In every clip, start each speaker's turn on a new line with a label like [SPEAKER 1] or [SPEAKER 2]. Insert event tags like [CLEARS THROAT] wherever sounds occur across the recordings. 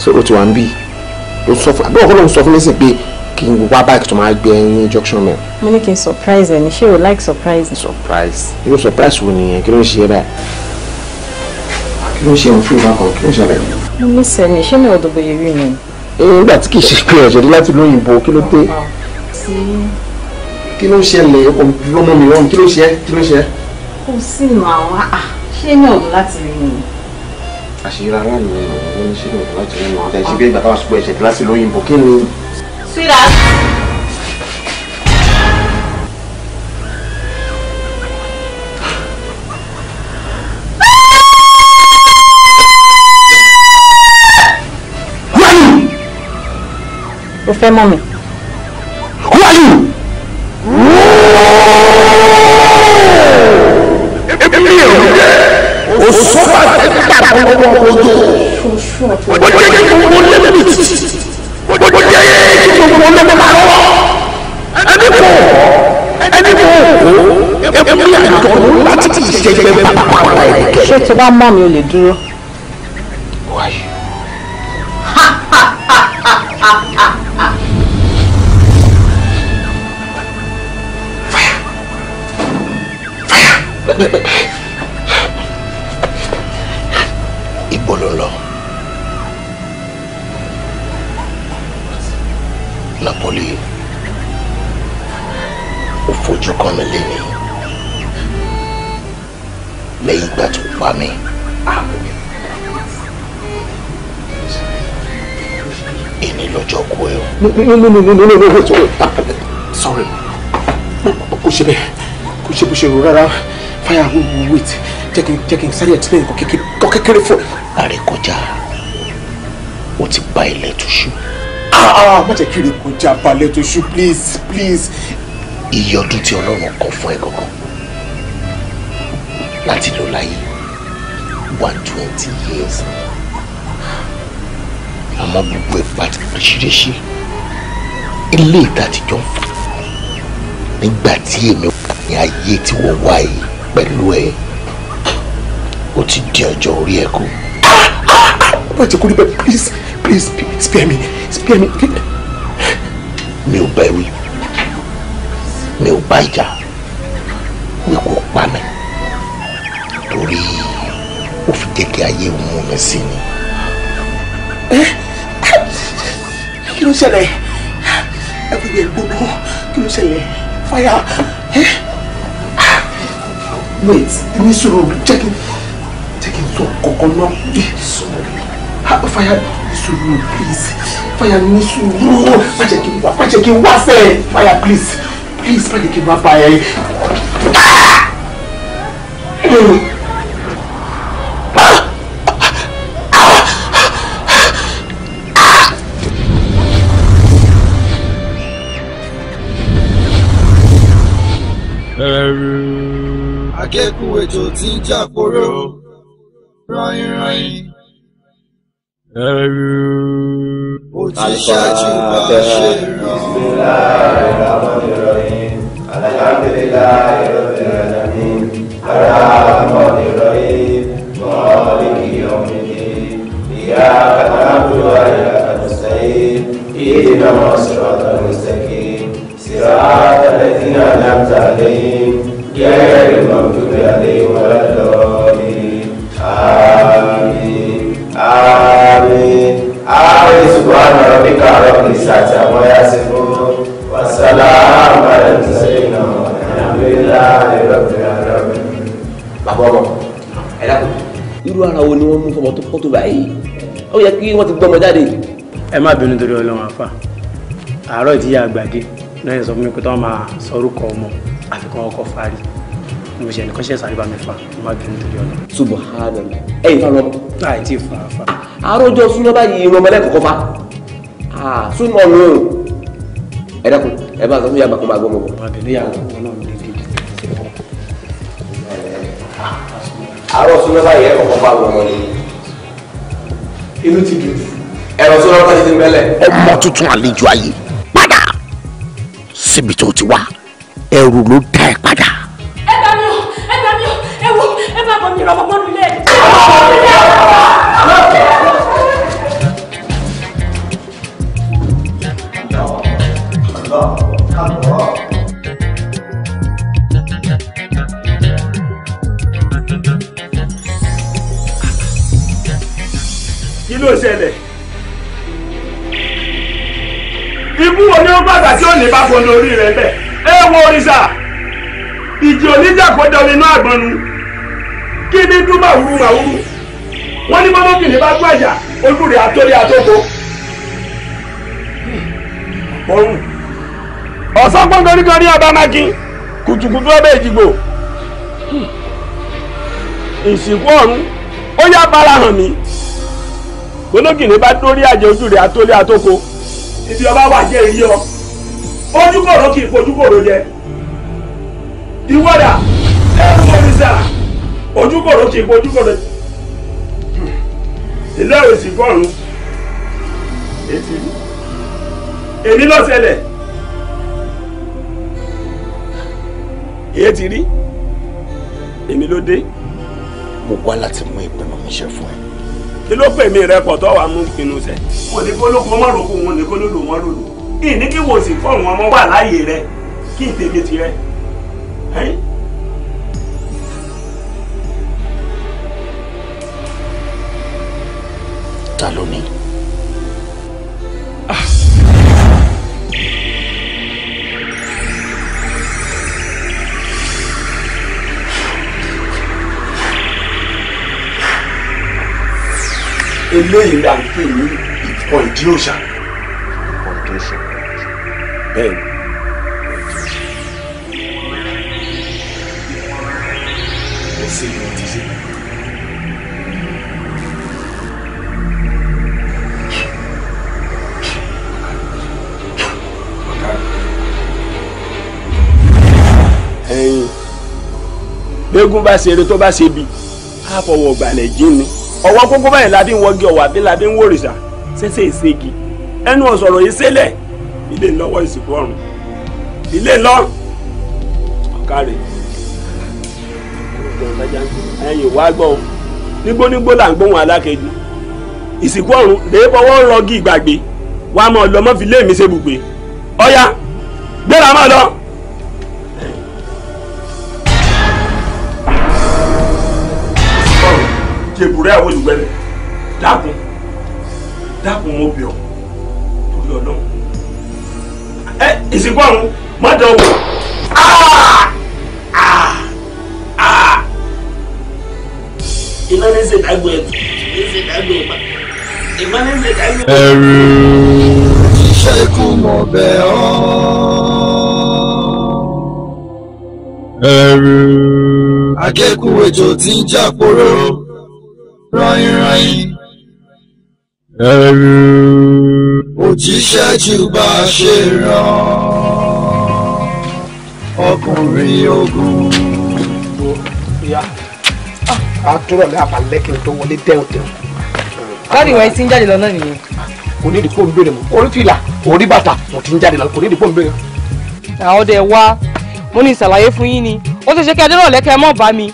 [SPEAKER 1] so o ti wà ń bì o sọ fún àbúrò ọkọlọ́run sọ fún mi sí pé kí n wá báyìí tó máa gbé ẹyin ní junction mẹ.
[SPEAKER 2] mo ní kí n surprise ẹ ní ṣé o like surprise.
[SPEAKER 1] surprise irú surprise wo nìyẹn kí ló ń ṣe báyìí kí ló ń ṣe òun fún ìbákan kí ló ń ṣẹlẹ̀.
[SPEAKER 3] mo ní sẹ́ni ṣé mi ò dòbò yẹ̀ rí ni.
[SPEAKER 1] nígbà tí kì í ṣe pé ọ̀ṣẹ̀ dé láti lóyìnbó
[SPEAKER 4] kí ló dé. kí ló ń ṣẹlẹ̀ ọmọ mi rọrùn kí ló ń ṣe
[SPEAKER 1] kí ló ń ṣe.
[SPEAKER 2] kò sí àwọn ah,
[SPEAKER 1] àṣírí ara mi ò ní sílò láti rí mọ àtẹ̀sí bí ìgbà táwọn sùpọ̀ ẹ̀ṣẹ̀ tí láti lóyìnbó kí ni.
[SPEAKER 5] síra. o fẹ́ mọ̀ mi. wáyé. oṣù bá ti gbà lọ́wọ́ ojú ojú ẹ̀yẹ gbogbo lẹ́mìtì ojú ẹ̀yẹ gbogbo lẹ́mìtì lọ́wọ́ ẹni kò ẹni kò ẹbí àjọ láti ìṣẹ̀gbẹ̀ bàbá wa ẹ̀ ṣé
[SPEAKER 3] tí bá mọ̀ mi ò lè dúró. Ha ha
[SPEAKER 1] lẹ́yìn ìgbà tó pa mí. èmi lọ́jọ́ kú ẹ o. no no no no no no no sorry kò ṣe bẹ́ẹ̀ kò ṣe bó ṣe rò rárá fire wait jẹ́ kí n jẹ́ kí n sáré explain kọ́ kékeré fún. àrékọjá ó ti ba ilẹ̀ tó ṣú. má jẹ́ kí n kọjá balẹ̀ tó ṣú please please. iye ọdún tí ọlọ́run kọ fún ẹ gangan láti lò láyé wá twenty years àmọ́ gbogbo ẹ̀fà ti fèsìrèsì ilé ìtàtijọ́ nígbà tí èmi wà ní ayé tí wọ́n wá yìí pẹ̀lú ẹ̀ ó ti di ọjọ́ orí ẹ̀ kú. wọ́n ti kú níbẹ̀ please please spare me spare me. mi ò bá ewì mi ò bá ìjà wíwọ́ jẹ́ kí ayé òun mú mi sí ni. Eh? kí ló ṣẹlẹ̀ everywhere gbóná kí ló ṣẹlẹ̀
[SPEAKER 5] fire. Eh?
[SPEAKER 1] wait ní sùúrù jẹ́ kí jẹ́ kí n sọ kọ̀ọ̀kan náà bí sọ̀rọ̀ fire ní sùúrù please fire ní sùúrù má jẹ́ kí n wá má jẹ́ kí n wá sẹ́ẹ̀ fire please please má jẹ́ kí n wá bá ẹ. Ah!
[SPEAKER 6] ti jà kóró ràyìnràyìn. ẹrú òjíṣẹ́ tí wọ́n ṣe ràn. alhamdulilayi alhamdulilayi.
[SPEAKER 1] ó yẹ kí wọ́n ti gbọ́mọ jáde. ẹ má bínú torí ọlọ́run àfà àárọ̀ tí yà àgbàdé lẹ́yìn sọ fún mi pé tó máa sọ orúkọ ọmọ àfikún ọkọ̀ fárí ní mo ṣe ẹnìkan ṣe sáré bá mi fà ẹ má bínú torí ọlọ́run. subahana ẹyin fa lọ. láì tí ì fa fa. àárọ̀ ọjọ́ súnmọ́ báyìí ìrọmọ lẹ́kọ̀ọ́ fa súnmọ́ mi ò ẹ dákun ẹ bá sọ fún yàgbà kó máa gbọ́mọ bọ̀. àbẹ̀lẹ́ yàrá
[SPEAKER 2] ọlọ́run lè dé
[SPEAKER 1] àárọ̀ súnmọ́ báyìí ẹ̀ kọ̀ọ̀kan inú ti dùn. ẹ̀rọ tó lọ́kọ́ ti ti mẹ́lẹ̀. ọmọ tuntun àlejò ayé padà síbi tó ti wá ẹrù ló àgbọn lórí rẹ bẹ ẹ wo òrìṣà ìjì oníjàkọjọ nínú àgbọn kí ni dúmọ wúru màwúru wọn ní mọmọ kìnìún bá gbàjà ojú àtọrí àtọkọ. Hmm, ọ̀sán pọ́ńkọ́ríkọ́ ní ọba kùtùkùtù hmm, ìsìnkú ọ̀run ó yá ọ. ojúkòrò kì í fojúkòrò jẹ ìwọ́dà ẹ̀rù oníṣà ojúkòrò kì í fojúkòrò jẹ ilé òsì fọ́run ètí èmi ló ṣẹlẹ̀ ètí rí èmi ló dé. mo wá láti mú ìpinnu mi ṣe fún ẹ. kí ló pè mí rẹ pọ̀ tó wàá mú ìpinnu ṣe. kò ní kó ló kó mọ́ rògbò wọn ní kó ló lò wọ́n lò ìní kí wò sí fọ́ọ̀mù ọmọ wà láàyè rẹ kí n tèmi tirẹ. ta ló ní. eléyìí là ń pè ní ìkọ̀ ìdí òòṣà. ìkọ̀ ìdí òòṣà
[SPEAKER 6] bẹ́ẹ̀ ni. mo ṣe ni wọ́n ti ṣe.
[SPEAKER 7] ẹyin
[SPEAKER 1] gbégún bá ṣe eré tó bá ṣe bi á fọwọ́ gbalẹ̀ jí ni ọwọ́ kókó báyìí la fi ń wọ́gi ọ̀wà bí la fi ń wòrìṣà ṣẹṣẹ ìṣègì ẹnu ọ̀sọ̀rọ̀ yìí ṣẹlẹ̀ ilé lọ́wọ́ ìsìnkú ọ̀run ilé lọ ọ̀ká rẹ̀ ẹ̀yìn wá gbọ́n nígbónígbó là ń gbóhùn alákejì ìsìnkú ọ̀run lè fọwọ́ rọgí ìgbàgbé wàá mọ̀ lọ́mọ́ fi lé mi ṣe bùgbé ọ̀ya gbéra máa lọ.
[SPEAKER 6] àgékù ètò tí ń jà pòrò rọyìn rọyìn. ẹrù. òjíṣẹ́ jù bá a ṣe rán ọkùnrin ogun.
[SPEAKER 1] Ah, àtúrọ̀ ní àbálẹ́ kí n tó wọlé dẹ́hùn dẹ́hùn.
[SPEAKER 3] káàdì ìwà ẹsìn jáde lọ́nà nìyẹn.
[SPEAKER 1] kò ní ìdìpọ̀ ń béèrè mọ́ orí fìlà orí bàtà mo ti ń jáde lọ́nà kò ní ìdìpọ̀ ń béèrè.
[SPEAKER 3] àwọn ọdẹ wa mo ní ìsàlàyé fún yín ni ó ṣe ṣe kí adérọ̀lẹ́ kẹ́ mọ́ bá mi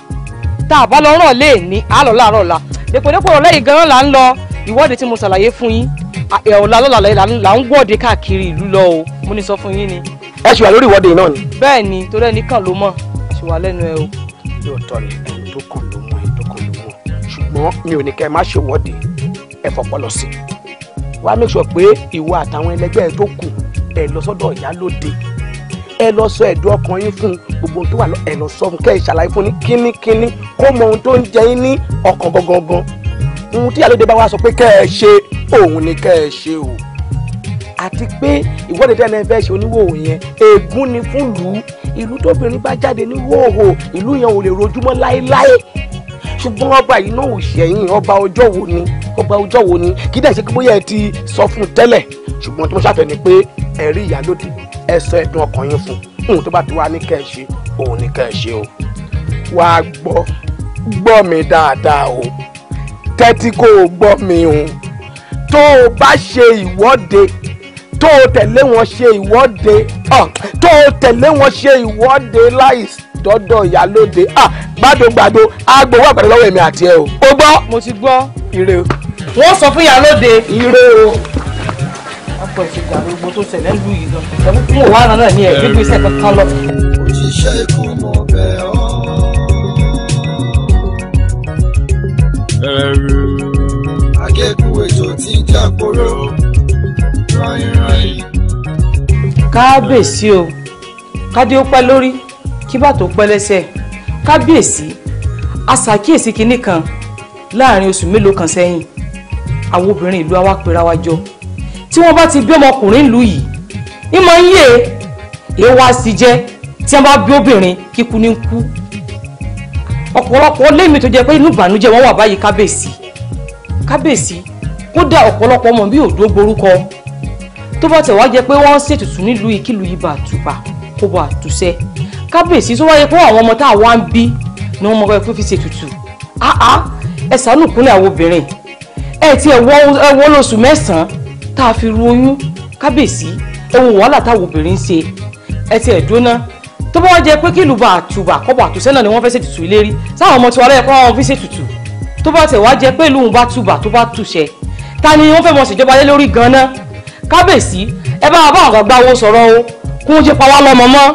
[SPEAKER 3] tá a bá lọ rọ̀ lé ní àlọ́ láàárọ̀ la dèpòdépò ọ̀rọ̀ lẹ́yìn gan-an là ń lọ ìwọ́de tí mo ṣàlàyé fún yín ọ̀la lọ́la là ń wọ́de káàkiri ìlú lọ o mo ní sọ fún yín ni. ẹ ṣì lórí ìwọ́de náà ni. bẹ́ẹ̀ ni torí ẹnìkan ló mọ̀ ṣì lẹ́nu ẹ o. yóò ni ẹni tó kàn ló mọ̀ ẹni tó kàn ló mọ̀ ṣùgbọ́n mi ò ní kẹ́ ẹ má ṣe ìwọ́de
[SPEAKER 1] ẹ ẹ lọ sọ ẹ̀dùn ọkàn yín fún gbogbo tó wà lọ ẹ lọ sọ fún kẹ́ ẹ ṣàlàyé fún ní kínníkínní kó mọ ohun tó ń jẹ yín ní ọkàn gangan ohun tí àlóde bá wá sọ pé kẹ́ ẹ ṣe òun ni kẹ́ ẹ ṣe o àti pé ìwọ́de tẹ́lẹ̀ fẹ́ ṣe oníwòwò yẹn ègún ni fún lù ú ìlú tóbìnrin bá jáde ní wòhò ìlú yẹn ò lè rojúmọ́ láéláé ṣùgbọ́n ọba yìí náà ò ṣẹ̀yìn ọba ọjọ́ wo ni ọba ọjọ́ wo ni kí dẹ̀ ṣe kí bóyá ẹ ti sọ fún un tẹ́lẹ̀ ṣùgbọ́n tí mo ṣàfẹ́ ni pé ẹ̀rí ìyálòdì ẹ sọ ẹ̀dùn ọkàn yín fún ohun tó bá ti wá ní kẹ́ òun ni kẹ́ o wàá gbọ́ gbọ́ mi dáadáa o tẹ́tí kó o gbọ́ mi o tó o bá ṣe ìwọ́de tó o tẹ̀lé wọn ṣe ìwọ́de tó o tẹ̀lé wọn ṣe ìwọ́de láìsí dọ́dọ̀ ìyálóde gbàdógbàdó agbowó àgbàdo lọ́wọ́ èmi àti ẹ o. o gbọ́. mo ti gbọ́. ire o.
[SPEAKER 3] wọ́n sọ fún ìyálóde. ire o ọ̀pọ̀ ìṣèjà gbogbo tó ṣẹlẹ̀ lù yìí gan ẹ̀mú
[SPEAKER 1] kún òwò àrùn náà ní ẹ̀ gbégbé iṣẹ́
[SPEAKER 3] kábíyèsí o kádé ó pẹ́ lórí kí bàtò pẹ́ lẹ́sẹ̀ kábíyèsí a ṣàkíyèsí kinní kan láàrin oṣù mélòó kan sẹ́yìn àwọn obìnrin ìlú wa pera wa jọ tí wọ́n bá ti bí ọmọkùnrin ìlú yìí ìmọ̀ yíyẹ èèwọ̀ àsì jẹ́ tí wọ́n bá bí obìnrin kíkú ní kú ọ̀pọ̀lọpọ̀ lẹ́mìí tó jẹ́ pé inú ìbànújẹ́ wọn wà báyìí kábèsì kábèsì kódà ọ̀pọ̀lọpọ̀ ọmọ bí òdó gborúkọ tó bá tẹ̀ wá jẹ́ pé wọ́n ṣètùtù nílùú ìkìlù ibà àtùpà kó bọ̀ àtúnṣe kábèsì tó wáyé pé àwọn ọmọ tá a wá ń bí ni wọ́n mọ pé fi ṣètùtù áá ẹ ṣàánú kúnlẹ̀ àwọn obìnrin ẹ ti ẹ̀ wọ́n lóṣù mẹ́sàn-án tá a fi ru oyún kábíyèsí ohun wàhálà táwọn obìnrin ń ṣe ẹ ti ẹ̀ dóná tó bá wọ́n jẹ pé kí ìlú bá àtùbà kọ́bọ̀ àtúnṣe náà ni wọ́n fẹ́ ṣètùtù ilé rí sáwọn ọmọ tiwa lẹ́yìn kọ́ wọn fi ṣètùtù tó bá tẹ̀ wá jẹ pé ìlú bá tùbà tó bá tùṣẹ ta ni wọ́n fẹ́ mọ ṣèjọba lé lórí gan-an kábíyèsí ẹ bá bá àgbà gbáwo
[SPEAKER 2] sọ̀rọ̀ o kó oúnjẹ pa wá lọ́mọ mọ́.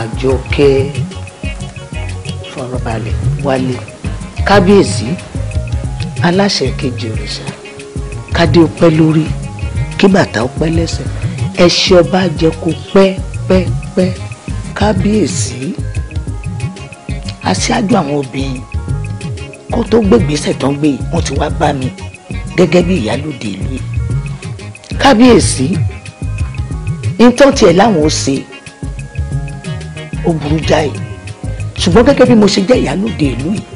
[SPEAKER 2] àjọkẹ́ fọ̀rọ̀balẹ̀ wálé kábíyèsí aláṣẹ kejì òrìṣà kádé ọpẹ́ lórí kí bàtà ọpẹ́ lẹ́sẹ̀ ẹṣẹ ọba jẹ kó pẹ́ pẹ́ pẹ́ kábíyèsí aṣáájú àwọn obìnrin kó tó gbégbèsè tán gbé wọn ti wá bá mi
[SPEAKER 1] gẹ́gẹ́ bí ìyálòdì ìlú yìí kábíyèsí nǹkan tiẹ̀ láwọn ò ṣe ó burú jáì ṣùgbọ́n gẹ́gẹ́ bí mo ṣe jẹ́ ìyálòdì ìlú yìí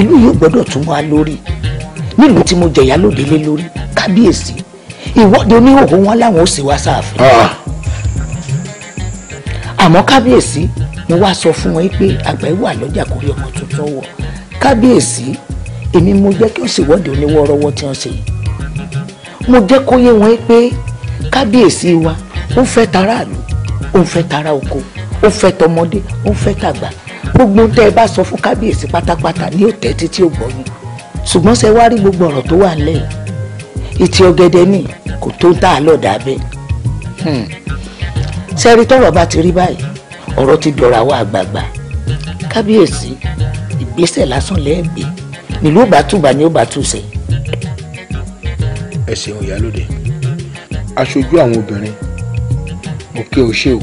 [SPEAKER 1] ìlú yìí ò gbọ́dọ̀ tún wá lórí nílùú tí mo jẹ̀yà lóde lé lórí kábíyèsí ìwọ́de oníhòòhò wọn láwọn ò sì wá sáàfin. Ah. àmọ́ kábíyèsí mo wá sọ fún wọn pé àgbà ìwà lọ́jà kò rí ọmọ tuntun wọ̀ kábíyèsí èmi mo jẹ́ kí wọ́n ṣèwọ́de oníwọ́rọ́wọ́
[SPEAKER 3] tí wọ́n ṣe mo jẹ́ kó yé wọn pé kábíyèsí wa ó fẹ́ taráàlú ó fẹ́ tará oko ó fẹ́ tọmọdé ó fẹ́ tàgbà gbogbo
[SPEAKER 1] tẹ́ ẹ bá sọ fún kábíyèsí pátápátá ní òtẹ́ títí ò gbọ́yìn ṣùgbọ́n ṣe wá rí gbogbo ọ̀rọ̀ tó wà nílẹ̀ ìtì ọ̀gẹ̀dẹ̀ ni kò tó ń tà á lọ́ọ̀dà bẹ́ẹ̀ sẹ́rí hmm. tọ́rọ̀ bá ti rí báyìí ọ̀rọ̀ ti dọ̀rọ̀ àwọn àgbààgbà kábíyèsí ìgbésẹ̀ lásán lẹ́ẹ̀gbé nílùú òbátúbà ni ó bá túṣe. ẹ ṣeun ìyálóde aṣojú àwọn obìnrin mo kí o ṣe o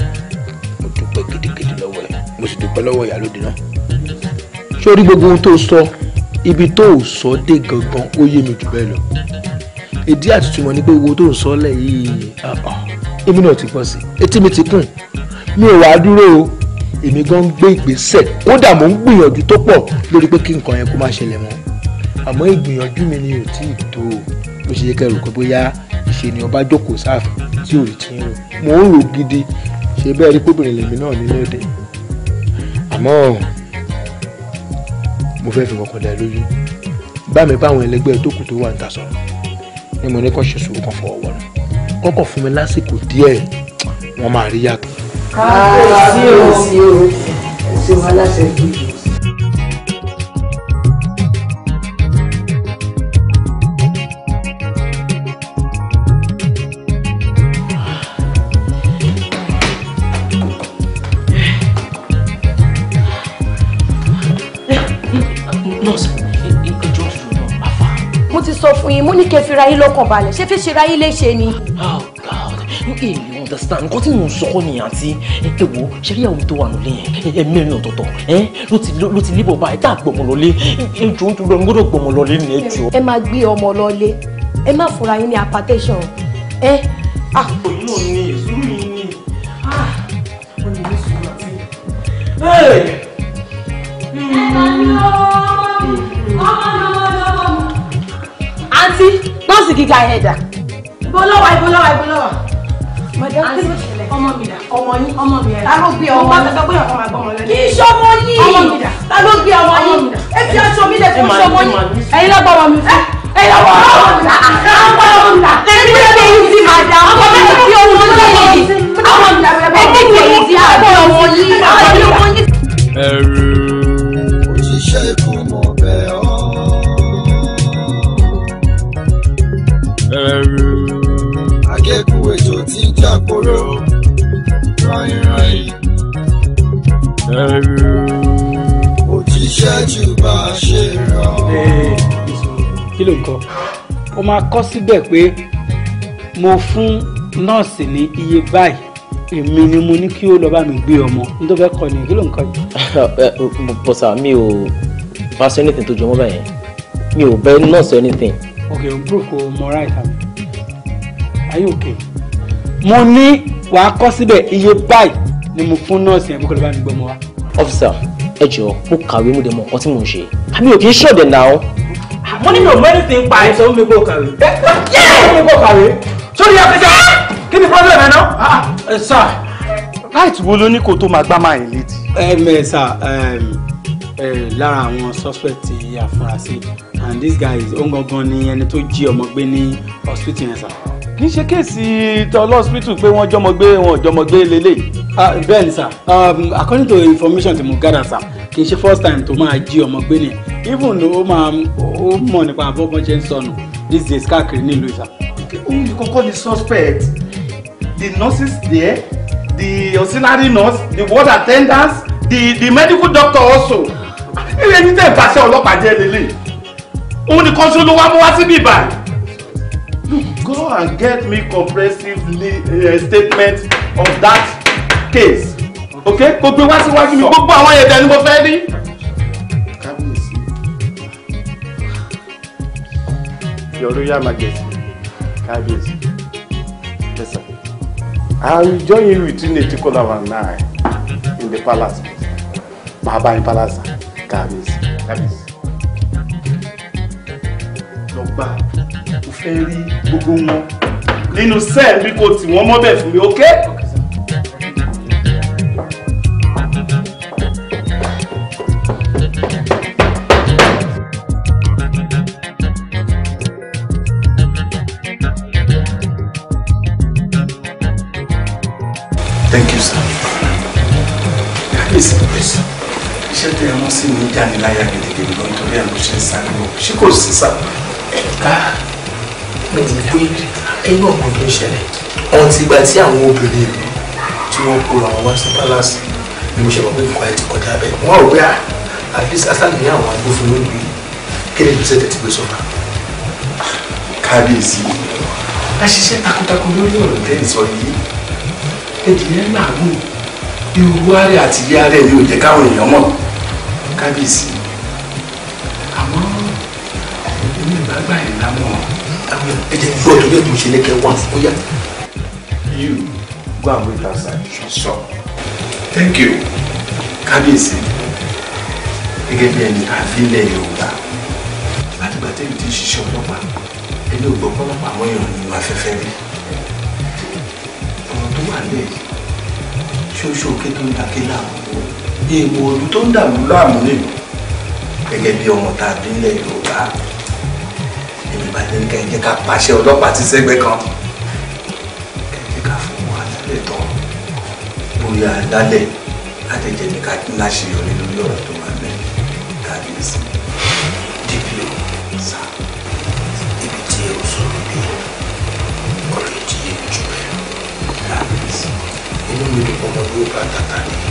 [SPEAKER 1] mo dúpẹ́ gidigidi lọ́wọ́ ẹ mo sì dúpẹ́ lọ́wọ́ ìyálóde náà sórí gbogbo ohun tó sọ ibi tó ò sọ dé gangan ó yé mi jù bẹ́ẹ̀ lọ ìdí àtútùmọ̀ ni pé owó tó ń sọ lẹ̀ yìí ah, ah, èmi náà ti gbọ́n sí etí mi ti kùn mi ò wá dúró o èmi gan gbé ìgbésẹ̀ kódà mò ń gbìyànjú tó pọ̀ lórí pé kí nǹkan yẹn kó má ṣẹlẹ̀ mọ́ àmọ́ ìgbìyànjú mi ni ò tí ì tó o ló ṣe yẹ kẹrù kó bóyá ìṣe ni ọba jókòó sáàfin tí ò rí ti ń rò mò ń rò gidi ṣe bẹ́ẹ̀ rí pébìnrin lèmi náà nínú èdè àmọ́ mo fẹ́ fi kọ̀kọ̀ dá lójú bá mi bá ẹlẹgbẹ́ tó kù tó wà ń ta sọ̀rọ̀ ni mo ní kàn ṣe sùúrù kan fọwọ́ wọ̀nà kọ́kọ̀ fún mi lásìkò díẹ̀ wọ́n máa rí yàtọ̀.
[SPEAKER 5] káàbíyèsí o ṣe wàhálà ṣe kú.
[SPEAKER 3] fún ní kẹ́ fi ra balẹ̀ ṣé fi ṣe ra yín léṣe ni. oh god èmi understand nǹkan tí mò ń sọkọ nìyàn àti èwo ṣẹlẹ àwọn tó wà nílé yẹn mẹ́rin ọ̀tọ̀ọ̀tọ̀
[SPEAKER 1] ló ti lébọ báyìí tá a gbọmọ lọlé ẹjọ ń dúró gbọ́dọ̀ gbọmọ lọlé ni ẹjọ. ẹ
[SPEAKER 3] máa gbé ọmọ lọlé ẹ má fura yín ní apatẹ́sán ẹ. Ah. òyìn náà ni ìṣúrù yìí
[SPEAKER 5] ni wọ́n ah, lè ní sùúrù àti. ẹ bá mi lọ.
[SPEAKER 3] àǹtí nọ́ọ̀sì gíga yẹn dà. ìbọlọ́wà ìbọlọ́wà ìbọlọ́wà. àǹtí ọmọ mi dà ọmọ yín ọmọ mi dà. ta ló gbé ọmọ yín ọmọ mi dà ọmọ mi dà. kì í ṣọmọ yín ọmọ mi dà. ta ló gbé ọmọ yín ẹ fi aṣọ mi lẹ fún ṣọmọ yín. ẹ̀yin lọ́gbọ̀n ọmọ mi fún. ẹ̀yin lọ́gbọ̀n
[SPEAKER 5] ọmọ mi dà. ọmọ mi dà. ẹ̀yin lọ́gbọ̀n ọmọ mi dà. ọmọ mi dà. ẹ̀yin lọ́gbọ̀n ọmọ mi dà. ẹ̀yin lọ́gbọ̀n ọmọ mi dà. ẹ̀yin lọ́gbọ̀n ọmọ mi dà. ẹ̀yin lọ́gbọ̀n
[SPEAKER 6] ọmọ mi dà. òjíṣẹ́ jù bá a ṣe
[SPEAKER 1] máa kọ síbẹ̀ pé mo fún nọ́ọ̀sì ní iye báyìí èmi ni mo ní kí o lọ bá mi gbé ọmọ n tó fẹ́ kọ ni kí ló ń kọ yìí. bọ́sà mi ò bá sọ anything tó jọmọ́ báyẹn mi ò bẹ nọ́ọ̀sì anything. ok n bro ko mo right am are you okay. mo ní wàá kọ́ síbẹ̀ iye báyìí ni mo fún nọ́ọ̀sì yẹn kó lọ bá mi gbé ọmọ wa. officer ẹ jọ mo kàwé mo dẹ̀ mọ nǹkan tí mò ń ṣe àmì ò kì í ṣọ̀dẹ̀ náà. mo ní mi ò mọ ẹni tí ń pa ẹ. sọ mi kò kàwé. ẹ ẹ mi kò kàwé. sórí apẹja kí ni problem ẹ náà. Ah, ẹ sà láìtì wo ló ní kó tó máa gbá máa yẹn létí. ẹ mẹ sà lára àwọn suspect afurasí and this guy is ongangan ni ẹni tó jí ọmọ gbé ní hospital yẹn sà. kì í ṣe kéèsì tọ́lọ́ọ̀sìpítù pé wọ́n jọmọ gbé wọn jọmọ gbé lélẹ́yìí Ah, bẹ́ẹ̀ ni sir um, according to information tí mo gather sir kì í ṣe first time to máa jí ọmọ gbé nìyẹn even though ó máa ó mọ̀ nípa àbọ̀bọ̀n ṣe ń sọnù these days káàkiri nílùú ìsà. òun ni kọ́kọ́ ni suspect the nurses there the auxiliary nurse the ward attendants the the medical doctor also ilé ní tẹ̀ bá ṣe ọlọ́pàá jẹ́ lélẹ̀ òun ni kọ́ńtò ló wá mú wá síbí ìbàdàn. look go and get me comprehensive uh, statement of that case ok kò gbé wá síwájú mi gbogbo àwọn ẹ̀dá ni mo fẹ́ rí.
[SPEAKER 4] your royal majesty kábíyèsí yes sir i will
[SPEAKER 1] join you between eight kola and nine in the palace màá bá yín palace kábíyèsí. kábíyèsí lọ gbà mo fẹ́ rí gbogbo wọn nínú sẹ́ẹ̀ bí kò tì wọ́n mọ́bẹ̀ fún mi ok. okay. já ní láyà gidigidi gan torí ẹ̀ ló ṣe ń sáré o ṣé kò sí sá. ẹ̀ka mi ò pé ẹ̀yìn ọ̀gbìn ló ṣẹlẹ̀ ọ̀hún ti gba tí àwọn obìnrin mi tí wọ́n kó àwọn wá sí palace ni mo ṣe mọ̀ pé nǹkan ẹ̀ ti kọjá bẹ́ẹ̀ wọ́n rò pé ah, at least asan ní àwọn agbófinró ń gbé kéde ìgbésẹ̀ tètè gbé sọ́nà. kábíyèsí a ṣiṣẹ́ takuntakun lórí ọ̀rọ̀ tẹ́lẹ̀ sọ yìí ẹ̀dìyẹ làágùn irú wárẹ̀ àti yárẹ̀ ni ò jẹ́ káwọn èèyàn mọ̀ kábíyèsí àmọ́ èmi ìgbà gbà yìí lámọ̀ ẹ jẹ́ gbọ́ tó yẹ kó ṣe lẹ́kẹ̀ wá ó yá. you go and wait outside. sọ thank you kábíyèsí gẹ́gẹ́ bí ẹni àfilẹ̀ yorùbá látìgbà tẹ́lẹ̀ tí ń ṣiṣẹ́ ọlọ́pàá ẹni ò gbọ́ pọ́lọ́pàá àwọn èèyàn nínú afẹ́fẹ́ rí ọ̀rọ̀ tó wà lẹ́yìn ṣóṣó kí tó ń dákẹ́ láàmú èèwọ̀ òru tó ń dàlú láàmú lèlú gẹ́gẹ́ bí ọmọ tá a bí nílẹ̀ Yorùbá èmi bá ní ká ẹjẹ́ ká pàṣẹ ọlọ́pàá ti sẹ́gbẹ́ kan kẹ́jẹ́ ká fún wa nílẹ̀ tán bóyá lálẹ́ látẹ̀jẹ́ ní ká láṣeyọrí lórí ọ̀rọ̀ tó máa bẹ̀
[SPEAKER 5] kábíyèsí dípò sá ibi tí èrò sọ̀rọ̀ bí ọ̀rọ̀ ìdíyẹ jù bẹ́ẹ̀ kábíyèsí
[SPEAKER 1] inú mi dùn ọmọ Yorùbá tàtà nìyí.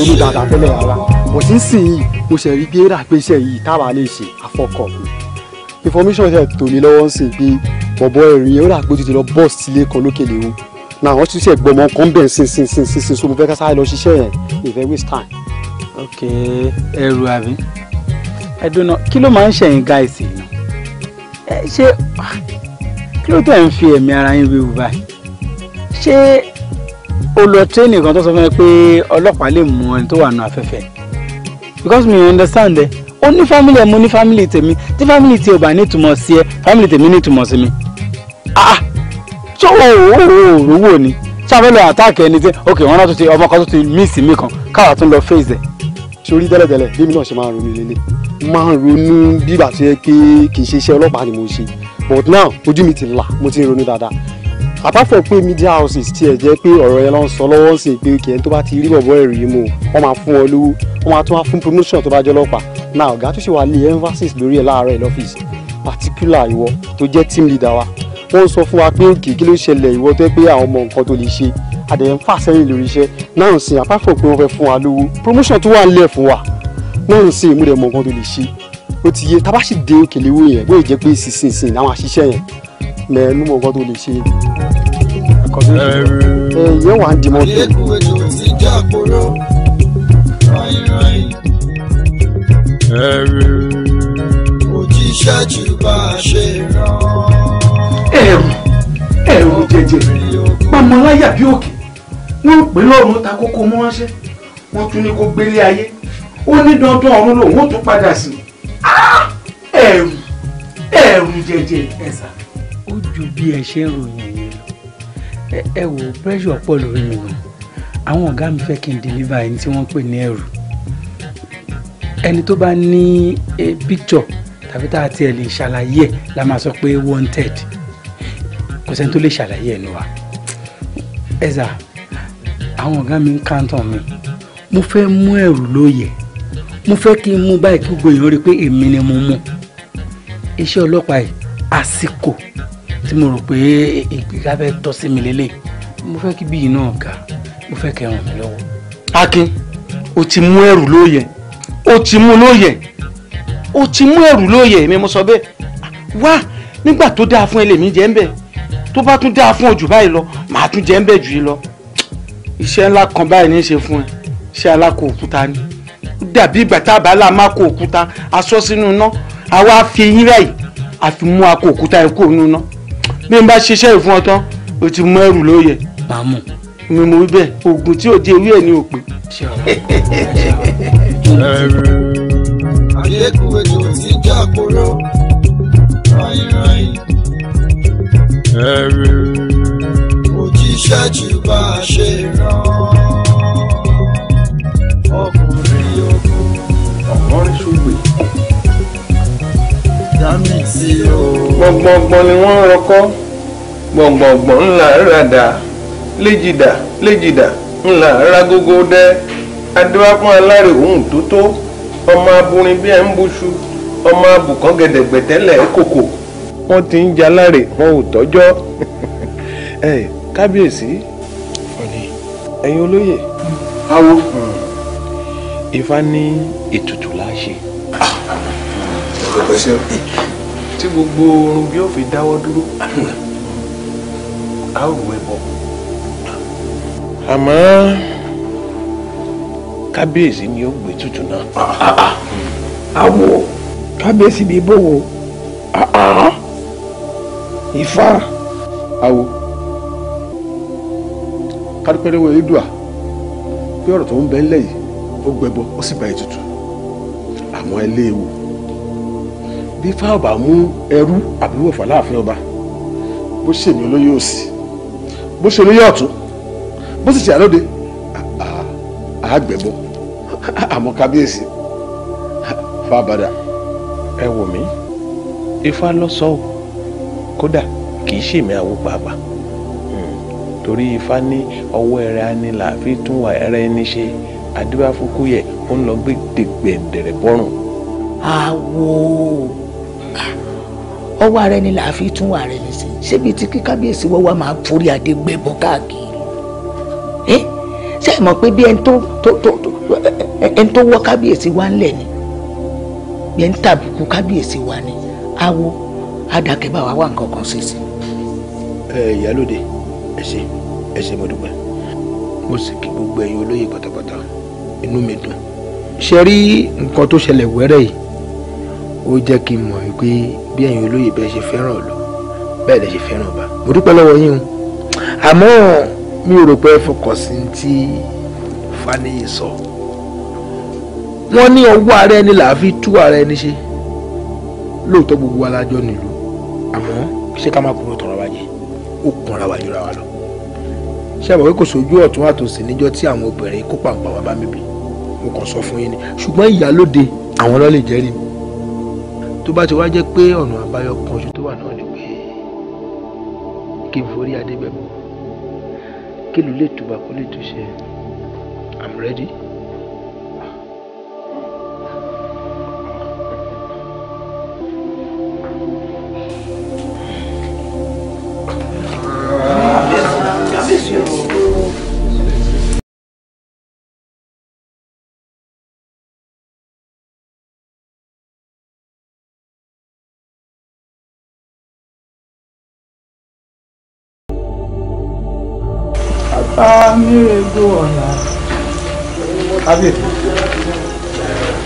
[SPEAKER 6] ronú dáadáa tẹ́lẹ̀ rárá
[SPEAKER 4] bọ̀ sínsìn yìí mo ṣe rí gbéra pé yìí táwa lè ṣe àfọkọ̀ mi information ṣe tò ní lọ́wọ́ ń sìn pé bọ̀bọ̀ ẹ̀rín yẹn ó rà pé tètè lọ bọ́ọ̀sì sílé kan lókè léwu náà wọ́n ti ṣe gbọmọ kan bẹ̀ sin sin sin sin sin so mo fẹ́ ká sáré lọ ṣiṣẹ́ yẹn ìfẹ́ waste time. ok
[SPEAKER 1] ẹrù àbí ẹdùnà kí ló máa ń ṣẹ̀yìn gáìsì náà ẹ ṣé kí ló tẹ̀ ń fi ẹ̀mí ara yín wéwu báyìí ṣé ó lọ tírénì kan tó sọ fún mi pé ọlọ́pàá lè mú ẹni tó wà nù afẹ́fẹ́ because mi understand ẹ ó ní family ẹ mo ní family tèmi tí family tiẹ̀ ò bá ní ìtumọ̀ sí ẹ family tèmi ní ìtumọ̀ sí mi ah, ah ṣé òòrò wò ni ṣàfẹ́lẹ̀ àtàkì ẹni tí ok wọn náà tún ti ọmọ kan tún ti miss mi kan káwa tún lọ face ẹ.
[SPEAKER 4] sori tẹ́lẹ̀tẹ́lẹ̀ bíbí náà ṣe máa ń ronú lélẹ̀ máa ń ronú bí ìgbà tó yẹ kí kì í ṣe iṣẹ́ ọlọ́pàá ni mo ṣe but now ojú mi ti là mo ti ń ronú dáadáa apart from pé media houses tiẹ̀ jẹ́ pé ọ̀rọ̀ yẹn ló ń sọ lọ́wọ́ sí pé òkè ẹni tó bá ti rí bọ̀bọ̀ ẹ̀rù yìí mú wọ́n máa fún ọ lówó wọ́n máa tún wá fún promotion tó bá jọ lọ́pàá náà ọ̀gá tó ṣe wà lé emphasis lórí ẹ̀ láàárọ̀ ẹ̀ lọ́fíìsì particular ìwọ tó jẹ́ team leader wa wọ́n sọ fún wa pé òkè kí ló ṣẹlẹ̀ ìwọ tó pé àwọn ọmọ nǹkan tó lè ṣe àdẹ̀yẹn fà sẹ́yìn lórí iṣẹ́ náà sì apart from pé wọ́n fẹ́ fún wa lówó promotion tó wà nílẹ̀ fún wa náà sì mú dẹ̀ mọ nǹkan tó lè ṣe ó ti yé tá a bá sì dé òkèlè owó yẹn bóyá èyí wà á di mọ́tò. ìyẹ́kù
[SPEAKER 6] ètò ti já àpòrò ráìráì. òjì ṣáájú bá a ṣe rán. ẹ̀rù ẹ̀rù jẹjẹrẹ
[SPEAKER 5] pamọ́láyà
[SPEAKER 1] bí òkè wọ́n pè lọ́rùn ta kókó mọ́ ránṣẹ́ wọ́n tún ní kó gbélé ayé ó ní dandan ọ̀run lòun ó tún padà sí ẹ̀rù ẹ̀rù jẹjẹrẹ ẹ̀sà. ó ju bí ẹ ṣe ń ròyìn yẹn ẹ wò pressure pọ̀ lórí mi o àwọn ọ̀gá mi fẹ́ kí n deliver ẹni tí wọ́n pè ní ẹrù ẹni tó bá ní e, picture tàbí tá a tiẹ̀ lè ṣàlàyé ẹ̀ la máa sọ pé wanted kò sẹ́ni tó lè ṣàlàyé ẹ̀ ní wa ẹ̀zà àwọn ọ̀gá mi ń kántàn mi mo fẹ́ mú ẹ̀rù lóye mo fẹ́ kí n mú báyìí kí gbogbo èèyàn rí i pé èmi ni mo mú iṣẹ́ ọlọ́pàá yìí àsìkò tí mo rò pé ìgbéga fẹ́ tọ́ sí mi lélẹ̀ mo
[SPEAKER 3] fẹ́ kí bíyì náà ga mo fẹ́ kẹ́ ràn mí lọ́wọ́.
[SPEAKER 1] akin o ti mú ẹrù lóye o ti mú lóye o ti mú ẹrù lóye mi mo sọ bẹ́ẹ̀ wá nígbà tó dáa fún ẹlẹ́mìí jẹ́ ń bẹ̀ tó bá tún dáa fún ọ jù báyìí lọ màá tún jẹ́ ń bẹ̀ jù yìí lọ iṣẹ́ ńlá kan báyìí ní í ṣe fún ẹ iṣẹ́ alákò òkúta ni dàbí ìgbà tá a bá la má kó òkúta aṣọ sínú iná àwa fi yín báyìí àfi mú akó òkúta ẹ kó nínú iná bí n bá ṣiṣẹ́ ìfún ọ o ti mú ẹrù lóye. bàámu. mi mo wí bẹ́ẹ̀ oògùn tí ò ewé ẹ̀ ní òpin.
[SPEAKER 6] ayékúwe tó ti bá a ṣe rí. mi sí
[SPEAKER 1] o. gbọ̀ngbọ̀ngbọ̀n ni wọ́n rọkọ́ gbọ̀ngbọ̀ngbọ̀n ńlá ràdà léjìdà léjìdà ńlá rágógó dẹ́ adéwápọ́n aláre òun tó tó ọmọ aburin bíi ẹ̀ ń buṣu ọmọ abùkán gẹ̀dẹ̀gbẹ̀tẹ́lẹ̀ kòkò wọ́n ti ń jaláre wọn ò tọ́jọ́ [LAUGHS] ẹ kábíyèsí ẹ̀yin olóyè awo hmm. Ifá
[SPEAKER 5] ètùtù la ṣe
[SPEAKER 1] tí gbogbo oorun bí ó fi dáwọ́ dúró a ó rùwẹ́ bọ̀. àmọ́ kábíyèsí ni ó gbé tutù náà. àwọ̀ kábíyèsí bíi bòwò ifá. àwọ̀ kárípẹ́rẹ́wọ̀ èédùà bí ọ̀rọ̀ tó ń bẹ ńlẹ̀ yìí ó gbẹbọ ó sì bá ètùtù àmọ́ ẹ léwu bí fáwọ̀bà mú ẹrú àbíwọ̀fà láàfin ọba bó ṣe mi olóyè òsì bó ṣe olóyè ọ̀tún bó sì ṣe àlóde àgbẹ̀bọ [LAUGHS] àmọ́ kábíyèsí fábàdà ẹ wò mí ifá ló sọ ọ́ kódà kì í ṣèmi àwo pàápàá hmm, torí ifá ní ọwọ́ ẹ̀rẹ́ ani làáfi tún wà ẹ̀rẹ́ ẹni ṣe adébáfukú yẹ ó ń lọ gbé dègbèǹdẹ̀rẹ̀ bọ́rùn.
[SPEAKER 2] àwo. Ah, Ah, ọwọ́ ara ẹni là á fi tún wà rẹ ní sí ṣébi tí kí kábíyèsí wọ́n wá máa forí adé gbẹ́bọ káàkiri ẹ ṣe mọ̀ pé bí ẹni tó tó tó ẹni tó wọ́
[SPEAKER 1] kábíyèsí wá ńlẹ̀ ni bí ẹni tàbùkù kábíyèsí wá ni awo adàkẹ́ bá wa wá nǹkan kan ṣe sí. ẹ ìyálòde ẹ ṣé ẹ ṣé mo dúpẹ́ mo sì kí gbogbo ẹ̀yin olóyè pátápátá inú mi dùn ṣe rí nǹkan tó ṣẹlẹ̀ wẹ́rẹ́ yìí ó jẹ́ kí n mọ̀ wípé bí ẹ̀yin olóyè bẹ́ẹ̀ ṣe fẹ́ràn ọ̀lọ́ bẹ́ẹ̀ lẹ ṣe fẹ́ràn ọba mo dúpẹ́ lọ́wọ́ yín o àmọ́ mi ò rò pé fọkàn sí ti Faniyi sọ wọ́n ní ọwọ́ ara ẹni là á fi tú ara ẹni ṣe lóòótọ́ gbogbo alájọ nílùú àmọ́ ṣé ká má kúrò tọ̀rọ̀ wa jẹ ó kún ara wa jura wa lọ ṣé àbọ̀ pé kò sójú ọ̀tún àtòsí níjọ́ tí àwọn obìnrin kópa ń pa wá bá mi bì mo kàn sọ fún yín ni ṣùgbọ́n ìyálóde àwọn lọ́ọ́ lè jẹ́rìí mi tó bá ti wá jẹ́ pé ọ̀nà àbáyọ kan oṣù tó wà náà ni pé kí n forí adébẹ̀mọ́ kí ló lè tuba kó lè túṣe i'm ready.
[SPEAKER 5] amírègbò ah, ah, ọ̀la. kábíyèsí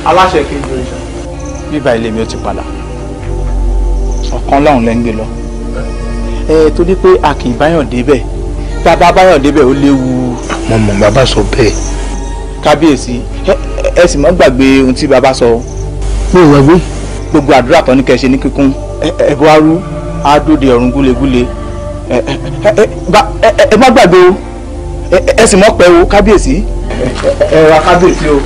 [SPEAKER 1] aláṣẹ kejì oṣù. bíbá ilé mi ó ti padà ọ̀kan lọ́hùn lẹ́ ń gbé lọ ẹ tó ní pé a kì í báyàn débẹ̀ tá a bá báyàn débẹ̀ ó léwu. mo mọ bàbá sọ bẹ́ẹ̀. kábíyèsí ẹ sì mọ́ gbàgbé ohun tí bàbá sọ. mi ò gbàgbé. gbogbo àdúrà tó ní kẹ́ ṣe ní kíkún ẹ bọ́ arú á dóde ọ̀run gúlegúle ẹ má gbàgbé o ẹ sì mọ̀ pẹ́ o kábíyèsí.
[SPEAKER 5] ẹ ra kábíyèsí
[SPEAKER 1] o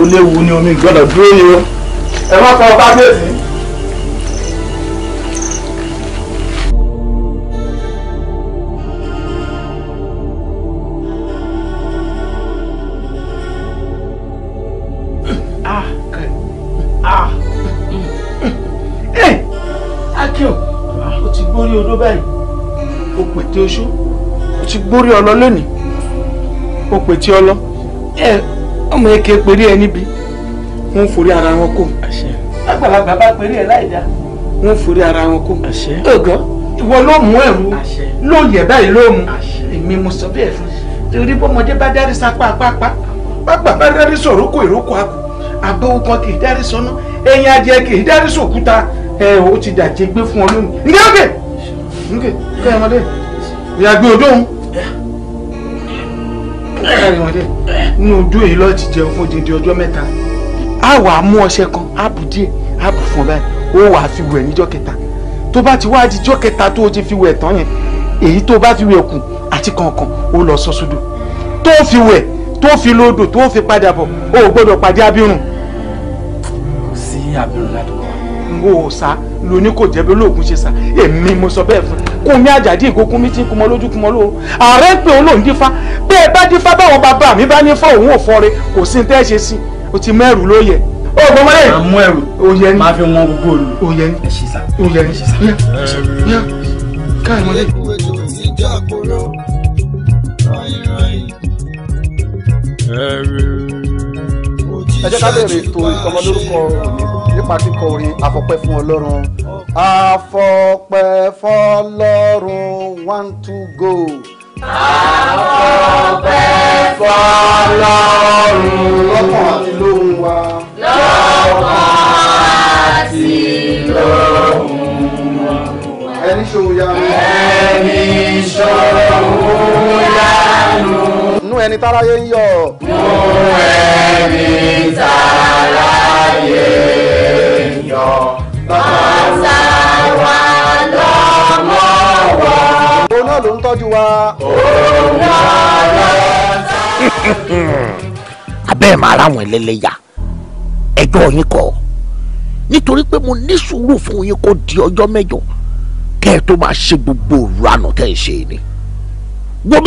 [SPEAKER 1] ó léwu ni omi gbọ́dọ̀ dúró ni o ẹ má pọ̀ kábíyèsí. gbórí ọlọ lónìí ó pè tí ọlọ ẹ ọmọ eke péré ẹ níbi wọn forí ara wọn kò àgbàlagbà bá péré ẹ láì wọn forí ara wọn kò ọgọ ìwọ ló mú ẹrú ló yẹ báyìí ló mú èmi mo sọ bẹ́ẹ̀ fún torí bọmọdé bá dárí sápá pápá pápá bá dárí sọ̀rọ̀ kò ìrókò àkù àbẹ̀wò kan kì í dárí sọnù ẹ̀yìn adìẹ kì í dárí sòkúta ẹ ò ti dàjẹ́ gbé fún ọ lónìí. ǹgẹ́ ǹgẹ́ ǹgẹ́ ǹgẹ́ ọmọdé ìyàgbé odóhun ẹ̀rìnwọ̀dẹ̀ nínú ojú èyí lọ́ọ́ ti jẹun fún odidi ọjọ́ mẹ́ta á wà á mú ọṣẹ kan á bù díẹ̀ fún ọ ó wà fi wẹ̀ níjọ́ kẹta tó bá ti wá di jọ́ kẹta tó o ti fi wẹ̀ tán yẹn èyí tó o bá fi wẹ̀ kù àti kankan ó lọ sọ sódò tó o fi wẹ̀ tó o fi lódò tó o fi padà bọ̀ o ò gbọ́dọ̀ pàdé abirùn. kò sí abirùn ládùúgbò. n ò sá lóní kò jẹ́ bí olóògùn ṣe sá èmi mo sọ bẹ́ẹ̀ fún kún mi àjàdí ìgókun mi tí ń kun mọ lójú kun mọ lóru ààrẹ ń pè ó lòún dífá pé ẹ bá dífá báwọn bàbá mi bá ní fọ òun ò fọre kò sí ní tẹ́ sí o ti mẹ́rù ló yẹ. ó gbọ́n mọ́lẹ̀. màá mú ẹrù
[SPEAKER 4] oyè ni màá fi wọn gbogbo olù. oyè ni oyè ni
[SPEAKER 6] káyọ̀ mọ́lẹ̀. ẹrù ẹ jẹ́ ká bẹ̀rẹ̀ ètò ìsọmọlórúkọ òní
[SPEAKER 1] nípa kíkọ orin afọpẹ́ fún ọlọ́run
[SPEAKER 6] afọpẹ́ fọlọ́run one two go. afọpẹ́ fọlọ́run. lọ́kàn àti lóhùn wa. lọ́kàn àti lóhùn wa. ẹni ṣòwò yanu. ẹni ṣòwò
[SPEAKER 4] yanu ẹni táráyé ń yọ̀. fún ẹni táráyé ń yọ̀
[SPEAKER 1] bàtà wa lọ́mọ wa. òun náà ló ń tọ́jú wa. òun náà ló ń tọ́jú wa. abẹ́ ẹ̀ máa ráwọn ẹlẹ́lẹ́yà ẹjọ́ yín kọ́ nítorí pé mo ní sùúrù fún yín kó di ọjọ́ mẹ́jọ kẹ́ ẹ tó máa ṣe gbogbo òru àná tẹ́ ẹ ṣe ni. wọ́n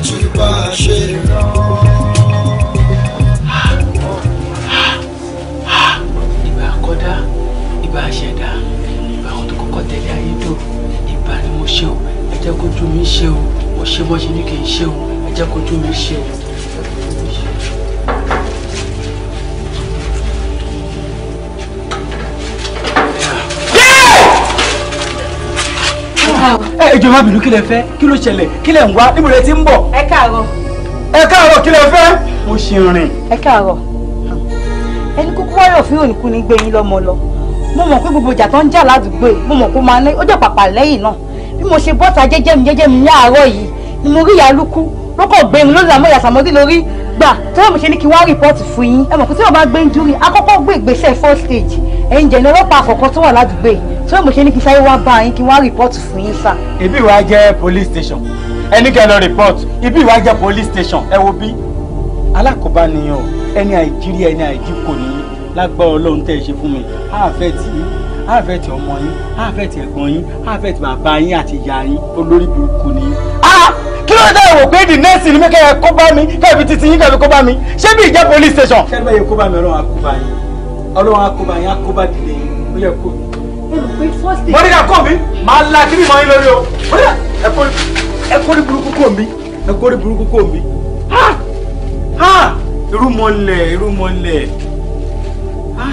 [SPEAKER 6] jù bá a ṣe rán.
[SPEAKER 1] ìbà àkọ́dá ìbà àṣẹ̀dá
[SPEAKER 3] ìbà àwọn tó kọ́kọ́ tẹ̀lé ayé dò ìbà ni mo ṣe o ẹ jẹ́ kójú mi ṣe o mo ṣe bó ṣe ní kí n ṣe o ẹ jẹ́ kójú mi ṣe o.
[SPEAKER 1] ìjọ má bínú kí lẹ fẹ́ kí ló ṣẹlẹ̀
[SPEAKER 3] kí lẹ ń wá níbo lẹ ti ń bọ̀. ẹ káàárọ̀. ẹ káàárọ̀ kí lẹ fẹ́. mo ṣe rìn.
[SPEAKER 2] ẹ káàárọ̀ ẹni kúkú wáyọ̀ fún òníkú ní gbé yín lọ́mọ lọ mo mọ̀ pé gbogbo ìjà tó ń jà ládùúgbò yìí mo mọ̀ pé máa ní ó jẹ́ pàpà lẹ́yìn náà bí mo ṣe bọ́ta jẹ́jẹ́ mi jẹ́jẹ́ mi ní àárọ̀ yìí ni mo rí ìyá lukú lọ́kọ̀ gbé mi lórí àmọ́ ìyàsàmọ́dé lórí gbà tọ́lá mi ṣe ní kí wá rìpọ́ọ̀tì fún yín ẹ mọ̀ pé tí wọ́n bá gbé ń júrì akọ́kọ́ gbé ìgbésẹ̀ first stage ẹ̀yìn jẹ̀ ní ọlọ́pàá àkọ́kọ́ tó wà ládùúgbò yìí tí wọ́n mọ̀ ṣe ní kí sáré wá bá yín kí wọ́n á rìpọ́ọ̀tù fún yín sá.
[SPEAKER 1] ibi ìwà jẹ́ police station ẹni kẹ́ lọ report ibi ìwà jẹ́ police station ẹ wo bí. alákòóbá nìyẹn o ẹni àìjírí ẹni àìjíkò nìyẹn lágbára ọlọ́run tẹ́ ẹ ṣe fún mi àfẹ́ tì í àfẹ́ tì ọmọ yín àfẹ́ tì ẹ̀gbọ́n yín àfẹ́ tì bàbá yín àti ìyá yín olórí burúkú nìyẹn. kí ló dé ìwò pé the nurse ni mi kẹ́ ẹ kó bá mi kẹ́ ẹ fi titi yín kẹ́ ẹ fi kó bá mi ṣé bí ìjẹ́ police station. ṣé bẹ́ẹ̀ yẹ kó bá mi ọlọ́run á kó bá yín ọlọ́run á kó bá yín á kó bá dìde yín ó yẹ kó mi
[SPEAKER 4] mọ́ríkà kọ́ mi
[SPEAKER 1] máa la kíní mọ́ yín lórí o mọ́ríkà ẹ kórí burúkú kò mí ẹ kórí burúkú kò mí ha ha irúmọlẹ̀ irúmọlẹ̀ ha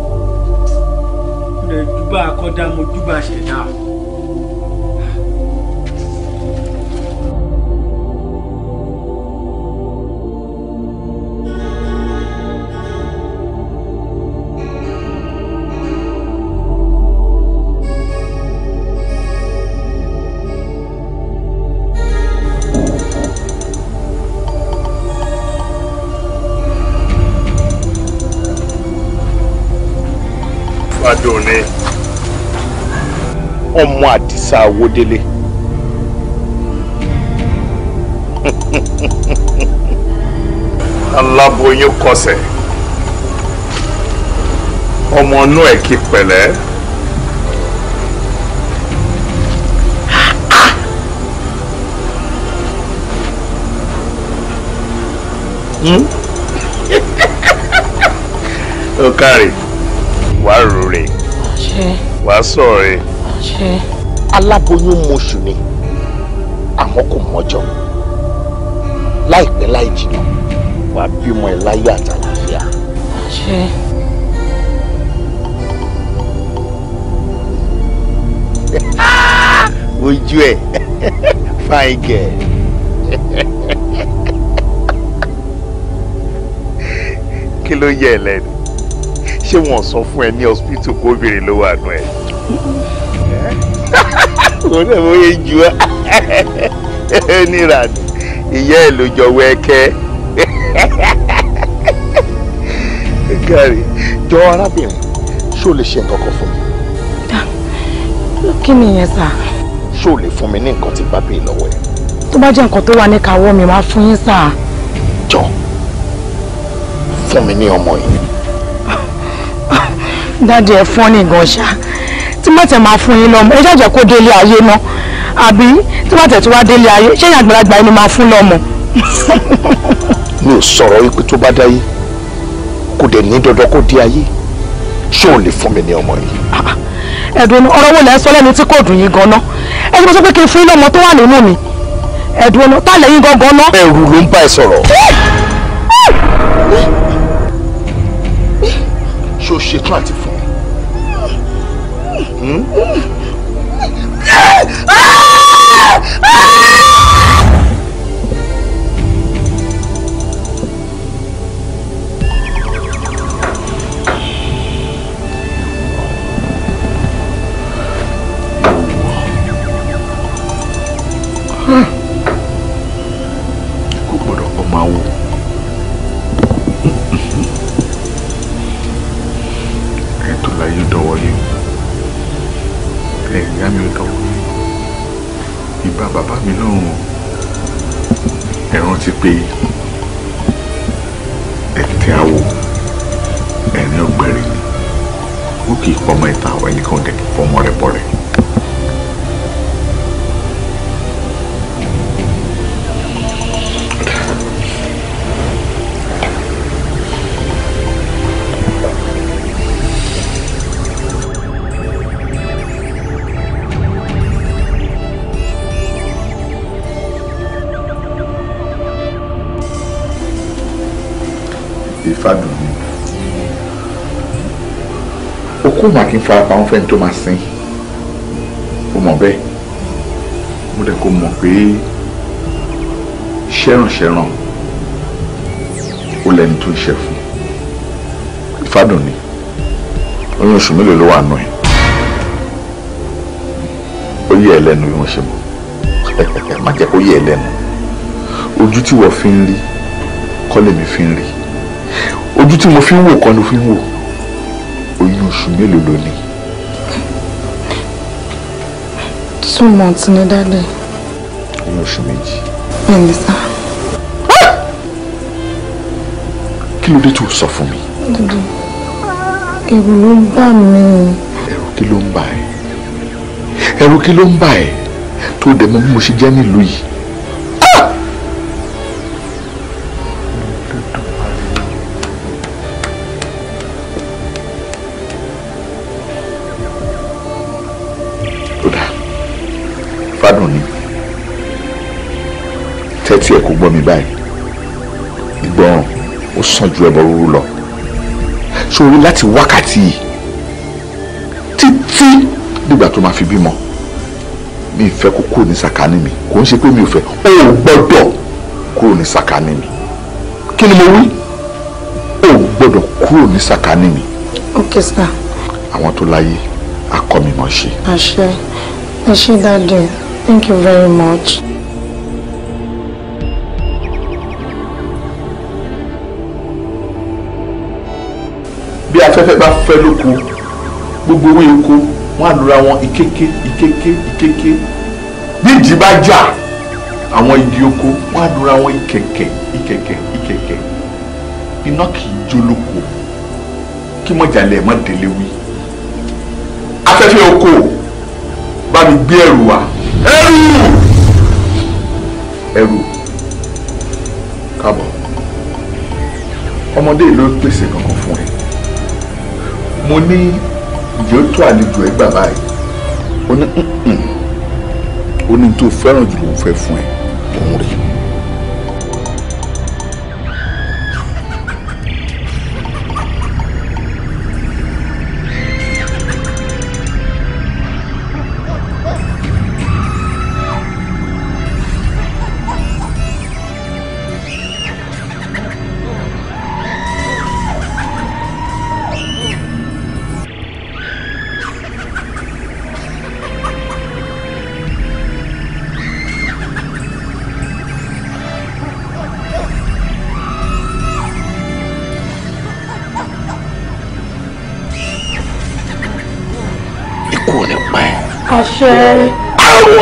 [SPEAKER 1] ó lè júbà kọ́dá mo júbà ṣẹ̀dá. ọmọ àdìsá Awódélé.
[SPEAKER 5] aláboyún
[SPEAKER 7] kọsẹ̀ ọmọ inú ẹ̀ kí pẹ̀lẹ́. Hmm? [LAUGHS] ó kárí wàá rúre wàá sọ̀rọ̀ aláboyún mọṣù ni
[SPEAKER 1] àmọ́ kò mọ́jọ́ láìpẹ́ láì jìnnà wà á bímọ ẹ láyé àtàlàfíà.
[SPEAKER 7] [LAUGHS] ojú ẹ [LAUGHS] fine girl.
[SPEAKER 5] [LAUGHS]
[SPEAKER 7] kí ló yẹ ẹ lẹ́nu ṣé wọ́n sọ fún ẹ ní hospital kó obìnrin ló wà nù ẹ òun náà mo yẹ jù ọ́ níra ìyá ẹ̀ ló jọ wẹ́kẹ́
[SPEAKER 1] gàrí jọ arábìnrin ṣó lè ṣe nǹkan kan fún mi.
[SPEAKER 2] kí ni ìyẹn sà.
[SPEAKER 1] ṣó lè fún mi ní nǹkan tí bá bèè lọ́wọ́ ẹ̀.
[SPEAKER 3] tó bá jẹ́ nǹkan tó wà ní kàwọ́ mi máa fún yín sà.
[SPEAKER 1] jọ fún mi ní ọmọ yìí.
[SPEAKER 3] dáàdi ẹ fún ọ ní gan tí má tẹ̀ máa fún yín lọ́mọ ẹ ṣàjẹ́ kó délé ayé ná àbí tí má tẹ̀ tó wá délé ayé ṣé ìyá àgbàlagbà yín ni máa fún lọ́mọ.
[SPEAKER 7] mi ò sọ̀rọ̀ wípé tó bá dáyé
[SPEAKER 1] kò dẹ̀ ní dandan kó dé ayé ṣé ò lè fún mi ní ọmọ yìí.
[SPEAKER 3] ẹ̀dùn ọ̀rọ̀ wo lẹ́ sọ lẹ́nu tí kò dùn yín gan-an ẹ ti mo sọ pé kí n fún yín lọ́mọ tó wà nínú mi ẹ̀dùn ọ̀nà tá lẹ́yìn gangan náà. ẹrù
[SPEAKER 1] ló ń
[SPEAKER 5] Hmm? Ah! Ah!
[SPEAKER 7] ó mà kí n fara pa wọn fẹ́ni tó máa sin ó mọ̀ bẹ́ẹ̀ mo dẹ̀ kó mọ̀ pé ṣẹ́rànṣẹ́ràn ó lẹ́ni tó ń ṣe fún ìfádùn ni oyún oṣù mélòó ló wà nù ẹ̀ ó yẹ ẹ lẹ́nu bí wọ́n ṣe mọ̀ pẹ̀pẹ̀pẹ̀ [LAUGHS] má jẹ́ kó yẹ ẹ lẹ́nu ojú tí wọ́n fi mo fi ń wò kọ́ ni mo oṣù mélòó ló ní.
[SPEAKER 2] two months ni dálẹ̀.
[SPEAKER 7] ní oṣù méjì. bẹ́ẹ̀ni sá. kí ló dé tó sọ fún mi.
[SPEAKER 2] ẹ̀rù ló ń bà mí.
[SPEAKER 7] ẹ̀rù kí ló ń bà ẹ́ ẹ̀rù kí ló ń bà ẹ́ tó dẹ̀ mọ́ bí mo ṣe jẹ́ nílùú yìí gbádùn ni tẹ́tí ẹ̀ kò gbọ́ mi báyìí ìgbọràn ó sàn ju ẹbọ rúru lọ sórí láti wákàtí yìí títí dìgbà tó máa fi bímọ mi ì fẹ́ kó kúrò ní sàkání mi kò ń ṣe pé mi ò fẹ́ ó gbọ́dọ̀ kúrò ní sàkání mi kí ni mo wí ó gbọ́dọ̀ kúrò ní sàkání mi. ok sir. àwọn tó láyé akọ mi mọ̀ ṣe.
[SPEAKER 2] àṣẹ ẹ ṣe dáadé. Thank you very much.
[SPEAKER 7] bí afẹ́fẹ́ bá fẹ́ lóko gbogbo owó eko wọn àdúrà wọn ìkéké ìkéké ìkéké bí ìjì bá jà àwọn igi oko wọn àdúrà wọn ìkẹ̀kẹ̀ ìkẹ̀kẹ̀ ìkẹ̀kẹ̀ iná kì í jó lóko kí mọ̀jàlẹ̀ mọ̀ délé wí afẹ́fẹ́ oko bá mi gbé ẹrù wá ẹrù ẹrù kábọ̀ ọmọdé ló pèsè kankan fún ẹ mo ní ìyó tó àlejò ẹ gbà báyìí ó ní ó ní tó fẹ́ràn jù ló fún ẹ òun rèé.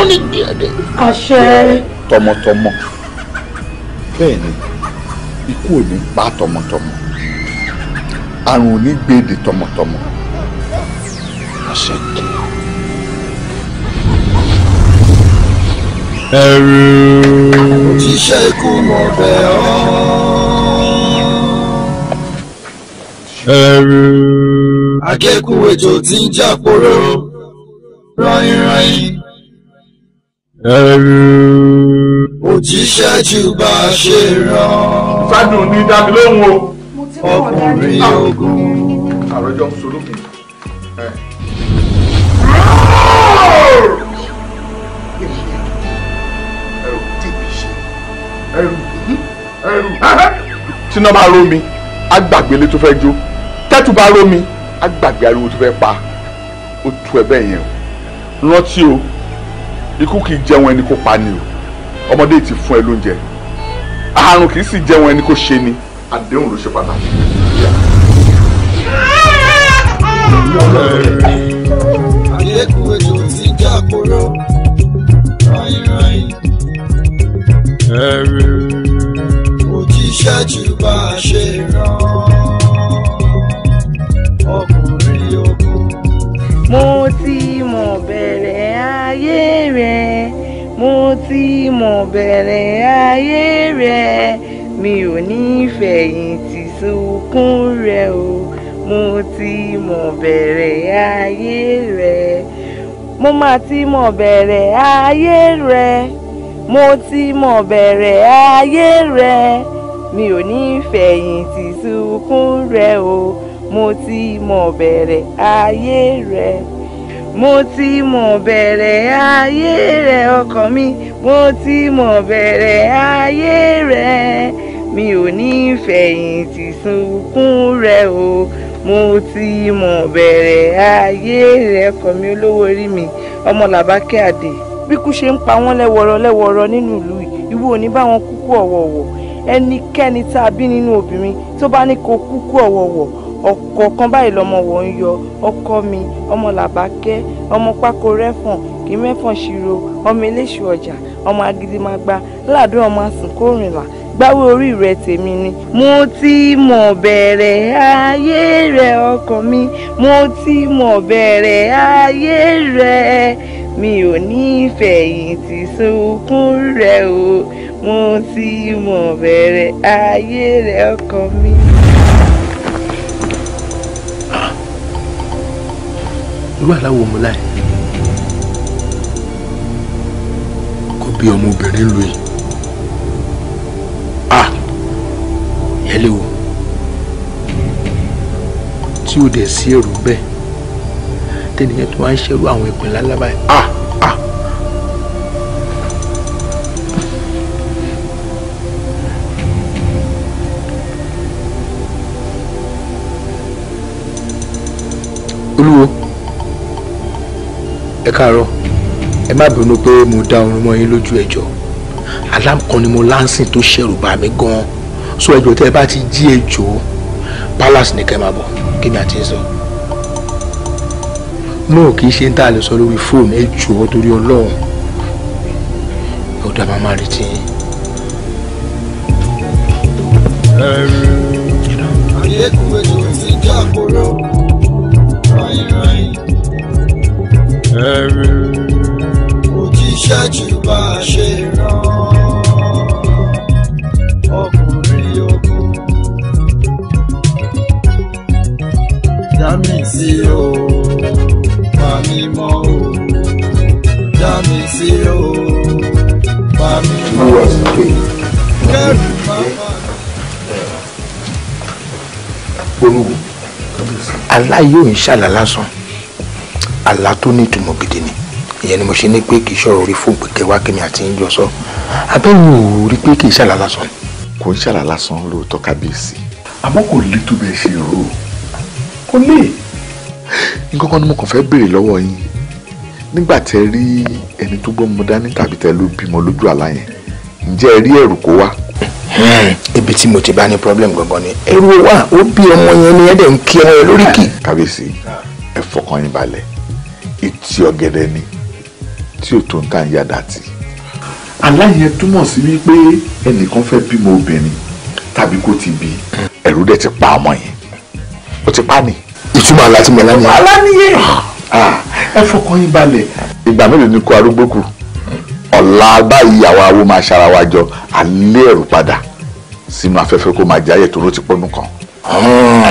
[SPEAKER 2] ní gbé ọdẹ. àṣẹ.
[SPEAKER 7] tọmọtọmọ bẹ́ẹ̀ ni ikú ò ní pa tọmọtọmọ àrùn ò ní gbèdè tọmọtọmọ àṣẹ kí. ẹrù.
[SPEAKER 6] tíṣẹ́ ikú mọ̀ bẹ́ ọ́. ẹrù. akẹ́kọ̀ọ́ ètò tí ń jà pòrò. ṣiṣẹ́
[SPEAKER 1] ju bá a ṣe rán. ṣáàdùn ní dábì lóhùn o. ọkùnrin ogun. àròjọ ń sọ lókun. ẹrù ẹrù ẹrù. tíná bá ró mi á gbàgbé ilé tó fẹ́ jó tẹ́tù bá ró mi á gbàgbé ariwo tó fẹ́ pa ó
[SPEAKER 7] tu ẹ bẹ́ẹ̀ yẹn o rántí o ikú kì í jẹun ẹni kó pa ni o ọmọdé ti fún ẹ lóúnjẹ àrùn kì sì jẹun ẹni kó ṣe ni àdéhùn ló ṣe pàtàkì.
[SPEAKER 6] àlékún ètò bá a ṣe rà.
[SPEAKER 2] tí mo bẹ̀rẹ̀ ayé rẹ mi ò ní fẹ̀yìntì sunkún rẹ o mo ti mọ̀ bẹ̀rẹ̀ ayé rẹ mo mà ti mọ̀ bẹ̀rẹ̀ ayé rẹ mo ti mọ̀ bẹ̀rẹ̀ ayé rẹ mi ò ní fẹ̀yìntì sunkún rẹ o mo ti mọ̀ bẹ̀rẹ̀ ayé rẹ mo ti mọ̀ bẹ̀rẹ̀ ayé rẹ ọkàn mi mo ti mọ̀ bẹ̀rẹ̀ ayé rẹ̀ mi ò ní fẹ̀yìntì sunkún rẹ̀ o mo ti mọ̀ bẹ̀rẹ̀ ayé rẹ̀ ọkọ mi olówó orí mi ọmọ làbákẹ́ àdè bí kú ṣe ń pa wọ́n lẹ́wọ̀rọ̀ lẹ́wọ̀rọ̀ nínú ìlú yìí ìwọ ò ní bá wọn kúkú ọ̀wọ̀ọ̀wọ̀ ẹnikẹ́ni tá a bí nínú obìnrin tó bá ní kó kúkú ọ̀wọ̀ọ̀wọ̀ ọ̀kọ̀ọ̀kan báyìí lọmọ wọ̀ ń yọ ọkọ mi ọmọ làbákẹ́ ọmọ pákó rẹ́fọ̀n òkè mẹ́fọ̀n ṣiro ọmọ eléṣù ọjà ọmọ agidimágbá ládùn ọmọ àsìkòrìnlá gbáwé orí rẹ tèmi ni. mo ti mọ̀ bẹ̀rẹ̀ ayé rẹ ọkàn mi mo ti mọ̀ bẹ̀rẹ̀ ayé rẹ mi ò ní fẹ̀yìntì sunkún rẹ o mo ti mọ̀ bẹ̀rẹ̀ ayé rẹ ọkàn mi.
[SPEAKER 1] irú àláwọ̀ ọmọ láì. pé ọmọbìnrin lu yìí a yẹlẹ o tí o dẹ̀ sí èrò bẹ́ẹ̀ tẹ́niyẹn tó wá ń ṣerú àwọn ìpínlẹ̀ alábàá a a. olúwo ẹ káàárọ̀ ẹ má bínú pé mo dá orun mọ́ yín lójú ẹjọ́ aláǹkan ni mo láǹsìn tó ṣẹ̀rù bà mí gan so ẹjọ́ tẹ́ ẹ bá ti jí ẹjọ́ palace ní kẹ́ máa bọ̀ kí ni àti ń sọ. mo kì í ṣe ń tà lè sọ lórí fóònù ẹjọ́ torí ọlọ́run ọ̀dà máa máa
[SPEAKER 6] retí Every ṣiṣẹ́ jù bá a ṣe rán ọkùnrin ogun. Dámì sí o, pa mí mọ́ o. Dámì sí o, pa mí mọ́ o.
[SPEAKER 5] Kẹ́rù máma.
[SPEAKER 1] aláyé ò ń ṣàlà lásán, àlá tó ní ìtumọ̀ gidi ni ìyẹn ni mo ṣe ní pé kì í ṣọ̀rọ̀ orí fún pé kẹwàá kẹmi àti ń jọ sọ
[SPEAKER 7] abẹ́yìn ò rí pé kì í ṣàlà lásán. kò ń ṣàlà lásán lóòótọ́ kábíyèsí. àmọ́ kò lè tó bẹ́ẹ̀ ṣe rò ó kò lè. nǹkan kan ni mo kàn fẹ́ béèrè lọ́wọ́ yín nígbà tẹ rí ẹni tó gbọ́mọ dání tàbí tẹ ló bímọ lójú àlá yẹn
[SPEAKER 1] ǹjẹ́ ẹ rí ẹ̀rù kó wá. ibi tí mo ti bá ní problem gangan ni ẹ̀rù wà ó bí ọmọ yẹn ni
[SPEAKER 7] ẹ dẹ̀ ń kí ọmọ lóríkì. kábíyèsí ẹ fọkàn yín balẹ̀ ìtì ọ̀gẹ̀dẹ̀ ni tí ò tó ń tà ń yá dàtí aláyẹn túmọ̀ sí wípé ẹnìkan fẹ́ bímọ obìnrin tàbí kó ti bí ẹ̀rù dẹ̀ ti pa ọmọ yẹn ó ti pa ni. ìtumọ̀ alátìmọ̀ aláníyẹ. aláníyẹ ẹ fọkàn yín balẹ̀. ìgbà mélòó ni kó arúgbó kù ọ̀la báyìí àwa awo máa ṣara wa jọ alẹ́ ẹ̀rù padà sínú afẹ́fẹ́ kó máa jẹ́ ayẹ̀ tó ló ti pọ́nú kan. Hmm.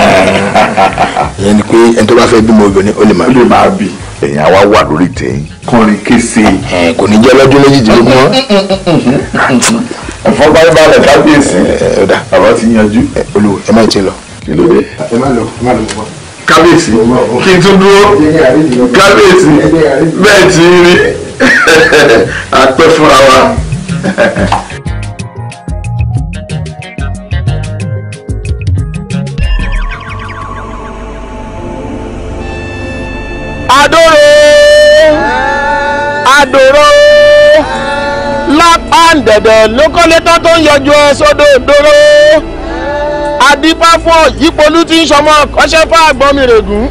[SPEAKER 1] ìyẹn ni pé ẹni tó bá fẹ́ bímọ obìnrin ó lè máa bí. ó lè máa bí.
[SPEAKER 7] ẹ̀yin àwa wà lórí tẹ̀yìn. kọrin kése. kò ní jẹ́ lọ́dún méjìdínlógún
[SPEAKER 5] mọ́.
[SPEAKER 1] ẹ̀fọ́n bá bá rẹ̀ kábíyèsí.
[SPEAKER 7] bàbá ti yanjú. olùwọ̀ ẹ má ti lọ.
[SPEAKER 1] kí ló dé. ẹ má lọ ẹ má lọ wọ kábíyèsí kí n tún dúró kábíyèsí
[SPEAKER 6] bẹ́ẹ̀ tí ń rí apẹ́ [LAUGHS] fúnra wa. [LAUGHS]
[SPEAKER 1] dẹ̀dẹ̀ ló kọ́lé tán tó ń yọjú ẹ sódò ìdóró adípáfọ́ yípolú tí ń sọmọ kọ́ṣẹ́ fún àgbọ̀mìrègùn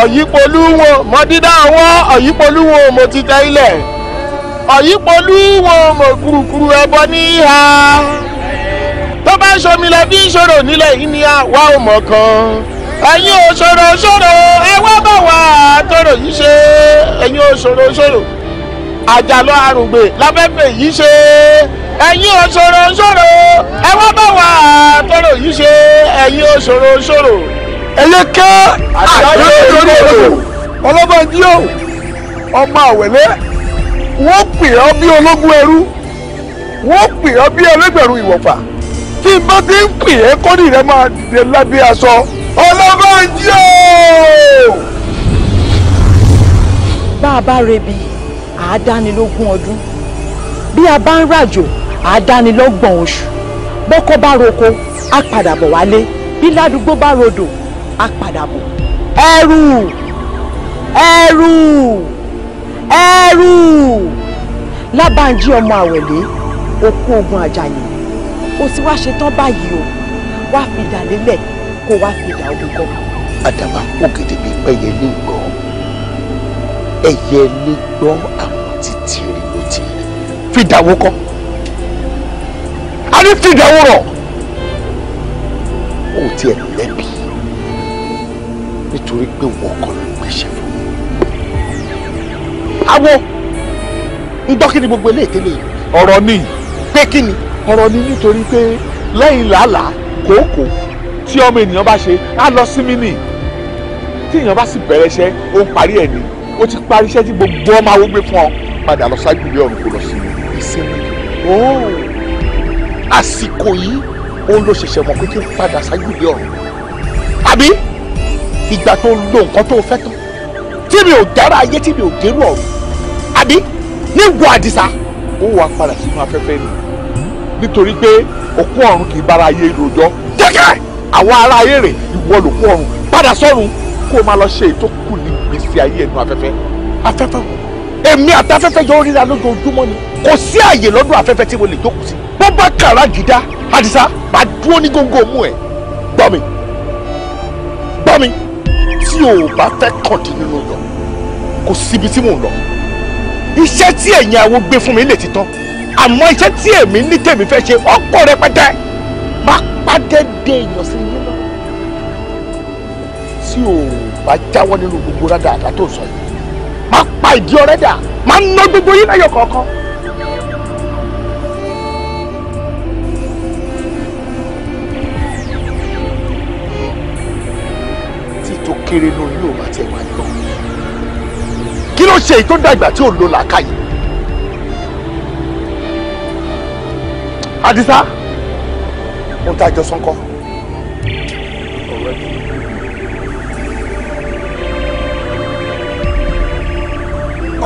[SPEAKER 1] ọ̀yípolú wọn mọ́dídá wọn ọ̀yípolú wọn mo ti tẹ ilẹ̀ ọ̀yípolú wọn mo kurukuru ẹbọ níhà tó bá ṣomi lẹ bí ṣòro nílẹ̀ yìí ni àwa ò mọ̀ kan ẹ̀yin ò ṣòro ṣòro ẹ wá bọ̀ wá tọrọ yìí ṣe ẹ̀yin ò ṣòro ṣòro àjàlọ àrùngbè lábẹ́fẹ̀ yìí ṣe ẹ̀yin òṣòro ṣòro ẹ wọ́n bá wà tọrọ yìí ṣe ẹ̀yin òṣòro ṣòro. eléke àjọyọ̀ lórí èdè ọlọ́mọdé o ọmọ àwẹ̀lẹ́ wọ́n pè ọ́ bí ológun ẹrú wọ́n pè ọ́ bí ẹlẹ́gbẹ̀rún ìwọ̀fà tí bá ti ń pè é kọ́ni rẹ máa dìde
[SPEAKER 3] lábẹ́ aṣọ ọlọ́mọdé o. bá a bá rebi àádánilógún ọdún bí a bá ń ràjò àádánilọ́gbọ̀n oṣù bọ́kọ́ bá roko á padà bọ̀ wálé bí ládùúgbò bá rodò á padà bọ̀ ẹrù ẹrù ẹrù lábàájí ọmọ àwẹ̀lé okú ogun àjàyè o ti wá ṣetán báyìí o wá fìdá lélẹ̀ kó wá fìdá ogun kọ́.
[SPEAKER 1] àdàbà ògèdè bíi pẹ́yẹ ní ìgbọ́ ẹyẹ lè gbọ́ àwọn títí rí ló ti rí fìdáwó kọ́ a
[SPEAKER 5] ní fìdáwó rọ̀
[SPEAKER 1] ó tiẹ̀ lẹ́bi nítorí pé wọ́n kọ́ ló gbéṣẹ́ fún mi. àwọn ńdọ́kí ni gbogbo eléyìí tẹ́lẹ̀ ọ̀rọ̀ ni pé kí ni ọ̀rọ̀ ni nítorí pé lẹ́yìn làálàá kòókòó tí ọmọ ènìyàn bá ṣe á lọ sí mí nì tí èèyàn bá sì bẹ̀rẹ̀ iṣẹ́ ó ń parí ẹ̀ ni o ti parí iṣẹ́ tí gbogbo ọmọ awo gbé fún ọ padà lọ ṣáájú ilé ọ̀run kò lọ sí ìsinmi àsìkò yìí ó ló ṣẹ̀ṣẹ̀ mọ̀ pé kí n padà ṣáájú ilé ọ̀run àbí ìgbà tó lo nǹkan tó fẹ́ tán tí mi ò dára ayé tí mi ò dérú ọ̀run àbí ní ìwọ àdìsá ó wà padà sínú afẹ́fẹ́ nù nítorí pé òkú ọ̀run kì í bára ayé lòjọ́ jẹ́kẹ́ àwọn ará ayé rẹ̀ ìwọ lòkú ọ̀run padà sọ́run kó o máa lọ ṣe ètò kù ní gbèsè ayé ẹnu afẹ́fẹ́ afẹ́fẹ́ wò èmi àtafẹ́fẹ́ jọ ríra lójoojúmọ́ ni kò sí àyè lọ́dún afẹ́fẹ́ tí mo lè jókòó sí bó bá kàrá gidá àdìsá bá dúró ní góńgó mú ẹ gbọ́ mi gbọ́ mi tí o bá fẹ́ kọ̀dí nínú yọ kò síbi tí mò ń lọ iṣẹ́ tí ẹ̀yin awo gbé fún mi lè ti tán àmọ́ iṣẹ́ tí èmi ní tèmi fẹ́ ṣe ọ̀pọ̀ rẹpẹtẹ má pàdé dé èèyàn yín tí ò bá jáwọ́ nínú gbogbo rádà àdá tó sọ yìí máa pa ìdí ọ̀rẹ́ dà máa ń ná gbogbo yín lẹ́yọ̀ kọ̀ọ̀kan. tí tó kéré lórí yóò bá tiẹ̀ máa yọ kí ló ṣe èyí tó dàgbà tí ò lo làákàyè. Àdìsá, mo ta ìjọsán kọ́.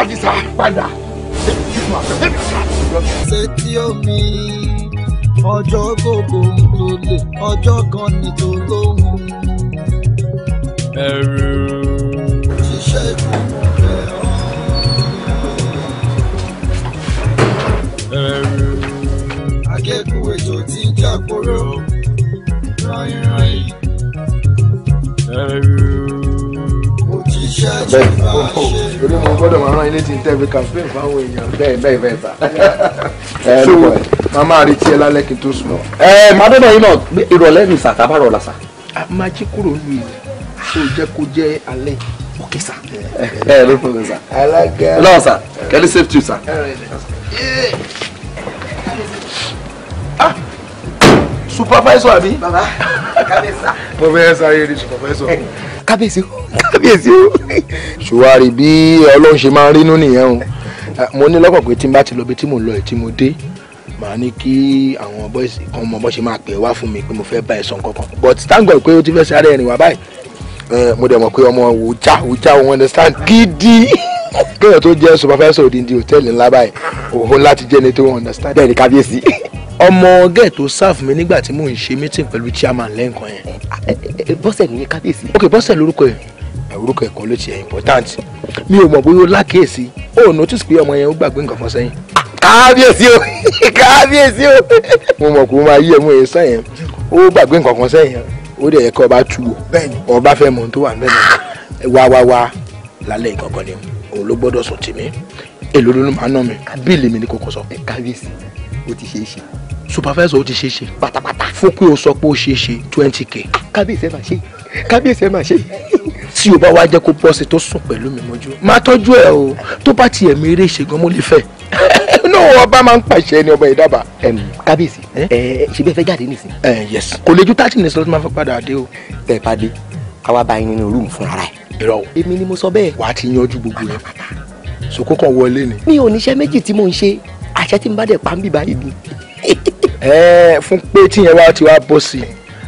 [SPEAKER 1] Àdìsá padà.
[SPEAKER 6] Ṣètí omi ọjọ́ gbogbo tó lè ọjọ́ kan ní tó lóhùn. Ẹ̀rù. Ṣiṣẹ́ ìkùn. akẹ́kọ̀ọ́ ètò tí ń jà kóró ráyìnráyìn. mo jíṣẹ́ jẹ́ bá ṣe
[SPEAKER 5] gbọ́dọ̀ máa rán
[SPEAKER 1] ilé tí n tẹ́bi campaign fáwọn èèyàn. bẹ́ẹ̀ bẹ́ẹ̀ bẹ́ẹ̀ sà. [LAUGHS] Eh, so màá máa retí ẹ lálẹ́ kí n tó sùn. ẹ eh, màá dọ́dọ̀ yín náà ìrọ̀lẹ́ ni sà tábàrọ̀ là sà. a máa jí kúrò ní ìlú so jẹ́ kó jẹ́ alẹ́ òkè sà. ẹ ẹ ló fún mi sà. alága. lọ́wọ́ sà kẹ́lí safe too sà. ẹ ẹ supervisor àbí. baba kábíyèsí. mo fẹ́ sáré ní supervisor. kábíyèsí kábíyèsí o. ṣùwárí bí ọlọ́run ṣe máa ń rínú nìyẹn o eh, mo ní lọ́kàn pé tí n bá ti lọ bí tí mo lọ ẹ̀ tí mo dé màá ní kí àwọn boys kan mọ bó ṣe máa pè wá fún mi pé mo fẹ́ bá ẹ sọ nǹkan kan but thank God pé o ti fẹ́ sáré ẹ̀rìn wá báyìí eh, mo dẹ̀ mọ̀ pé ọmọ wò já wò já o understand gidi kéèyàn tó jẹ́ supervisor odindi hòtẹ́ẹ̀lì ńlá báyìí òun láti jẹ́ ẹni tó understand ẹni kábíyèsí. ọmọ gẹ́ẹ̀ tó sáàfù mi nígbà tí mò ń ṣe meeting pẹ̀lú chairman lẹ́ǹkan yẹn. bọ́sẹ̀ nìyẹn kábíyèsí. ok bọ́sẹ̀ lórúkọ ẹ̀ orúkọ ẹ̀kọ́ ló ti ẹ̀ important mi ò mọ̀ bóyá ó lákèésí ó notice pé ọmọ yẹn ó gbàgbé nǹkan kan sẹ́yìn. kábíyèsí o [LAUGHS] kábíyèsí o mo mọ̀ kó máa yí ẹ̀ mú ẹ̀ sẹ́yìn ó gbàgbé nǹkan kan sẹ́yìn ó dẹ̀ yẹ kí ọba tu o ọba fẹ́ mọ̀ tó wà nínú ẹ̀ wá wá wá lálẹ́ ìkọ̀kọ̀ ni o òun ló gbọ́dọ̀ sùn tì mí èlò ló máa ná mi bíìlì mi ni kò kò sọ. ẹ kábíyèsí o ti ṣeé ṣe. supervisor o ti ṣeé ṣe pátápátá fún o sọ pé ó ṣeé ṣe twenty k. kábíyèsí ẹ máa ṣe kábíyèsí ẹ máa ṣe tí o bá wá jẹ́ kó pọ́sì tó sùn pẹ̀lú mi mọ́jú máa tọ́jú ẹ o tó bá tiẹ̀ mi eré ìṣègùn mo lè fẹ́ inú [LAUGHS] ọba máa ń pàṣẹ ni ọba ìdábà. kábíyèsí eh? ẹ ṣe bẹ́ẹ̀ fẹ́ jáde nísìnyí. Eh, yes kò lè ju thirty minutes lọ́tún máa fẹ́ padà dé o. tẹ̀ padé ká wá bá yín nínú rúùmù fúnra rẹ̀. irọ́ o èmi ni mo sọ bẹ́ẹ̀. wàá ti yanjú gbogbo rẹ̀ sòkò kan wọlé ni. mi ò níṣẹ́ méjì tí
[SPEAKER 3] mò ń ṣe àṣẹ tí n bá dẹ̀ pa ń bì báyìí ni. [LAUGHS]
[SPEAKER 1] ẹ fún pé tíyẹn wá ti wá bọ́ sí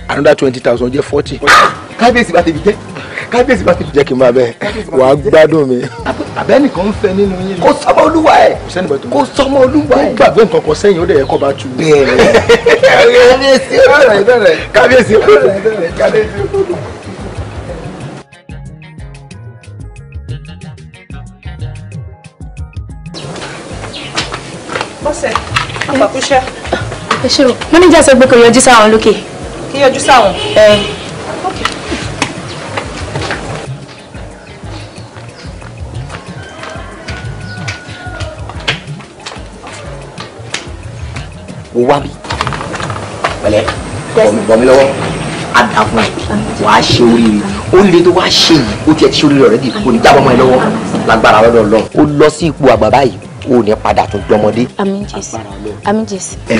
[SPEAKER 1] i another twenty thousand jẹ́ forty. Ah! kábíyèsí bá tèmi jẹ́ kábíyèsí bá tèmi. jẹ́ kí n máa bẹ́ẹ̀ wàá gbádùn mi. àbẹ́nìkan ń fẹ́ nínú yín. kò sọmọ olúwa ẹ̀ kò sọmọ olúwa ẹ̀. kó gbàgbé nǹkan kan sẹ́yìn ó dẹ̀ yẹ kó bá tu. bẹ́ẹ̀ [LAUGHS]
[SPEAKER 5] kábíyèsí
[SPEAKER 1] ọ̀rẹ́ kábíyèsí ọ̀rẹ́ kábíyèsí ọ̀rẹ́.
[SPEAKER 3] sẹ̀ àpàkúṣẹ́.
[SPEAKER 2] ẹ ṣe o mo ní jásẹ pé kò yọjú sáwọn lókè.
[SPEAKER 3] kí yọjú sáwọn. ẹ
[SPEAKER 1] o wá mi pẹ̀lẹ́ bọ̀ mí lọ́wọ́ á dà fún ẹ wàá ṣe oríire ó lè tó wàá ṣe yìí ó tiẹ̀ ti ṣe oríire ọ̀rẹ́dì kò ní jábọ́ mọ́ ẹ lọ́wọ́ lágbára lọ́dọ̀ Ọlọ́run ó lọ sí ipò àgbà báyìí ò ní padà tún dọmọdé.
[SPEAKER 3] àmín Jésù
[SPEAKER 2] àmín Jésù.
[SPEAKER 1] ẹ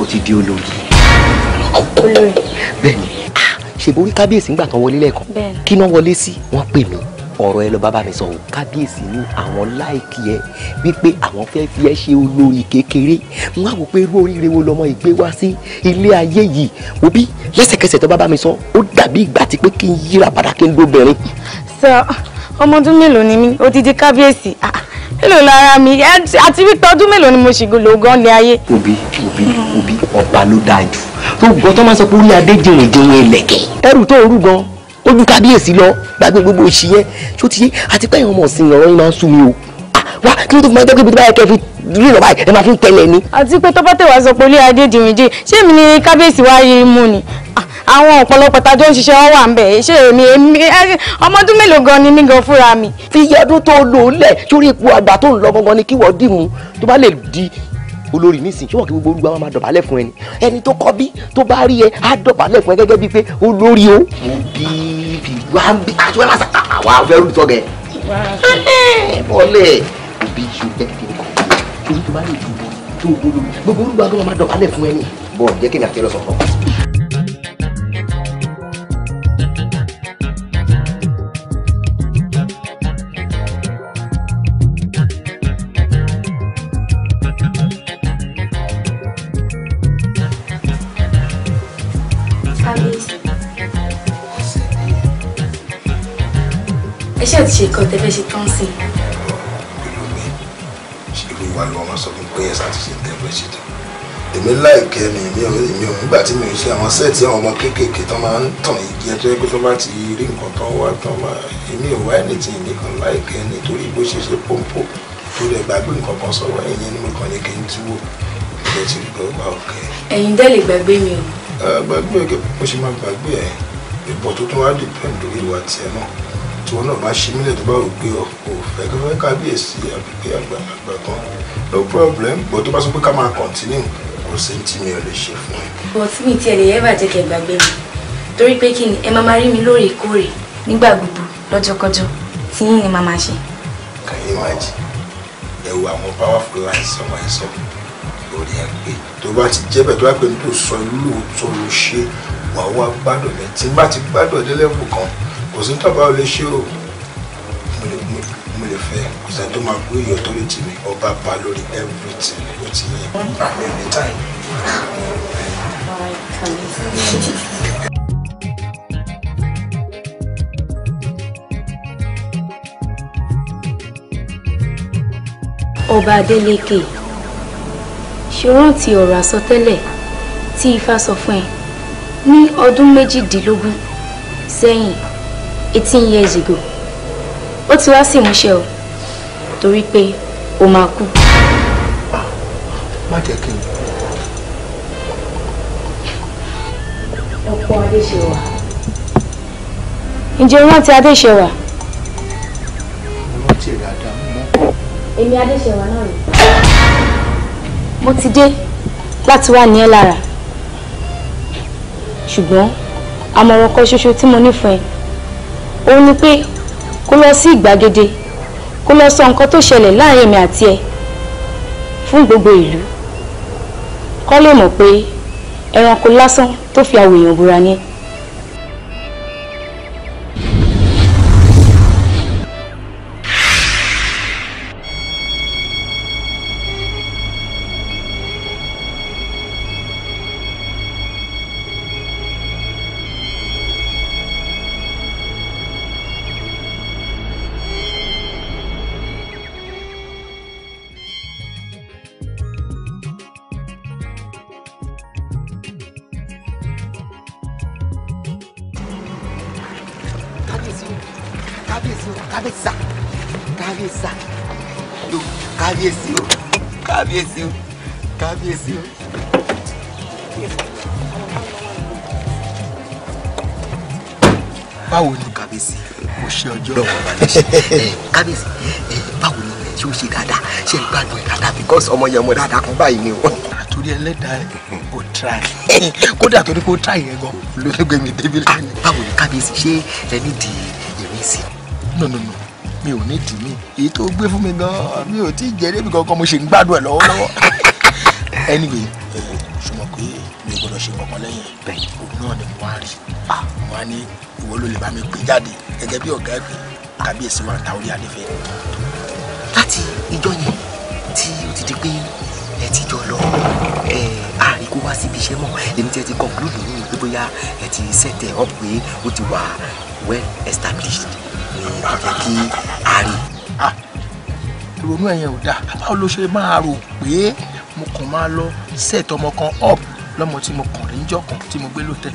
[SPEAKER 1] o ti di olórí. olórí. bẹ́ẹ̀ni ṣègbè orí kábíyèsí ńgbà kan wọlé lẹ́ẹ̀kan
[SPEAKER 3] kí náà wọlé sí
[SPEAKER 1] wọ́n pè mí ọ̀rọ̀ ẹ lọ bàbá mi sọ o kábíyèsí ní àwọn láìkí ẹ wípé àwọn fẹ́ fi ẹ ṣe olórí kékeré n wá wò pé irú oríire wo lọmọ ìgbé wá sí ilé ayé
[SPEAKER 3] yìí òbí lẹ́sẹ̀kẹsẹ̀ tó bàbá mi sọ ó dàbí ìgbà tí pé kí n yíra padà kí n dóbìnrin. sọ ọmọ ọdún mélòó ni mí ó kábíyèsí ah èlò lára mi àti wípé ọdún mélòó ni mo ṣì lò gan ní ayé.
[SPEAKER 1] Obi, obi, obi, ọba ló dáa jù
[SPEAKER 3] tó gbọ́ tó máa sọ pé orí adé jìnrìn jìnrìn ẹlẹ́kẹ̀. ẹrù tó rú gan ojú kábíyèsí lọ gbàgbé gbogbo òṣì yẹn tó ti yé àti pé àwọn ọmọ ọ̀sìn ìrọ̀rùn yìí máa ń sú mi o wá kí ló tó fi máa ń tẹ́kọ̀ ibi tó bá yẹ kẹ́ fi rí lọ́wọ́ ẹ̀ máa fi ń tẹ̀lé ni. àti pé tó tẹ̀ wá sọ pé olú adé dìrìndì ṣé èmi ni kábíyèsí wá yé mú ni àwọn ọ̀pọ̀lọpọ̀ tá a jọ ń ṣiṣẹ́ wọn wà ń bẹ̀ ṣé èmi èmi ọmọdún mélòó gan ni mí gan fúnra mi. fi iye tó lò ó lẹ̀ sórí ipò àgbà tó ń lọ gangan ni kí wọ́n dì
[SPEAKER 1] mú tó bá lè di olórí nísìnyí ṣọwọ́ kí gbogbo olúwa máa dọ̀bálẹ̀ fún ẹni ẹni tó kọ́ bí tó bá rí ẹ á dọ̀bálẹ̀ fún ẹ gẹ́gẹ́ bíi pé olórí o. mo bí bí wá ń bí àti lásán àwa fẹ́ rúbitọ́ gẹ̀. bọ́lẹ̀ òbí yìí jẹ́ kí n kọ̀ ọ́ torí tó bá lè dùn bọ́ tó gbóló gbogbo olúwa gbọ́dọ̀ máa dọ̀bálẹ̀ fún ẹni bọ́ọ̀ jẹ́ kí n àti ẹ lọ sọ̀rọ̀.
[SPEAKER 2] ẹ ṣáà ti ṣe ìkọ́ tẹ́fẹ́ ṣe tán sí i.
[SPEAKER 1] pé ẹ̀sà ti ṣe tẹ́ fẹ́ ṣe tán èmi láìkẹ́ ni èmi ò èmi ò nígbà tí mi ò ṣe àwọn sẹ́ẹ̀tì àwọn ọmọ kéékèèké tó máa ń tàn yìí jẹ́ pé tó bá ti rí nǹkan tó wá tán máa èmi ò wá ẹni tí nìkan láìkẹ́ nítorí bó ṣe ṣe pọ́ńpọ́ tó lè gbàgbé nǹkan kan sọ̀rọ̀ ẹ̀yìn ni mo kàn ní kí n túwò ilé tí ó ọ̀kẹ́.
[SPEAKER 3] ẹ̀yin dẹ́ gbàgbé mi
[SPEAKER 1] o. gbàgbé tí wọn náà bá ṣe mílẹ̀ tó bá rò pé o fẹ́ kí fẹ́ kábíyèsí àgbègbè àgbàlagbà kan no problem but tó bá sọ pé ká máa continue kò sí ní tí mi lè ṣe fún ẹ.
[SPEAKER 2] but mi tiẹ̀ lè yẹ́bà jẹ́ kẹ́ gbàgbé mi torí pé kí ni ẹ máa máa rí mi lóòrèkóòrè nígbà gbogbo lọ́jọ́kọ́jọ́ tí yín ni màá máa ṣe.
[SPEAKER 1] can you imagine ẹ wo àwọn powerful lines ọmọ ẹ sọ lórí ẹ pé tó bá ti jẹ́ bẹ́ẹ̀ tó bá pè ní tó sọ lóòótọ́ ló ṣe wàá wá gbádùn ẹ tí bá ti gbádùn ẹ délẹ́kùn kan kò sí tọ́ba ò lè ṣe o mo lè fẹ́ kò sẹ́ni tó máa gbé èèyàn tó lè everything ó ti yẹ àmì ẹni táìmù.
[SPEAKER 2] ọba Adélékè ṣe rántí ọ̀rọ̀ àsọtẹ́lẹ̀ tí Ifá sọ fún ẹ ní ọdún méjìdínlógún sẹ́yìn eighteen years ago ó ti wá sí ìmúṣẹ o torí pé o máa kú. má jẹ́ kí n kú. ọ̀pọ̀ adéṣèwà. ǹjẹ́ o rántí adéṣèwà.
[SPEAKER 1] mo rántí rẹ̀ àdámú
[SPEAKER 2] mọ́. èmi adéṣèwà náà rè. mo ti dé láti wá ní ẹ lára
[SPEAKER 3] ṣùgbọ́n àmọ̀ràn kan ṣoṣo tí mo ní fún ẹ òun ni pé kó lọ sí ìgbàgede kó lọ sọ nǹkan tó ṣẹlẹ̀ láàrin èmi àti ẹ fún gbogbo ìlú kó lè mọ̀ pé ẹranko
[SPEAKER 2] lásán tó fi àwòyàn búra yẹn
[SPEAKER 1] kábíyèsí ẹ báwo ni ṣé ó ṣe dáadáa ṣe é gbádùn dáadáa because ọmọ yẹn ọmọ dáadáa kan báyìí ni o. àtúndì ẹlẹ́dàá kò try [LAUGHS] kódà torí kò try yẹn gan ló mi débi lẹ́nu. Ah, báwo ni kábíyèsí ṣé ẹ di ìrísí. no no no mi ò ní dì mí èyí tó gbé fún mi gan mi ò tí ì jẹ débi kankan mo ṣe ń gbádùn [LAUGHS] ẹ lọ́wọ́lọ́wọ́. anyway ṣùgbọ́n pé mi ò gbọ́dọ̀ ṣe kankan lẹ́yìn bẹ́ẹ̀ òun náà ni mo wá rí ah. mo wá ní ìwọ ló lè bá mi pè jáde gẹ́gẹ́ bí ọ̀gá ẹ̀ pé kábíyèsí máa ta orí adé fẹ́. láti ìjọ yẹn tí o ti di pé ẹ ti jọ lọ ẹ àárín kó wá síbi iṣẹ́ mọ́ èmi tí ẹ ti conclude nínú pé bóyá ẹ ti set up pé ó ti wà well established
[SPEAKER 5] ni ó jẹ́ kí
[SPEAKER 1] a rí. ìrònú ẹ̀yẹn ò dáa báwo ló ṣe máa rò pé mo kàn máa lọ set ọmọ kan up lọ́mọ tí mo kàn rí níjọ́ kan tí mo gbé lóòótẹ́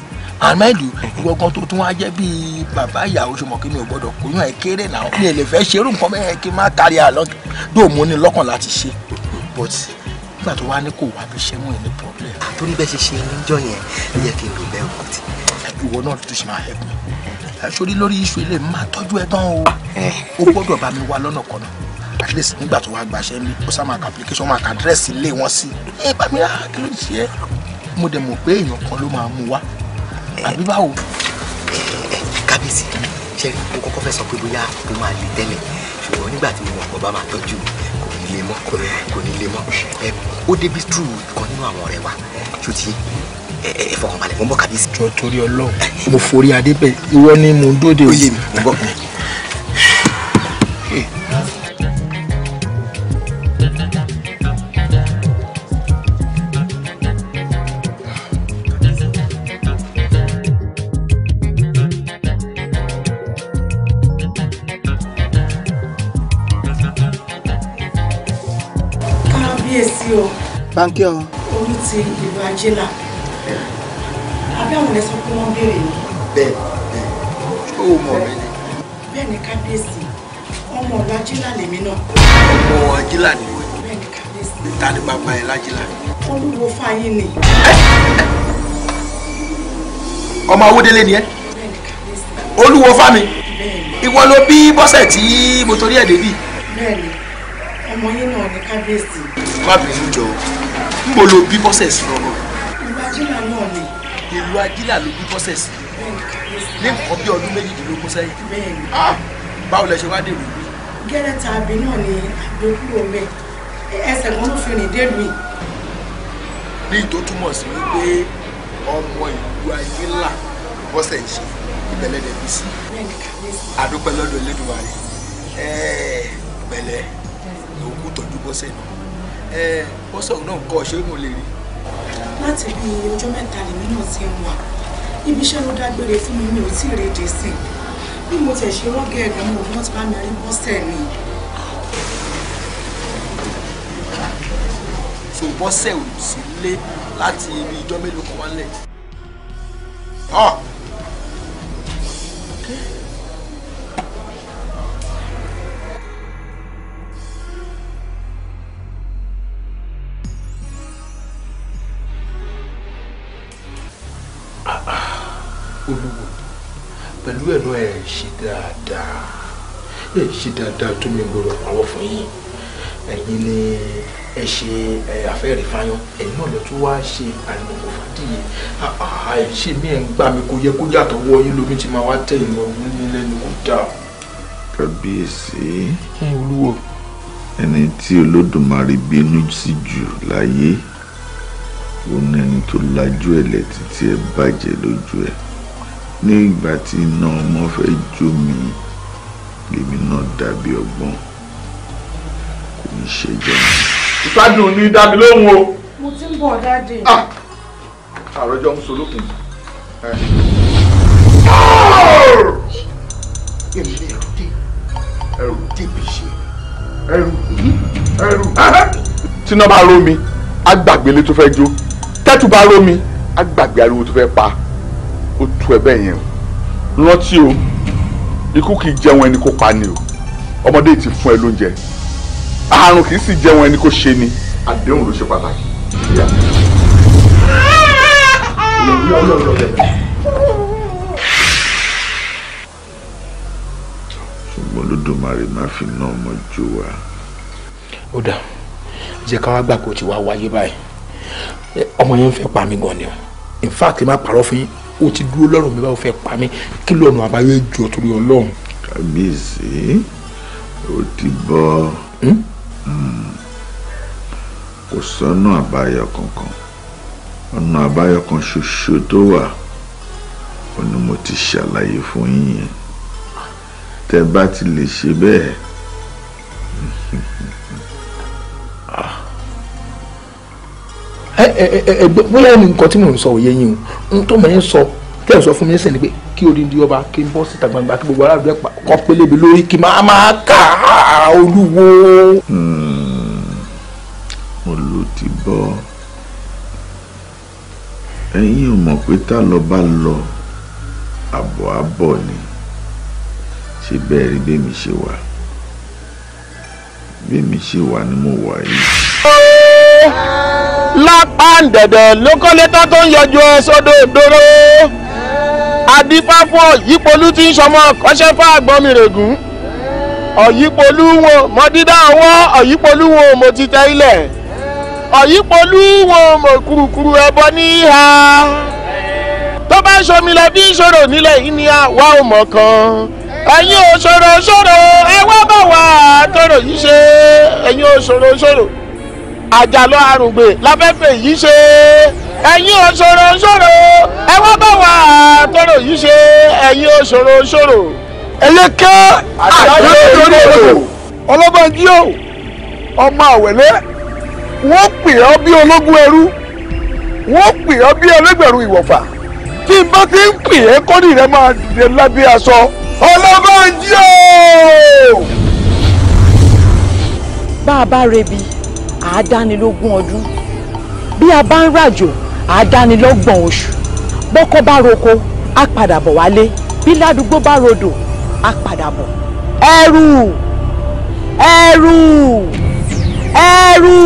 [SPEAKER 1] àmẹ́lù gbọ́ngàn tó tún wá jẹ́ bíi bàbá ìyàwó ṣe mọ̀ kí mi ò gbọ́dọ̀ kó yún ẹ̀ kéré náà mi ò lè fẹ́ ṣerú nǹkan bẹ́ẹ̀ kí n má kárí àlọ́ yóò mú ní lọ́kàn láti ṣe but nígbà tó wá ní kò wá bí ṣe mú ẹ ní problem. torí bẹ́ẹ̀ ṣe ṣe níjọ yẹn ló yẹ kí n lò bẹ́ẹ̀ kùtì. ìwọ náà tó ṣe máa help me sórí lórí iṣu ilé mi máa tọ́jú ẹ tán o ó eh. gbọ́dọ̀ bá mi wá lọ́nà kan náà at least nígbà tó wá gbaṣẹ́ mi ó sá máa ka application máa ka address ilé wọn sí. ẹ bá mi rà ah, kí ló ṣe é mo dẹ̀ mọ̀ pé èèyàn kan ló máa mú wa àbí eh, eh, báwo. Eh, kábíyèsí ṣe mo kọ́kọ́ fẹ́ sọ pé bóyá mo máa lè tẹ́lẹ̀ ṣùgbọ́n nígbà tí mo mọ̀ ọba máa tọ́jú kò ní lè mọ́ kò ní lè mọ́ ó débi true kan nínú àwọn ọ̀rẹ́ wa tó ti ẹ fọkànbalẹ̀ mo ń bọ̀ kábíyèsí. jọ torí Ọlọ́run mo forí adé bẹ ìwọ ni mo dóde. ó yé mi mo ń bọ̀.
[SPEAKER 2] bánkì ọ. orí ti ìlú ajé là abẹ́ àwọn ẹ̀sán pé wọ́n béèrè ni. bẹ́ẹ̀ bẹ́ẹ̀ ó mọ̀ mí ni.
[SPEAKER 1] bẹ́ẹ̀ ni kábíyèsí ọmọ ọ̀la jílà lèmi náà. ọmọ ajílà ni wọ́n. bẹ́ẹ̀ ni kábíyèsí. níta ni bàbá ẹ̀ lájílà. olúwo fáyín ni. ọmọ awódélé ni ẹ. bẹ́ẹ̀ ni kábíyèsí. olúwo fámi. bẹ́ẹ̀ ni. ìwọ ló bí bọ́sẹ̀ tí mo torí ẹ̀ débì.
[SPEAKER 2] bẹ́ẹ̀ ni ọmọ yín náà ni kábíyèsí. má bínú jọ mo lo
[SPEAKER 1] bí bọ́sẹ̀ sí lọ́nà.
[SPEAKER 2] ìlú ajílà náà ni.
[SPEAKER 1] ìlú ajílà ló bí bọ́sẹ̀ sí ní nǹkan bí ọdún méjìdínlógún sẹ́yìn. Ah! báwo lẹ ṣe wá dèrò ìlú.
[SPEAKER 2] gẹ́rẹ́ ta àbí náà ni àgbékúrò mẹ́
[SPEAKER 1] ẹsẹ̀ kan ló fi rìn dèrò yìí. ní ìtò túmọ̀ sí wípé ọmọ ìlú ajílà bọ́sẹ̀ ń ṣe ìbẹ̀lẹ̀ dẹ̀ bí sí. àdúpẹ́ lọ́dọ̀ Elédùmarè ẹ̀ẹ́ pẹ̀lẹ́ lòókù tọ́jú bọ́sẹ̀ náà ó sọ̀rọ̀ náà kọ́ ṣé mo lè rí.
[SPEAKER 3] láti bí ọjọ́ mẹ́ta lèmi náà
[SPEAKER 2] ti ń wà ibi iṣẹ́ ló dágbére fún mi mi ò tí ì rédè sí i bí mo tẹ̀ ṣe wọ́n gẹ̀ẹ́gẹ́ mo wọ́n ti bá mi rí bọ́sẹ̀ ni.
[SPEAKER 1] so bọ́sẹ̀ ò sí lé láti ibi ijọ́ mélòó kan wálẹ̀. Ah! bẹ́ẹ̀ náà ẹ̀ ṣe dáadáa ẹ̀ ṣe dáadáa tó mi gbọ́dọ̀ pàwọ́ fún yín ẹ̀yin ni ẹ ṣe àfẹ́rẹ́ fáyán ẹ̀yin náà lọ tún wá ṣe àlùkò fàdíyẹ ẹ̀ ṣe mí ẹ̀ ń gbà mí kó yẹ kó yàtọ̀ wọ yín lómi ti máa wá tẹ̀ ìmọ̀ ọ̀hún ní lẹ́nu kó dà.
[SPEAKER 7] kábíyèsí olúwo ẹni tí olódùmarè bínú sí jù láyé òun ẹni tó lajú ẹ̀lẹ́ títí ẹ bàjẹ́ lójú ẹ̀ ní ìgbà tí iná ọmọ fẹ́ jó mi lèmi náà dàbí ọgbọ́n kò ní ṣe jẹ́ mi. ìtajù ni dábì lóhùn o.
[SPEAKER 2] mo ti ń bọ̀ dáadé. Ah!
[SPEAKER 7] àròjọ ń so
[SPEAKER 1] lókun.
[SPEAKER 5] èmi ni
[SPEAKER 2] ẹrù
[SPEAKER 5] dé ẹrù débi ṣe ẹrù ẹrù.
[SPEAKER 1] tíná bá rómi á gbàgbé ilé tó fẹ́ jó tẹ́tù bá rómi á ariwo tó
[SPEAKER 7] fẹ́ pa ó tu ẹ bẹ́ẹ̀ yẹn o rántí o ikú kì í jẹun ẹni kó pa ni o ọmọdé ti fún ẹ lóúnjẹ àrùn kì í sì jẹun ẹni kó ṣe ni àdéhùn ló ṣe pàtàkì. ṣùgbọ́n lódùmarè má fi ná ọmọ jù wá.
[SPEAKER 1] ó dà jẹ́ ká wá gbà kó ti wá wáyé báyìí ọmọ yẹn ń fẹ́ pa mí gan ni o in fact má parọ́ fún yín o ti dúró lọ́rùn mi báwo fẹ́ pa mí kí lọ́nà àbáyọ jọ torí ọlọ́run.
[SPEAKER 7] kàbíyèsí ó ti bọ́
[SPEAKER 5] hmm? Hmm.
[SPEAKER 7] kò sọ́nà àbáyọ kankan ọ̀nà àbáyọ kan ṣoṣo tó wà ó ní mo ti ṣàlàyé fún yín yẹn tẹ bá ti lè ṣe bẹ́ẹ̀.
[SPEAKER 1] ẹgbẹ́ bóyá ẹni nǹkan tí mò ń sọ òye yín o n tó mọ̀ yín sọ tẹ́ ẹ̀ sọ fún mi sẹ́ni pé kí odindi ọba kí n bọ́ síta gbangba kí gbogbo aráàlú ẹ̀ kọ́ pélébé lórí kí máa máa
[SPEAKER 7] kà á olúwo. mo hmm. lò ti bọ́ ẹ̀yin ò mọ̀ pé tá lọ bá lọ àbọ̀ àbọ̀ ni ṣe bẹ́ẹ̀ rí bẹ́ẹ̀ mi ṣe wà bẹ́ẹ̀ mi ṣe wà ni mo wà yìí
[SPEAKER 1] lápáǹdẹ̀dẹ̀ lókọ́létà tó ń yọjú ẹ sódò ìdóró adífáfọ́ yípolú tí ń sọmọ kọ́ṣẹ́ fáàgbọ́mìrègùn ọ̀yípolú wọn mọ́dídá ọwọ́ ọ̀yípolú wọn mo ti tẹ ilẹ̀ ọ̀yípolú wọn mo kùrùkùrù ẹbọ níhà tó bá ń ṣomi lọ bí ìṣòro nílẹ̀ yìí ni àwa ò mọ̀ kan ẹ̀yin ò ṣòro ṣòro ẹ wá bá wa tọrọ yìí ṣe ẹ̀yin ò ṣòro ṣòro àjàlọ àrùngbè láfẹ́fẹ́ yìí ṣe ẹ̀yin òṣòro ṣòro ẹ wá bá wà tọrọ yìí ṣe ẹ̀yin òṣòro ṣòro. eléke àjọyọ̀ lórí odò ọlọ́bànjí ọmọ àwẹ̀lẹ́ wọ́n pè ọ́ bí ológun ẹrú wọ́n pè ọ́ bí ẹlẹ́gbẹ̀rún ìwọ̀fà tí n bá ti ń pè é kọ́ni rẹ máa dìde lábẹ́ aṣọ ọlọ́bànjí
[SPEAKER 3] o. bá a bá rebi àádánilógún ọdún bí a bá ń ràjò àádánilọ́gbọ̀n oṣù bọ́kọ́ bá roko á padà bọ̀ wálé bí ládùúgbò bá rodò á padà bọ̀ ẹrù ẹrù ẹrù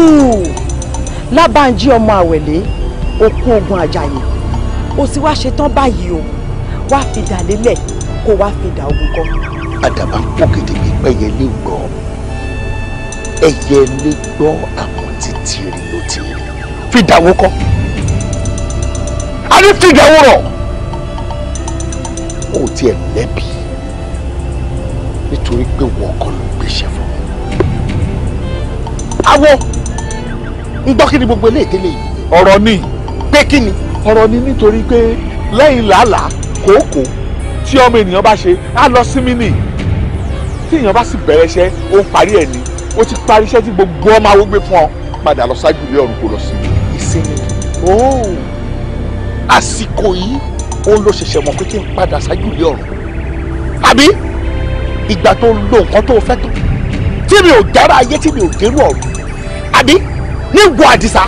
[SPEAKER 3] lábàǹjí ọmọ àwẹ̀lé okun ogun àjàyè ó sì wá ṣetán báyìí o wá fi dà lélẹ̀ kó wá fi ogun kọ́. àdàbà
[SPEAKER 1] ń pò gèdè gbígbẹ́ yẹn gbọ́ ẹyẹ lè gbọ́ àkàntì
[SPEAKER 5] tìrì ló ti rí
[SPEAKER 1] fìdáwó kọ́ a ní fìdáwó rọ̀ ó tiẹ̀ lẹ́bi nítorí pé wọ́n kọ́ ló gbéṣẹ́ fún mi. awo ń gbọ́ kí ni gbogbo eléyìí tẹ́lẹ̀ yìí. ọ̀rọ̀ ni. pé kí ni. ọ̀rọ̀ ni nítorí pé lẹ́yìn làálàá kòókòó tí ọmọ ènìyàn bá ṣe á lọ sí mí nì tí èèyàn bá sì bẹ̀rẹ̀ iṣẹ́ ó ń parí ẹ̀ ni ó ti parí iṣẹ́ tí gbogbo ọmọ àwọn gbé fún ọ padà lọ ṣáájú ilé ọ̀run kò lọ sí ìsinmi ooo àsìkò yìí òun ló ṣẹ̀ṣẹ̀ mọ̀ pé kí n padà ṣáájú ilé ọ̀run àbí ìgbà tó lo nǹkan tó fẹ́ tó tí mi ò dára ayé tí mi ò dérú ọ̀run àbí ní ìwọ àdìsá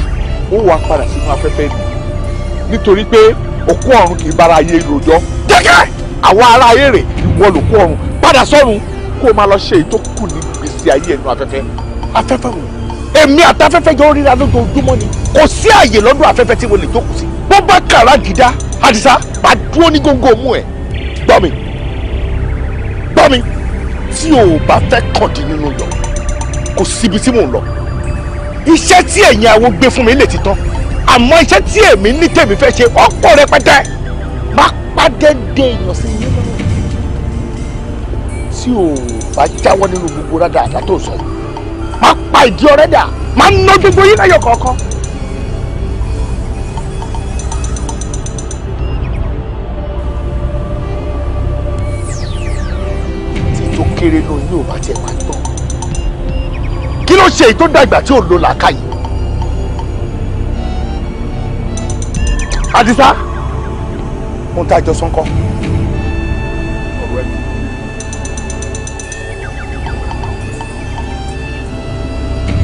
[SPEAKER 1] ó wà padà sínú afẹ́fẹ́ nù nítorí pé òkú ọ̀run kì í bára ayé rojọ́ dẹ́gẹ́ àwọn ará ayé rè ìwọ lòkú ọ̀run padà sọ́run kó o máa lọ ṣe èyí níbi ti ayé ẹnu afẹ́fẹ́ afẹ́fẹ́ wo èmi àtafẹ́fẹ́ jọ ríra lójoojúmọ́ ni kò sí àyè lọ́dún afẹ́fẹ́ tí mo lè jókòó sí bó bá kàrá gidá àdìsá bá dúró ní góńgó mú ẹ gbọ́ mi gbọ́ mi tí o bá fẹ́ kọ̀dí nínú yọ kò síbi tí mò ń lọ iṣẹ́ tí ẹ̀yin awo gbé fún mi lè ti tán àmọ́ iṣẹ́ tí èmi ní tèmi fẹ́ ṣe ọ̀pọ̀ rẹpẹtẹ má pàdé de èèyàn yín lọ́wọ́ tí o bá jáwọ́ nínú gbogbo rádà àdá tó sọ máa pa ìdí ọ̀rẹ́ dà máa ná gbogbo yín lẹ́yọ̀ kọ̀ọ̀kan. tó kéré ló ní òbá tiẹ̀ máa tán kí ló ṣe èyí tó dàgbà tí ò lo làákàyè. Àdìsá ohun tá a jọ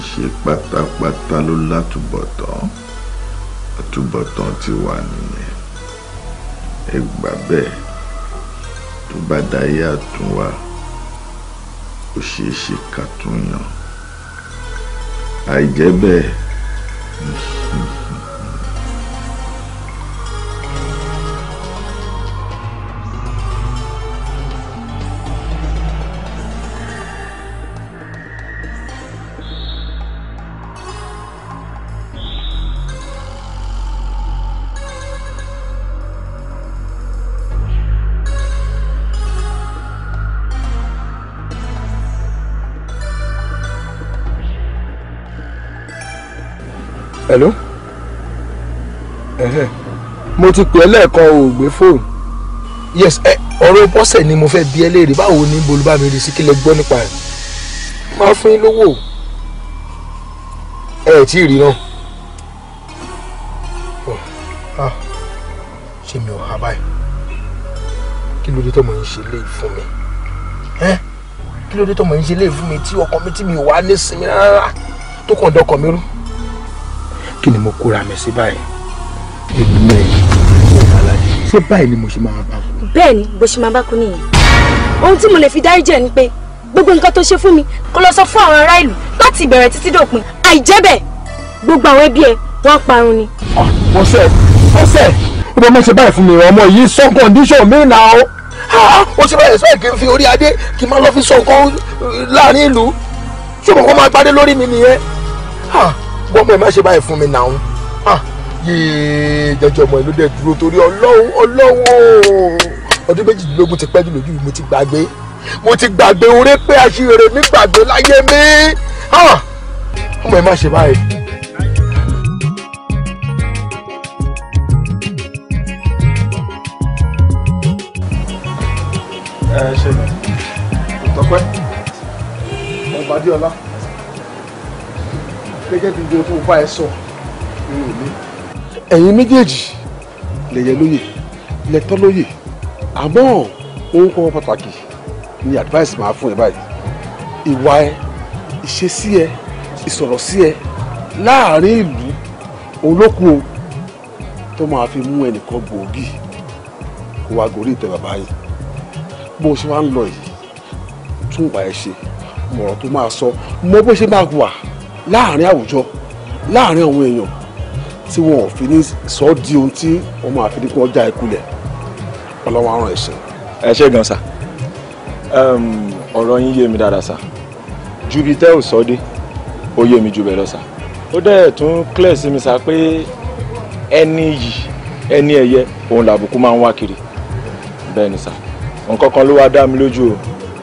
[SPEAKER 7] ń ṣe pátápátá ló látúbọ̀tán àtúbọ̀tán ti wà nìyẹn ẹ gbà bẹ́ẹ̀ tó bá dayé àtúnwá ó ṣeé ṣe ká àìjẹ́ bẹ́ẹ̀.
[SPEAKER 1] mo ti pè ẹ́ lẹ́ẹ̀kan o ò gbé fóònù yes ẹ ọ̀rọ̀ bọ́sẹ̀ ni mo fẹ́ bi ẹ́ léèrè báwo ni bolúbá mi rí sí kí lẹ gbọ́ nípa ẹ̀ máa fún yín lówó ẹ ẹ̀ tí ì rí náà ṣe mi ò há báyìí kí ló dé tọmọ yín ṣe léè fún mi kí ló dé tọmọ yín ṣe léè fún mi tí ọkàn mi tí mi wà ní sinmi rárá tó kàn dọkàn mi rú kí ni mo kóra mi sí báyìí èmi ṣé báyìí ni mo ṣe máa bá
[SPEAKER 3] kú. bẹ́ẹ̀ ni bó ṣe máa bá kú nìyẹn ohun tí mo lè fi dárí jẹ́ ni pé gbogbo nǹkan tó ṣe fún mi kó lọ sọ fún àwọn ará ìlú láti ìbẹ̀rẹ̀ títí dòpin àìjẹ́ bẹ́ẹ̀ gbogbo àwọn ẹbí ẹ wọ́n parun ni. Ah, ọ̀sẹ̀ ọ̀sẹ̀ ó máa ṣe báyìí fún mi ọmọ
[SPEAKER 1] yìí sọ kọ́ndíṣọ̀n mi nà ó. Ah, ó ṣe báyìí sọ́ọ̀ kí n fi orí adé kí n máa lọ fi sọ nǹkan láàrin ìlú ṣùgbọ́n kó máa gbádé lórí mi nìyẹn. Ah, bọ́mọ ẹ má ṣe báyìí fún mi nà ó yéé jẹjọ ọmọ ìlú dẹ dúró torí ọlọ́run ọlọ́run ọdún méjìdínlógún ti pẹ́ jù lójú mi ti gbàgbé mo ti gbàgbé oore pé àṣìrere mi gbàgbé láyé mi ọmọ ẹ má ṣe báyìí. ẹ ṣe ìtọ́pẹ́ ọba adéọlá gẹ́gẹ́ bí ibi tó bá ẹ sọ irú mi ẹ̀yin méjèèjì lẹ̀yẹ lóye lẹ́tọ́ lóye àmọ́ ohun kan pàtàkì ni advice máa fún ẹ báyìí ìwà ẹ ìṣesí ẹ ìsọ̀rọ̀ sí ẹ láàrin ìlú olókun o tó máa fi mú ẹnìkan gbòógì kó wá gorí ìtẹ́ bàbá yìí bó ṣe wá ń lọ yìí tún ìwà ẹ ṣe mọ̀rọ̀ tó máa sọ mọ bó ṣe máa wà láàrin àwùjọ láàrin àwọn èèyàn tí wọn ò fi ní sọ ọ́ di ohun tí wọ́n máa fi ní kí wọ́n já ikú lẹ̀ ọlọ́wọ́ àrùn ẹ̀sìn. ẹ ṣé gan sa ọ̀rọ̀ yín yé mi dáadáa sa ju bíi tẹ́ ò sọ dé ó yé mi ju bẹ́ẹ̀ lọ sa ó dẹ̀ tún clear sí mi sa pé ẹni yìí ẹni ẹ̀yẹ òun làbùkù máa ń wá kiri bẹ́ẹ̀ ni sa nǹkan kan ló wá dá mi lójú o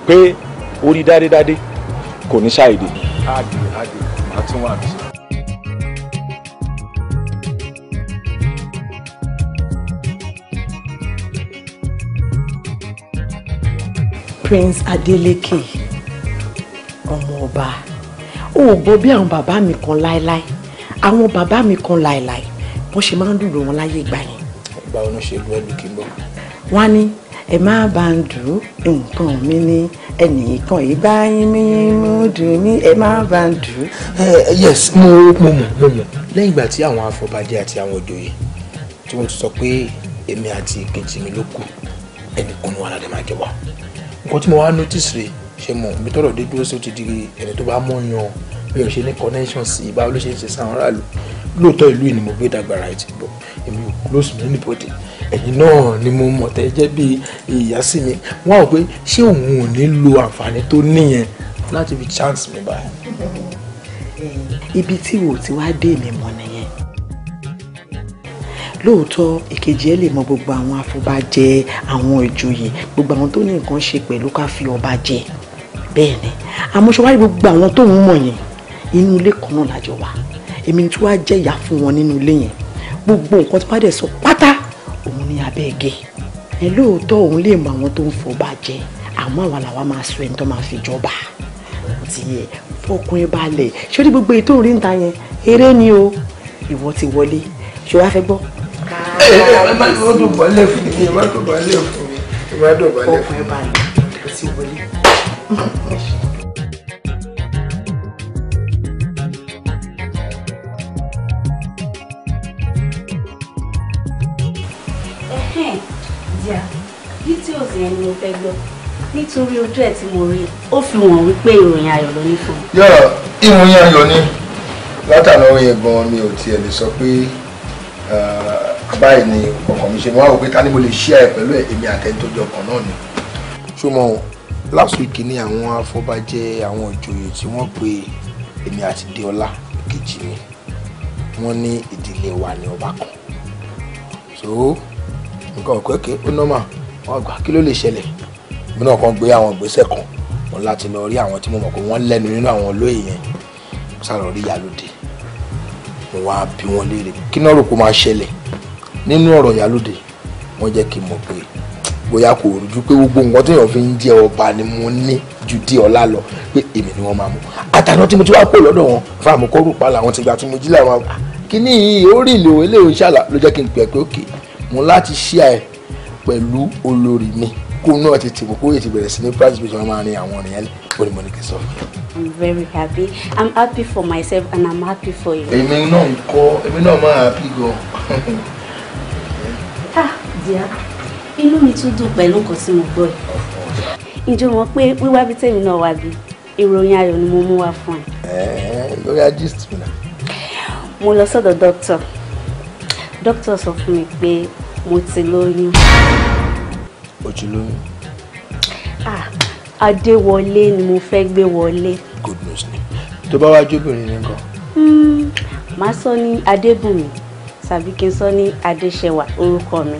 [SPEAKER 1] pé orí dádédádé kò ní ṣàìdè. a àdè a tún wà mí sí
[SPEAKER 3] Prince Adeleke ọmọọba o ò gbọ́ bí àwọn bàbá mi kan láéláé àwọn bàbá mi kan láéláé wọ́n ṣe máa ń dùn wọn láyé ìgbà yẹn.
[SPEAKER 1] ọba ọ̀nà ṣe lu ẹlù kí n bọ̀.
[SPEAKER 2] wọ́n á ní ẹ má bá ń dùn nǹkan mi ní ẹnìkan ìgbà yín mi mú dùn ní ẹ má bá ń dùn.
[SPEAKER 5] yes mo mo mọ̀ mo mọ̀
[SPEAKER 1] lẹ́yìn ìgbà tí àwọn afọbajẹ àti àwọn òjòyè tí wọ́n ti sọ pé èmi àti ìkejì mi ló kù ẹnìkan ni wọn àlàdé nǹkan tí mo wá notice rè ṣe mọ̀ mi tọrọ dé dúró sí ó ti di ẹni tó bá mọ̀yàn mi ò ṣe ní connection sí i báwo ló ṣe ń ṣe sáwọn aráàlú lóòótọ́ ìlú ni mo gbé dàgbà right bọ̀ èmi ò close to anybody ẹ̀yin náà ni mo mọ̀ tẹ́ jẹ́ bí ìyá sí mi wọ́n á pé ṣé òun ò ní lo àǹfààní tó níyẹn láti fi chance mi báyìí. ibi tí wò ó ti wá dé mi mọ́ ni lóòótọ́ èkejì ẹ lè mọ gbogbo àwọn
[SPEAKER 3] afọbajẹ àwọn ìjòyè gbogbo àwọn tó ní nǹkan ṣe pẹ̀lú ká fi ọba jẹ bẹ́ẹ̀ ni àmọ́ ṣe wáyé gbogbo àwọn tó ń mọ̀ yẹn inú ilé kan náà lájọ wà èmi tí wàá jẹ́ ìyá fún wọn nínú ilé yẹn gbogbo nǹkan tí wàá dẹ̀ sọ pátá òun ní abẹ́ ẹ̀gẹ́ ẹ lóòótọ́ òun lè mọ àwọn tó ń fọba jẹ àmọ́ àwa làwa máa sọ ẹni tó máa fi jọba ti fọkùnrin balẹ̀ ṣé ó ní gbogbo ètò ìrìntà yẹn eré ni o ìwọ
[SPEAKER 2] ti wọlé ṣé wàá fẹ́ gbọ́
[SPEAKER 6] ẹ má lọ dọ̀bálẹ̀ fún mi
[SPEAKER 1] ẹ má dọ̀bálẹ̀ fún mi ẹ má dọ̀bálẹ̀ fún mi. ọkùnrin balẹ̀ kò sí wọlé.
[SPEAKER 2] díà details yẹn ni mo fẹ́ gbọ́ nítorí ojú ẹ̀ tí mo rí ó fi wọ̀n wípé ìròyìn ayọ̀ ló ní fún.
[SPEAKER 1] yọ̀ọ̀ ìròyìn ayọ̀ ni látàlọ́wọ́ yẹn gan-an mi ò tiẹ̀ lè sọ pé báyìí ni ọkàn mi ṣe mo wá pé ká ní mo lè share ẹ pẹ̀lú èmi àtẹ̀ntọ́jọ kan náà ni. ṣùgbọ́n last week ni àwọn afọbajẹ àwọn ìjòyè tí wọ́n pe èmi àti deola kejì mi wọ́n ní ìdílé wa ní ọba kan so nǹkan òkèké ó nọ́mà wọ́n gbà kí ló lè ṣẹlẹ̀ mi náà kàn gbé àwọn ìgbésẹ̀ kan wọn láti lọ rí àwọn tí mo mọ̀ pé wọ́n lẹ́nu nínú àwọn olóyè yẹn sàrọ̀ rí ìyálóde mo wá bí wọn léèrè kí náà rò kó máa ṣẹlẹ̀ nínú ọ̀rọ̀ ìyálóde wọ́n jẹ́ kí n mọ̀ pé bóyá kò rújú pé gbogbo nǹkan téèyàn fi ń jẹ ọba ni mo ní ju dí ọlá lọ pé èmi ni wọ́n máa mú àtàná tí mo ti wá kó lọ́dọ̀ wọn fáàmù kọ́rù pa làwọn ti gbà tí mo jí làwọn ah, kíní yìí ó rí ìlò eléyìí ṣàlà ló jẹ́ kí n pè pé òkè mo láti ṣí ẹ pẹ̀lú olórí mi kó náà ti tìmọ̀ kó yẹ ti bẹ̀rẹ̀ sí ní price bíi ṣe máa rin àwọn ọ̀rìn yẹn ó ní
[SPEAKER 2] mo ní kí n sọ fún yẹn. I'm very happy I'm happy for myself and I'm happy for you. èmi
[SPEAKER 1] náà ń kọ́ èmi náà máa happy gan-an. [LAUGHS]
[SPEAKER 2] dear inú mi tún dùn pẹ̀lú nǹkan tí mo gbọ́ ẹ̀. ǹjẹ́ o mọ̀ pé wíwá bí tèmi náà wà bí ìròyìn ayọ̀ ni mo mú wá fún ẹ. lórí agist mi náà. mo lọ sọ́dọ̀ dókítà dókítà sọ fún mi pé mo ti lóyún. o ti lóyún. ah adéwọlé ni mo fẹ́ gbé wọlé. good news
[SPEAKER 1] ni tó bá wá jóbìnrin ní nǹkan.
[SPEAKER 2] Hmm, màá sọ ní adébùnmi tàbí kí n sọ ní adéṣẹwà orúkọ mi.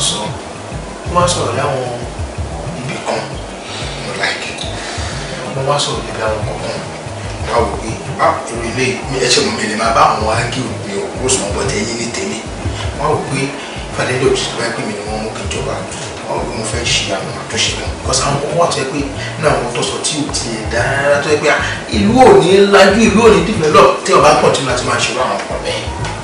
[SPEAKER 1] ń sọ ó máa ń sọ̀rọ̀ láwọn ibì kan mo láìkẹ́ mo máa ń sọ̀rọ̀ níbi àwọn kọ̀ọ̀kan wá wò pé bá ah, èrò ilé mi ẹ ṣe mo mi lè máa bá àwọn ágì mi ò kó sùn bọ́tẹ́ yín ní tèmi wá wò pé fàdédé òtún ti báyìí pé mi ni wọ́n mú kí n jọba wá wò pé mo fẹ́ ṣe àwọn àtúnṣe kan because àwọn kan wà tó yẹ pé ní àwọn tó sọ tí ò ti yẹ dáadáa tó yẹ pé ah, ìlú ò ní lajú ìlú ò ní develop tí ọba pọ̀ tí mo láti máa ṣe wá àwọn ọkọ̀ bẹ́ẹ̀.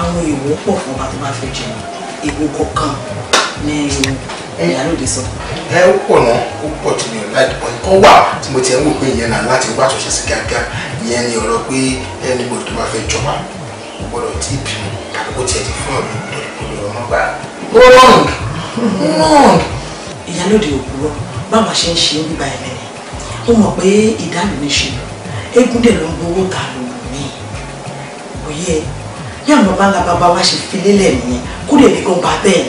[SPEAKER 1] àwọn èèwọ̀ pọ̀ fún ọba tó bá fẹ́ jẹun èèwọ̀ kọ̀ọ̀kan ní sọ. ẹ ó pọ̀ náà ó pọ̀ jù ní mo ti ẹ̀ ń wò pé ìyẹn náà láti wá àtúnṣe sí gàgà ìyẹn ni ọ̀rọ̀ pé ẹni tó bá fẹ́ jọba kò gbọ́dọ̀ tí ì bímọ tàbí tiẹ̀ ti fún
[SPEAKER 3] ní àwọn bá ńlá bàbá wa ṣe fi lélẹ̀ nìyẹn kó lè
[SPEAKER 2] rí gan bá bẹ́ẹ̀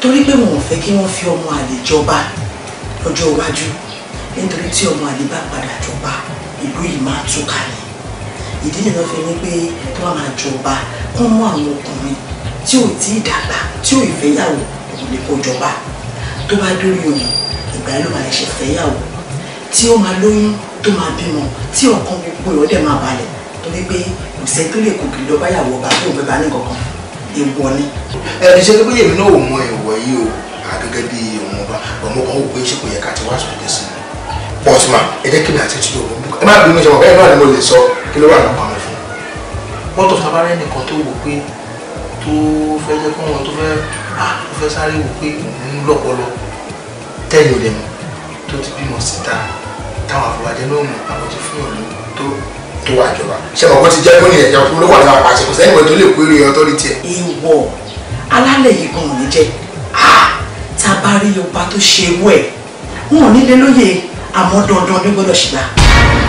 [SPEAKER 2] torí pé wọn ò fẹ́ kí wọ́n fi ọmọ àlè jọba lọ́jọ́ iwájú nítorí tí ọmọ àlè bá padà jọba ìlú yìí máa túká ni ìdí nìyẹn fi ní pé tó bá máa jọba kó mú àwọn ọkùnrin tí ò tí ì dàgbà tí ò ìfẹ́yàwó òun lè kó jọba tó bá dórí òun ìgbà ló máa ṣe
[SPEAKER 3] fẹ́yàwó tí ó máa lóyún tó máa bímọ tí ọkàn gbogbo ìwọ́dẹ̀ máa balẹ̀
[SPEAKER 1] torí pé kò sẹ́ tó lè kòkìrì lọ báyàwó ọba tó bẹ́ẹ̀ bá ní kankan èèwọ̀ ni. ẹ ẹ ṣe pé èmi náà ò mọ èèwọ̀ yìí o gẹ́gẹ́ bí ọmọọba ọmọọba ó gbé ṣèpò yẹn káàtì wá sọ èdè sí i. bọ́ọ̀tù máa ẹ jẹ́ kí mi àti ẹtí yóò ẹ má bínú ìṣẹ̀wọ̀n bẹ́ẹ̀ náà ni mo lè sọ kí ló wà lọ́pàá mi fún. wọ́n tó sábà rẹ́ nìkan tó wò pé tó fẹ́ jẹ́ fún wọn tó fẹ́ tó fẹ́ sáré wò pé òun lọ́pọlọ tẹ́yìn lẹ́mọ̀ tó ti bímọ síta táwọn àfọwájẹ́ náà mọ̀ àwọn fún ọ̀lọ́ tó tó wà jọba ṣe mọ̀ bó ti jẹ́ lónìí ẹ̀jẹ̀ ọ̀tún ló wà lára pàṣẹ kò sẹ́yìn tó lè péré ọtọ́rìtì ẹ̀.
[SPEAKER 2] ìwọ alálẹ̀ yìí gan ò ní jẹ́ tá a bá rí ọba tó ṣe ewu ẹ̀ wọn ò nílé
[SPEAKER 3] lóye àmọ́ dandan ló gbọ́dọ̀ ṣìgbà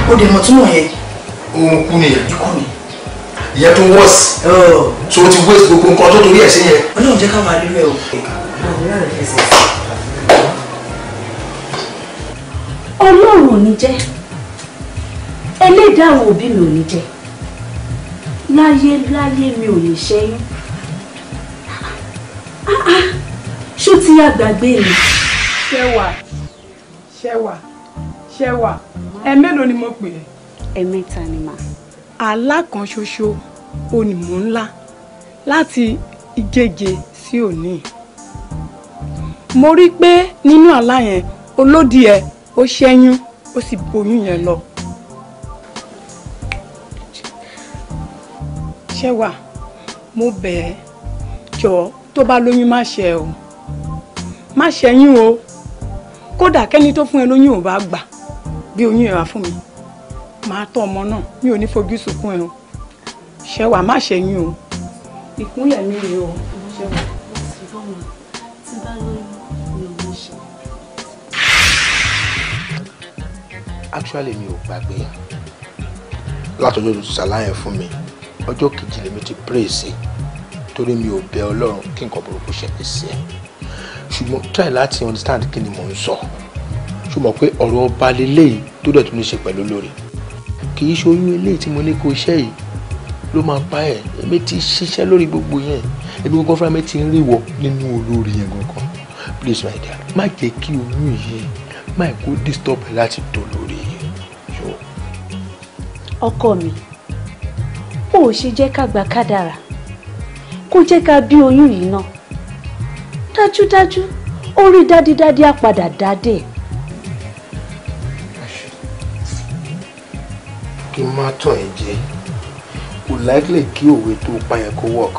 [SPEAKER 3] ó dẹ̀ mọ̀ túmọ̀ yẹn.
[SPEAKER 1] ohun kú nìyẹn. ikú ni ìyẹn tó wọ́ọ̀sì so ti wéṣ gbogbo nǹkan tó torí ẹ̀ sí yẹn.
[SPEAKER 3] ọlọ́run
[SPEAKER 2] jẹ́ káwọn alẹ́ o. ọlọ́run ò ní jẹ́ ẹlẹ́dàá àwọn òbí mi ò ní jẹ láyé láyé mi ò lè ṣẹ́yún ah, ah, ah. ṣó ti àgbàgbé mi. ṣẹ́wà
[SPEAKER 3] ṣẹ́wà ṣẹ́wà ẹ mélòó ni mo pè é. ẹ̀mẹ́ta ni mà. àlá kan ṣoṣo onímọ̀ ńlá láti ìgègè sí òní. mo rí pé nínú àlá yẹn olódìẹ ó ṣẹ́yún ó sì boyún yẹn lọ. ṣẹ́wà mo bẹ̀ ẹ́ jọ tó bá lóyún má ṣe o má ṣẹ́yún o kódà kẹ́ni tó fún ẹ lóyún ò bá gbà bí oyún ẹ wá fún mi máa tọ́ ọmọ náà mi ò ní fojú sunkún ẹ o ṣẹ́wà má ṣẹ́yún o ìkúnlẹ̀ mi rèé o
[SPEAKER 1] actually mi ò gbàgbé látọjọ́ ṣàlàyé fún mi ọjọ́ kejì lèmi ti pray sí torí mi ò bẹ ọlọ́run kí nǹkan burúkú ṣẹlẹ̀ sí ẹ ṣùgbọ́n try láti understand kí ni mò ń sọ ṣùgbọ́n pé ọ̀rọ̀ ọba lélẹ́yìí tó dẹ̀ tún ní ṣe pẹ̀lú lórí kì í ṣe oyún eléyìí tí mo ní kó iṣẹ́ yìí ló máa pa ẹ̀ èmi ti ṣiṣẹ́ lórí gbogbo yẹn èmi gbogbo fúnra mi ti ń ríwọ nínú olórí yẹn gangan please my dear má jẹ́ kí oyún yìí má kó disturb ẹ láti tó lórí yìí.
[SPEAKER 2] ọkọ mi ò ṣe jẹ́ ká gba kádàrà kó jẹ́ ká bí oyún yìí náà dájúdájú orí dádídádí á padà dádé.
[SPEAKER 1] kí n má tàn ẹ́ jẹ kò likely kí òwe tó pa yẹn kó work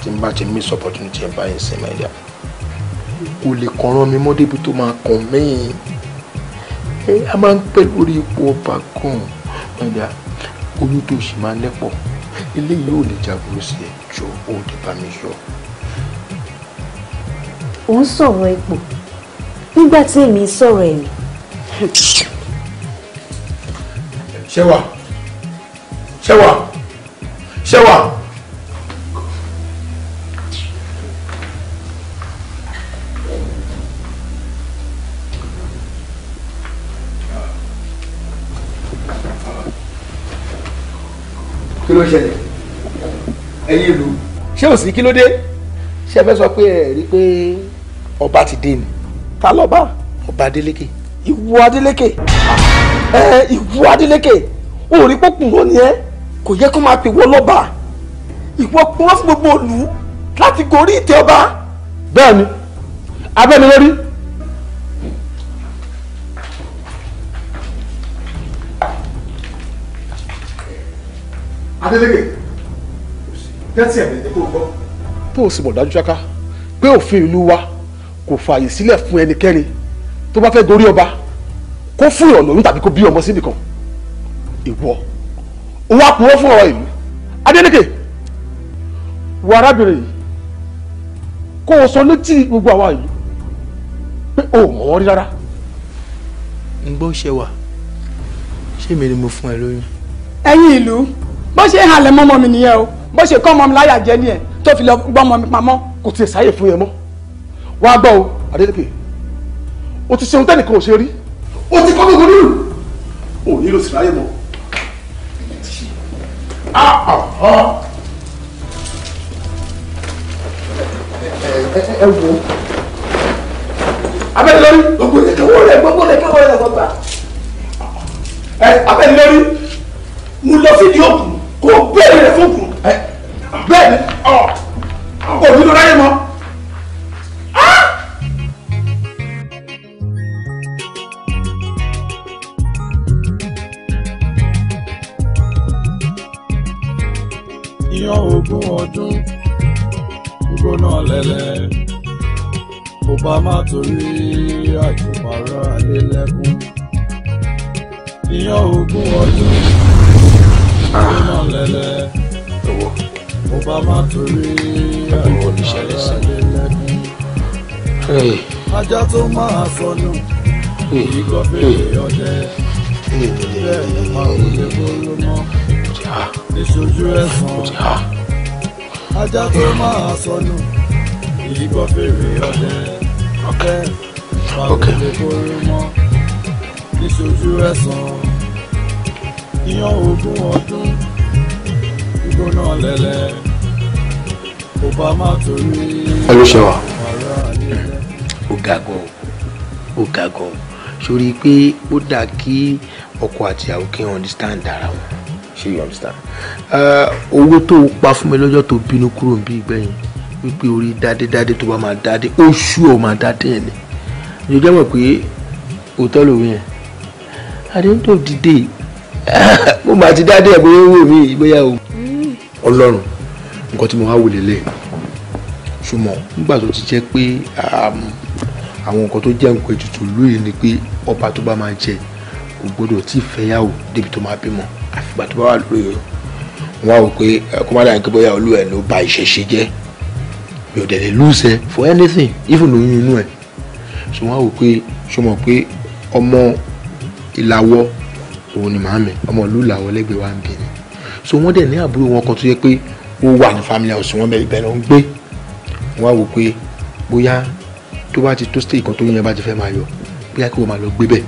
[SPEAKER 1] tí n bá ti miss opportunity ẹ̀ báyìí sí mẹ́lẹ̀ kò lè kàn rán mi mọ́ débi tó máa kàn mẹ́yìn a máa ń pẹ́ lórí ipò ọba kan oyún tó sì máa lẹ́pọ̀ eléyìí ò lè jagun sí ẹ jọ ó lè bá mi yọ.
[SPEAKER 2] ò ń sọ̀rọ̀ ipò nígbà tí èmi ń sọ̀rọ̀ ẹ̀mí.
[SPEAKER 1] ṣẹ́wà ṣẹ́wà ṣẹ́wà. ló ṣẹlẹ̀ ẹ̀yin ìlú. ṣé ò sí kí ló dé ṣé ẹ fẹ́ sọ pé ẹ rí i pé ọba ti dé ni ta lọ́ba ọba Adeleke ìwọ Adeleke ẹ ìwọ Adeleke òòrí pọ̀kùnrọ̀ ni ẹ kò yẹ kó máa pè wọ́n lọ́ba ìwọ pọ́n fún gbogbo ìlú láti gorí ìtẹ́ ọba. bẹ́ẹ̀ ni abẹ́ni lórí Adélégé tẹ́tí ẹ̀mí ni kò gbọ́. tó o sì mọ̀ dájú ṣáká pé òfin ìlú wa kò fààyè sílẹ̀ fún ẹnikẹ́ni tó bá fẹ́ gorí ọba kó fún ìrọ̀lẹ́ oyún tàbí kó bí ọmọ síbìkan ìwọ òun á purọ́ fún ọ̀rọ̀ ìlú Adélégé wo arábìnrin yìí kó o sọ létí gbogbo àwa yìí pé o ò mọ̀ wọ́n rí rárá. ń gbọ́ ṣe wà ṣé mi ni mo fún ẹ lóyún. ẹ̀yin ìlú bó ṣe halẹ̀ mọ́mọ́ mi nìyẹn o bó ṣe kọ́ ọmọ mi láyà jẹ́ nìyẹn tó fi lọ gbọ́ ọmọ mi pamọ́. kò tiẹ̀ sáyè fún yẹn mọ́ wá gbọ́ o Adélékè o ti ṣeun tẹ́nìkan ò ṣe rí o ti kọ́ gbogbo nínú o nílò sí ráyè mọ́.
[SPEAKER 5] ẹ wo
[SPEAKER 1] abẹ́ni lórí gbogbo lè kẹ́wọ́ rẹ̀ gbogbo lè kẹ́wọ́ rẹ̀ lọ́gbà abẹ́ni lórí mo lọ fídíò kù kò bẹ́ẹ̀ rẹ̀ fún kùn bẹ́ẹ̀ ni kò ní lọ ráyè mọ́.
[SPEAKER 6] ìyàn ogún ọdún gbígbóná lẹ́lẹ́ kò bá má torí àjùmọ̀ra lélẹ́kùn ìyàn ogún ọdún owó owó ajá tó máa sọnù ìkọ̀ bèrè ọdẹ bẹ́ẹ̀ máa ń lè bọ́ọ̀lù mọ́ níṣojú ẹ̀sán ajá tó máa sọnù ìkọ̀ bèrè ọdẹ bẹ́ẹ̀ máa ń lè bọ́ọ̀lù mọ́ níṣojú ẹ̀sán ìyàn ogún ọdún gbóná lẹ́lẹ́ kò bá má torí. ẹ ló ṣe wà. ó ga gan ó ga
[SPEAKER 1] gan sórí pé ó dáa kí ọkọ àti ìyàwó kí wọn understand ara wọn ṣé you understand. owó tó o pa fún mi lọ́jọ́ tó bínú kúrò ń bí ìgbẹ́yìn wípé orí dádédádé tó bá máa dádé oṣù ọ̀ máa dádé ẹ̀ ni ìjọ jẹ́ mọ̀ pé òótọ́ lòun yẹn at the end of the day mo máa ti dádé ẹ̀ bóyá owó mi bóyá o ọlọ́run nǹkan tí mo wá wò lélẹ̀ ṣùgbọ́n nígbà tó ti jẹ́ pé um, àwọn nǹkan tó jẹ́ nǹkan ètùtù lóye ni pé ọba tó bá máa jẹ kò gbọdọ̀ tí ì fẹ́yàwó débi tó máa bímọ àfìgbà tó bá wà lórí rẹ̀ wọ́n wò pé kó má dàgbé bóyá olú ló ba ìṣẹ̀ṣe jẹ́ mi ò dẹ̀ for anything even oyún inú ẹ̀ so wọ́n á wò pé ṣó mọ̀ pé ọmọ ìlàwọ̀ òun ni màámi ọmọ ìlú ìlàwọ̀ lẹ́gbẹ̀ẹ́ wa ń bì so wọ́n dẹ̀ ní àbúrò wọn kan tó yẹ pé ó wà ní family house wọn bẹ́ẹ̀ ibẹ̀ ló ń gbé wọ́n á wò pé bóyá tó bá ti tó stay kan tó yẹn bá ti fẹ́ máa yọ bóyá kí wọ́n máa lọ gbé bẹ̀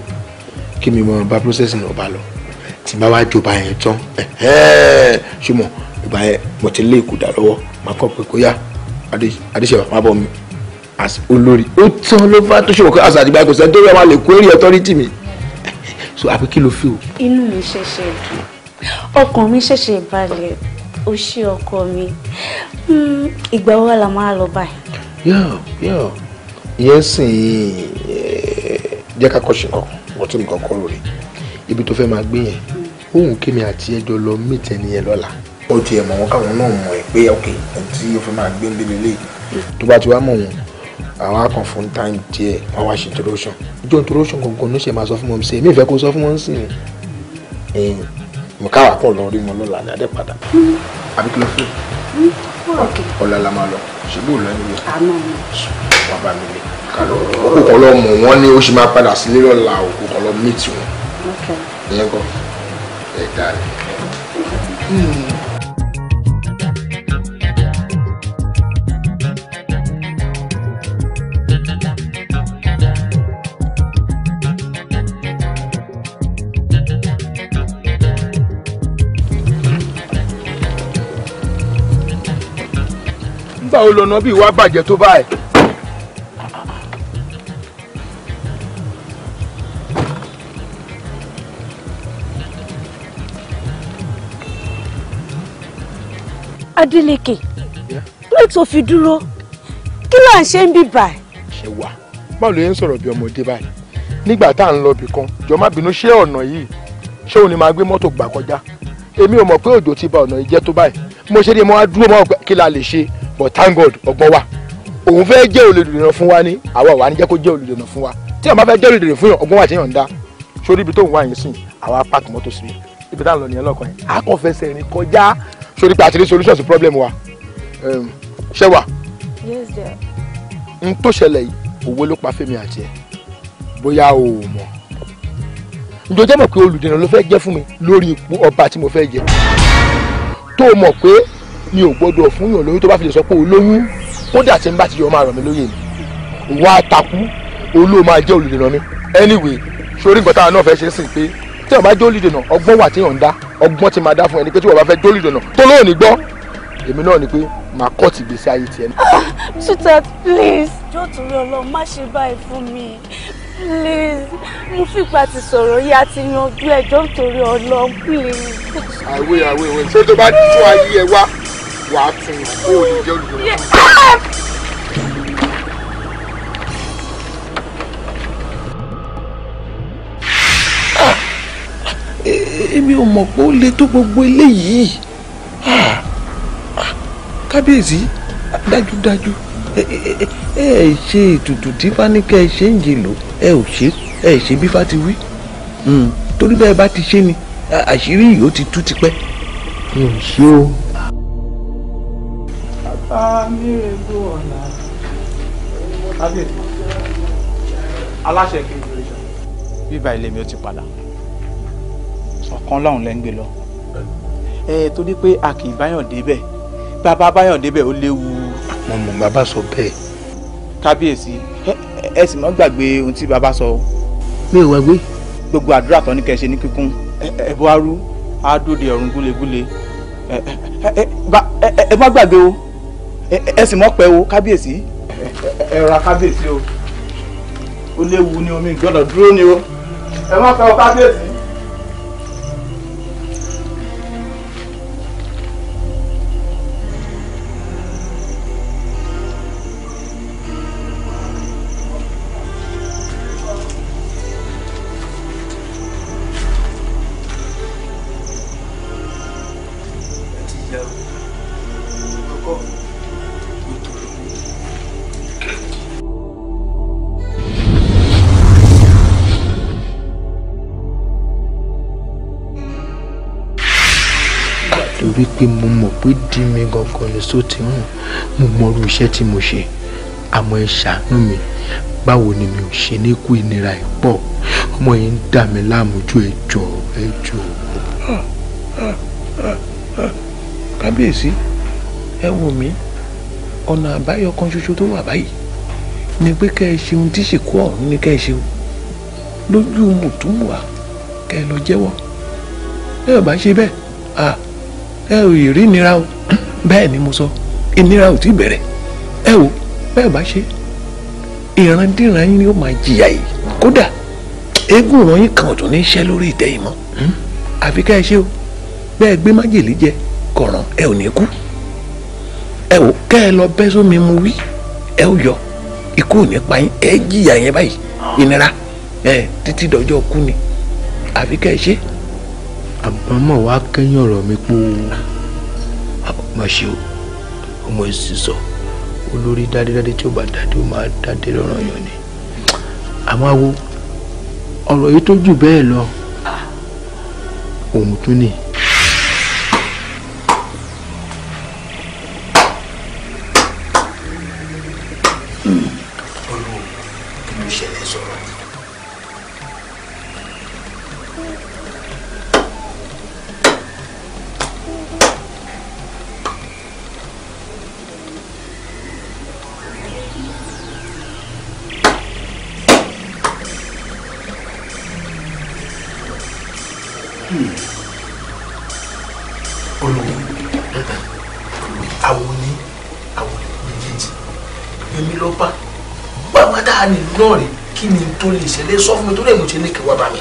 [SPEAKER 1] kí mi mọ bá process náà bá lọ tí bá wá jọba yẹn tán ṣùgbọ́n ìgbà yẹn mo ti lé ìkúdà lọ́wọ́ màá kọ́ pé kó adéṣèwà má bọ̀ mi olórí ó tán ló bá tó ṣòwò kí àṣà àdìgbà kò tó yẹ wá lè kó èrè authority mi so àbí kí ló fi o.
[SPEAKER 2] inú mi ṣẹ̀ṣẹ̀ dùn ọkàn mi ṣẹ̀ṣẹ̀ balẹ̀ o ṣé ọkọ mi hmm, ìgbà wo la máa lọ báyìí.
[SPEAKER 1] yóò yóò ìyẹn sì jẹ́ ká kọ́ ṣe kọ́ wọ́n tí mo kọ́ kọ́ lórí ibi tó fẹ́ máa gbé yẹn òun kémi àti ẹjọ́ lọ meet ẹni yẹn lọ́la ó ti ẹ̀ mọ̀ wọn káwọn náà mọ̀ ẹ́ pé ok tí o fẹ́ máa gbé ń bíbí lé tó bá ti wá mọ̀ wọn àwọn akàn fún táìm díẹ̀ wọn wá ṣe introduction ìjọ introduction gangan ló ṣe máa sọ fún wọn sí ẹ mi ìfẹ́ kó sọ fún wọn sí ẹ mo káwá kàn lọ rí wọn lọ́la ní adé padà mm-hmm. àbí kí ló fẹ́ mm-hmm. ọ̀la la máa lọ ṣùgbọ́n òun lọ́nà ìwé wà bá mi lè ká lọ òkú kan lọ mọ̀ wọ́n ní ó ṣe máa padà sílé lọ́la òkú kan lọ mí tiwọn ìyẹn ẹ̀ka rẹ̀. nígbà wo lọ́nà bí ìwà bàjẹ́ tó báyìí.
[SPEAKER 2] Adeleke lóò tó fi dúró kí là ń ṣe ń bí báyìí.
[SPEAKER 1] ṣe wà báwo ló yẹn ń sọ̀rọ̀ bí ọmọdé báyìí nígbà tá à ń lọ ibì kan jọ má bínú ṣé ọ̀nà yìí ṣé òun ni máa gbé mọ́tò gbà kọjá èmi ò mọ̀ pé òjò ti ba ọ̀nà yìí jẹ́ tó báyìí mo ṣe dé mo wá dúró mọ́ ọ̀pẹ kí la lè ṣe but thank god ọgbọ́n wa òun fẹ́ jẹ́ olùdènà fún wa ni àwa wà ní jẹ́ kó jẹ́ olùdènà fún wa tí àwọn bá fẹ́ jẹ́ olùdènà fún yàn ọgbọ́n wa ti yàn dá sórí ibi tó ń wá yẹn sìn àwa park mọ́tò sí ibi táwọn lọ nìyẹn lọ́kàn yẹn a kò fẹsẹ̀ rìn kọjá sórí pé àti ní solution sí problem wa ṣé wà. yes dear. n tó ṣẹlẹ̀ yìí òwe ló pa fẹ́mi àti ẹ̀ bóyá o ò mọ̀ ǹjọ́ jẹ́ mọ̀ pé olùdènà ló fẹ́ jẹ́ fún mi lórí ipò ọba tí mo fẹ́ jẹ tó mọ̀ pé mi ò gbọ́dọ̀ fún yàn lóyún tó bá fi lè sọ pé o lóyún kódà tí n bá ti yọ máa ràn mí lóyè mi wá takú olóò máa jẹ́ olùdènà mi anyway sórí nǹkan táwọn náà fẹ́ ṣe é sìn pé tí wọn bá jó olùdènà ọgbọ́n wà tí yàn ń dá ọgbọ́n ti máa dá fún ẹni pé tí wọn bá fẹ́ jó olùdènà tó lóò ní gbọ́ èmi náà ni pé màá kọ́ ti gbèsè ayé tiẹ̀.
[SPEAKER 2] sweetheart ah, please jọ̀ọ́ torí Ọlọ́run má ṣe báyìí fún mi please mo fìgbà ti sọ̀rọ̀ yìí àti yanjú ẹjọ́ torí Ọlọ́run please.
[SPEAKER 6] àwẹ̀ àwẹ̀ ṣé tó bá tún ayé ẹ wá wà á tún un ó lè jẹ́ olùdókòwò.
[SPEAKER 1] èmi ò mọ̀ pé ó le tó gbogbo eléyìí ah! kábíyèsí dájúdájú ẹ ẹ ṣe ètùtù tí fáníkà ẹ ṣe ń jè lò ẹ ò ṣe ẹ ṣe bí fá ti wí hmm, torí bẹ́ẹ̀ bá ti ṣe ni àṣírí yìí ó ti tú tipẹ́.
[SPEAKER 5] kí n ṣe o
[SPEAKER 1] aláṣẹ kejì oríṣà. bíbá ilé mi ó ti padà ọ̀kan lọ́hùn lẹ́ ń gbé lọ ẹ torí pé a kì í báyàn débẹ̀ bàbá báyàn débẹ̀ ó léwu. mo mọ bàbá sọ bẹ́ẹ̀. kábíyèsí ẹ sì má gbàgbé ohun tí bàbá sọ. mi ò wá gbé. gbogbo àdúrà tó ní kẹ́ ṣe ní kíkún ẹ bọ́ arú á dòde ọ̀run gúlegúle ẹ má gbàgbé o ẹ sì mọ́ pẹ́ o kábíyèsí. ẹ ra kábíyèsí o ó léwu ni omi gbọ́dọ̀ dúró ni o ẹ mọ́ pẹ́ o kábíyèsí. pé mo mọ̀ pé dí mi gangan ni só ti hàn mo mọ irú iṣẹ́ tí mo ṣe àmọ́ ẹ ṣàánú mi báwo ni mi ò ṣe ní kú ìnira ẹ̀ pọ̀ ọmọ yìí ń dà mí láàmú ju ẹjọ́ ẹjọ́. kábíyèsí ẹ wò mí ọ̀nà àbáyọ kan ṣoṣo tó wà báyìí ni pé kẹ́ ẹ ṣeun tí ṣìkú ọ̀hún ni kẹ́ ẹ ṣeun lójú mùtúmùà kẹ́ ẹ lọ jẹ́wọ́ ẹ ò bá ṣe bẹ́ẹ̀ ah ẹ ò rí ìnira o [CLEARS THROAT] bẹ́ẹ̀ ni mo sọ ìnira ò tí bẹ̀rẹ̀ ẹ o bẹ́ẹ̀ bá ṣe ìrandíran yín ni ó máa jìyà yìí kódà eégún ìran yín kan ò tún ní ṣẹ́ lórí ìtẹ́ yìí mọ́ hmm? àfi ká ẹ ṣe o bẹ́ẹ̀ gbé májèlé jẹ kọ̀ràn ẹ ò ní kú ẹ o kẹ́ ẹ lọ bẹ́ sómi mu wí ẹ ò yọ ikú ò ní pa yín ẹ jìyà yẹn báyìí ìnira ẹ títí dọjọ́ kú ni àfi ká ẹ ṣe àbámọ̀ wá kẹ́yìn ọ̀rọ̀ mi pé má ṣe o ọmọ èsì sọ olórí dádédádé tí ó bá dádé ó máa dádé lọ́rọ̀ yàn ni àmọ́ wo ọ̀rọ̀ yìí tó jù bẹ́ẹ̀ lọ òun tún nìyí. lè sọ fún mi torí èmi ò ṣe ní kí wọ́n bá mi.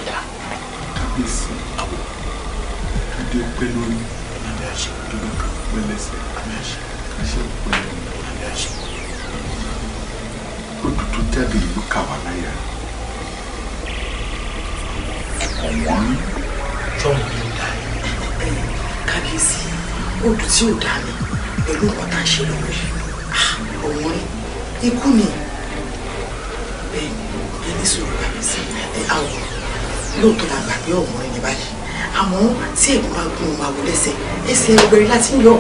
[SPEAKER 3] láti yọ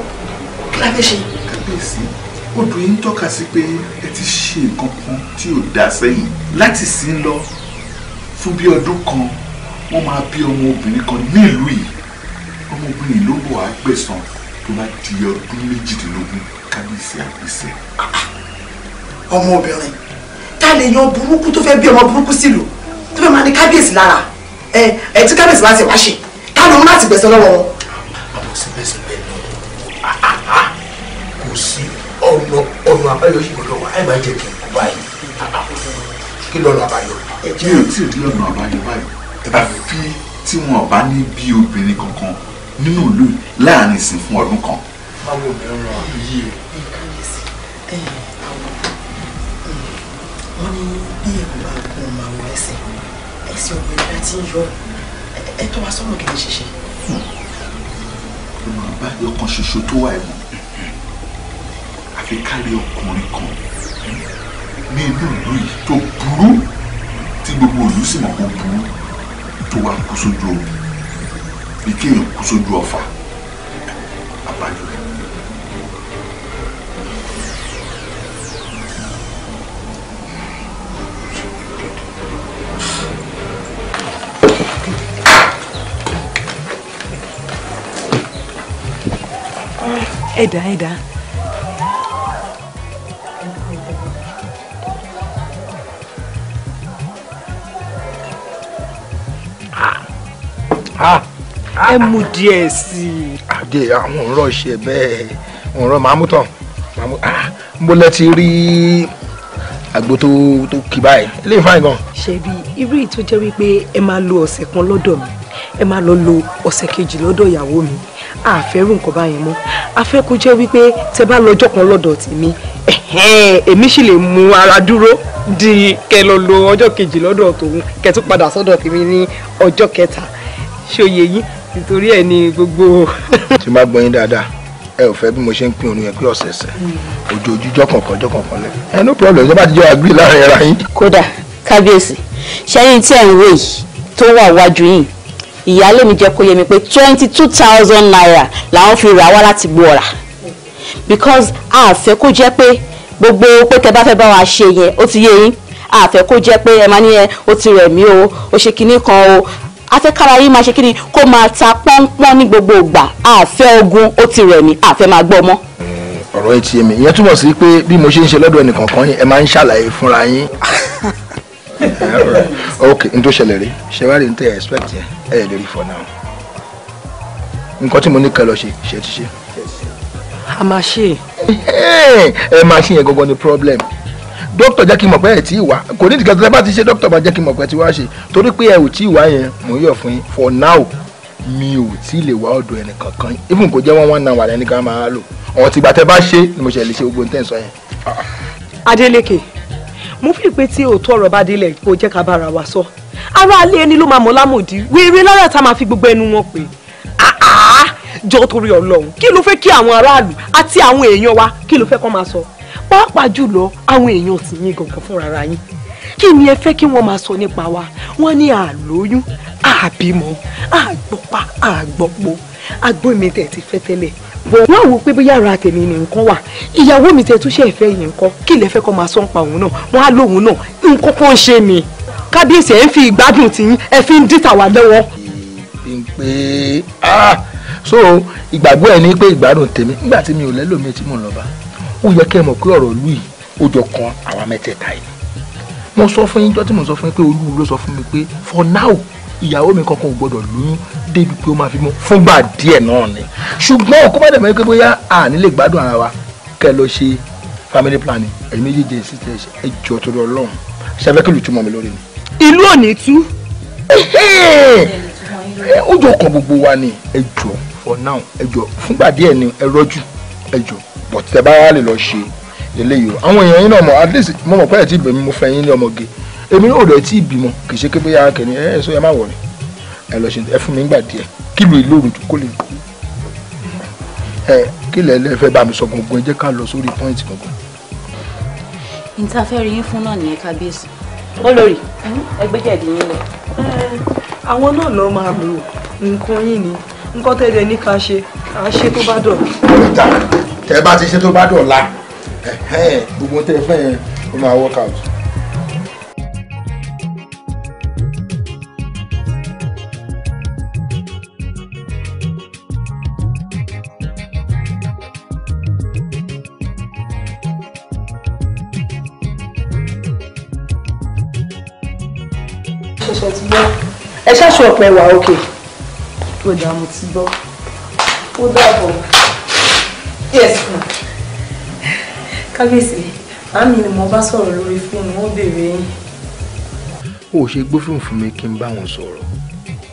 [SPEAKER 3] kí la fẹ́ ṣe.
[SPEAKER 7] kábíyèsí odò yìí ń tọ́ka sí pé ẹ ti ṣe nǹkan kan tí ò dá sẹ́yìn láti sí lọ fún bí ọdún kan wọ́n máa bí ọmọ obìnrin kan ní ìlú yìí ọmọbìnrin ló bọ̀ á gbẹ̀san tó bá di ọdún méjìdínlógún kábíyèsí àgbèsè.
[SPEAKER 3] ọmọbìnrin tá a lè yan burúkú tó fẹ́ bí ọmọ burúkú sílùú tó fẹ́ máa ní kábíyèsí lára ẹ ẹ tí kábíyèsí bá wá ṣe ká lóun láti gbẹ̀san lọ́wọ́ wọn.
[SPEAKER 1] àbọ̀ síbẹ̀síbẹ̀ ọ̀rọ̀ àbáyọ sì lọ́dọ̀ wa ẹ máa jẹ kí n kú báyìí kí lọ́nà àbáyọ. ẹ jẹ́ ò tí ì rí
[SPEAKER 7] ọ̀nà àbáyọ báyìí àfi tí wọn ò bá ní bí obìnrin kankan nínú ìlú láàrin ìsìn fún ọdún kan. báwo ni ọ̀rọ̀ yìí ẹ káyèsí ẹ
[SPEAKER 1] àwọn
[SPEAKER 3] wọn ní bí ẹ bá gun ọmọ àwọn ẹsẹ ẹsẹ ọgbẹ ìgbà tí ń yọ ẹ tó wa sọ̀rọ̀ kí n ṣe ṣe.
[SPEAKER 7] ọmọ àbáyọ kan ṣoṣo tó wà ẹ̀wọ̀n fi kárí ọkùnrin kan hmm, ní inú ìlú yìí tó burú tí gbogbo ìlú sì mọ̀ kó burú tó wá kú sójú omi bí kéèyàn kú sójú ọfà
[SPEAKER 6] àbájọ.
[SPEAKER 5] Eda, Eda.
[SPEAKER 1] ẹ mú díẹ̀ sí i. àdé àwọn ọ̀rọ̀ ṣe bẹ́ẹ̀ ọ̀rọ̀ màá mú tán ah, mo lẹ ti rí àgbo tó tó kì báyìí eléyìí fáyìn gan.
[SPEAKER 2] ṣebí irú yìí tó jẹ́ wípé ẹ máa lo ọ̀sẹ̀ kan lọ́dọ̀ mi ẹ máa lọ lo ọ̀sẹ̀ kejì lọ́dọ̀ ìyàwó mi àfẹ́rù nǹkan báyẹn mọ́ afẹ́ jẹ́ wípé tẹ bá lọ́jọ́ kan lọ́dọ̀ tèmi èmi sì lè mú ara dúró di kẹ lọ lo ọjọ́ kejì lọ́dọ̀ tòun kẹ tún
[SPEAKER 1] padà sọ́dọ̀ tèmi ní ọjọ́ kẹta ṣòye yín nítorí ẹ̀ ni gbogbo. tí má gbọ́ yín dáadáa ẹ ò fẹ́ bí mo ṣe ń pín òun yẹn pé ọ̀sẹ̀ọ̀sẹ̀ ojoojújọ́ hmm. kọ̀ọ̀kan jọ́
[SPEAKER 3] kọ̀ọ̀kan lẹ ẹ no problem ṣé bá ti jọ agree láàrin ara yín. kódà kábíyèsí ṣẹ́yìn tí ẹ̀ ń wé yìí tó wà wájú yìí ìyáálé mi jẹ́ kó yé mi pé twenty two thousand naira làwọn fi rà wá láti gbọ́ ọ̀rà because a fẹ́ kó jẹ́ pé gbogbo pé tẹ bá fẹ́ bá wa ṣe yẹn ó ti yé yín a fẹ́ kó jẹ́ pé ẹ máa ní yẹn ó ti rẹ̀ mí o ó ṣe kinní kan o afẹ́kára yín máa ṣe kí ni kó máa ta pọ́npọ́n ní gbogbo ìgbà àfẹ́ ogun ó ti rẹ̀ mí àfẹ́ máa gbọ́ mọ́.
[SPEAKER 1] ọ̀rọ̀ ẹ ti yé mi ìyẹn túmọ̀ sí pé bí mo ṣe ń ṣe lọ́dọ̀ ẹnìkọ̀ọ̀kan yín ẹ máa ń ṣàlàyé fúnra yín. [LAUGHS] ok n tó ṣẹlẹ̀ rí ṣe wá rí n tẹ́ ẹ expect yẹn ẹ yẹ lórí for now nǹkan tí mo ní kẹ́ lọ ṣe ṣe ti ṣe. a máa ṣe. ẹ máa ṣe yẹn gangan ni problem dókítà jẹ́ kí n mọ̀ pé ẹ̀ tí ì wá kò ní ìdíkà tó lẹ́ bá ti ṣe dókítà bá jẹ́ kí n mọ̀ pé ẹ̀ tí wá ṣe torí pé ẹ̀ ò tí ì wá yẹn mò ń yọ̀ fún yín for now mi ò tí ì lè wá ọ̀dọ̀ ẹnì kankan even kò jẹ́ wọ́n wọ́n náà wà lẹ́ni ká máa lò ọ̀hún tìgbà tẹ́ bá ṣe ni mo ṣe lè ṣe gbogbo ní tẹ̀sán yẹn.
[SPEAKER 3] Adeleke mo fi pé tí òótọ́ ọ̀rọ̀ bá délẹ̀ kó jẹ́ ká bára wa sọ ará alẹ́ ẹni ló máa mọ̀ lámòdì wíire lọ́rọ̀ tá a máa fi gbogbo ẹnu wọn pé
[SPEAKER 2] jọ torí Ọlọ́run kí ló fẹ́ kí àwọn aráàlú àti àwọn èèyàn wa kí ló fẹ́ kó máa sọ pàápàá jùlọ àwọn èèyàn sì yín gangan fúnra yín kí ni ẹ fẹ́ kí wọ́n máa sọ nípa wa wọ́n ní àlóyún àbímọ àgbọ̀pá àgbọ̀pọ̀ àgbọ̀n mi tẹ̀ ti fẹ́ tẹ́lẹ̀ bọ̀ wọ́n wò pé bóyá ara tèmi ni nǹkan wà ìyàwó mi tẹ̀ tún ṣe ìfẹ́ yìí nǹkan kí ilẹ̀ fẹ́ kọ́ máa sọ nípa òun náà wọ́n á lóun náà nǹkan kan ṣe mi kábíyèsí ẹ̀ ń fi
[SPEAKER 3] ìgbádùn tí ẹ fi ń dìtà wá lọ́wọ́. ah so
[SPEAKER 1] ìgbàgbọ́ ẹ ní pé ìgbádùn tèmi nígbà tí mi ò lẹ́lòmíì tí mò ń lọ bá ó yẹ kẹ́ ẹ mọ̀ pé ọ̀rọ̀ ìlú yìí ó jọ kan àwa mẹ́tẹ̀ẹ̀ta yìí mo sọ fún yín jọ́ mo sọ fún yín pé olúwo ló sọ fún mi pé for now ìyàwó mi kankan ò gbọdọ̀ lóyún débi pé ó máa fi mọ́ fúngbà díẹ̀ náà ni ṣùgbọ́n kó má dẹ̀ mọ́ pé bóyá àní lè gbádùn ara wa kẹ́ ẹ lọ ṣe family planning ẹ̀yin méjèèjì sísè ẹjọ́ tó lọ lọ́hùn ṣẹfẹ́ kí lùtùmọ̀ mi lórí ni. ìlú ò tú. ó jọ kan gbogbo wa ni ẹjọ́ for now ẹjọ́ fúngbà díẹ̀ ni ẹ rọ́jú ẹjọ́ but tẹ bá lè lọ ṣe eléyìí o àwọn èèyàn yín náà mọ̀ at least mo mọ̀ pé ẹ̀ tí ì mo fẹ́ yín ní ọmọge èmi náà ò dẹ̀ tí ì bímọ kì í ṣe pé bóyá kẹ́ni ẹ̀ ẹ̀ sọ yẹ má wọ̀rẹ̀ ẹ̀ lọ ṣe ẹ fún mi nígbà díẹ̀ kí lu ìlú òrùn kó lè ẹ kí lẹ lẹ fẹ́ bá mi sọ gbọ̀ngbọ̀n ẹ jẹ́ ká lọ sórí pọ́ìntì gbọ̀ngbọ̀n.
[SPEAKER 2] ìtafẹ́rẹ́ yín fún náà nìyẹn kábíyèsí olórí ẹgbẹ́jẹ̀dì yín lọ. àwọn náà lọ máa lò nǹkan yín ni nǹkan tẹ́lẹ̀ ní ká ṣe àá
[SPEAKER 1] tẹ bá ti ṣe tó bá dọ̀la gbogbo tẹ fẹ́ yẹn ó máa work out.
[SPEAKER 2] ẹ ṣáṣọ ọ̀pẹ wà òkè. ó dààmú ti gbọ́ ó dàbọ̀ yes ma kábíyèsí àmì ni mo bá sọ̀rọ̀ lórí fóònù Oh, béèrè yín. o ò ṣe gbófin fún mi kí n bá wọn you.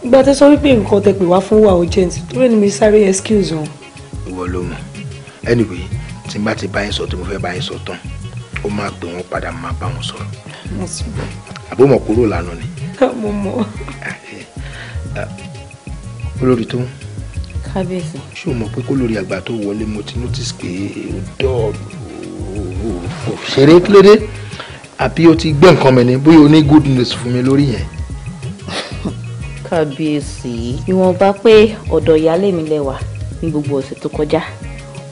[SPEAKER 2] ìgbà tẹ sọ wípé nǹkan tẹ pè wá fún wa urgent excuse wọn.
[SPEAKER 1] ìwọ ló anyway tí n bá ti bá yín sọ tí mo fẹ́ bá yín sọ tán ó máa pè wọ́n padà máa bá wọn sọ̀rọ̀. àbọ̀mọ̀ kúrò lánàá ni.
[SPEAKER 2] [LAUGHS] mo mọ̀. Ah, eh.
[SPEAKER 1] ah, olórí tó ń kábíyèsí. ṣé o mọ̀ pé kó lórí àgbà tó wọlé mo ti notice pé dọ́ọ̀ kò ṣeré kílódé àbí o ti gbé nǹkan mi ni bóyá o ní good news fún mi lórí yẹn.
[SPEAKER 2] kábíyèsí ìwọ̀nba pé ọ̀dọ̀ ìyáálé mi lẹ́wà ní gbogbo ọ̀sẹ̀ tó kọjá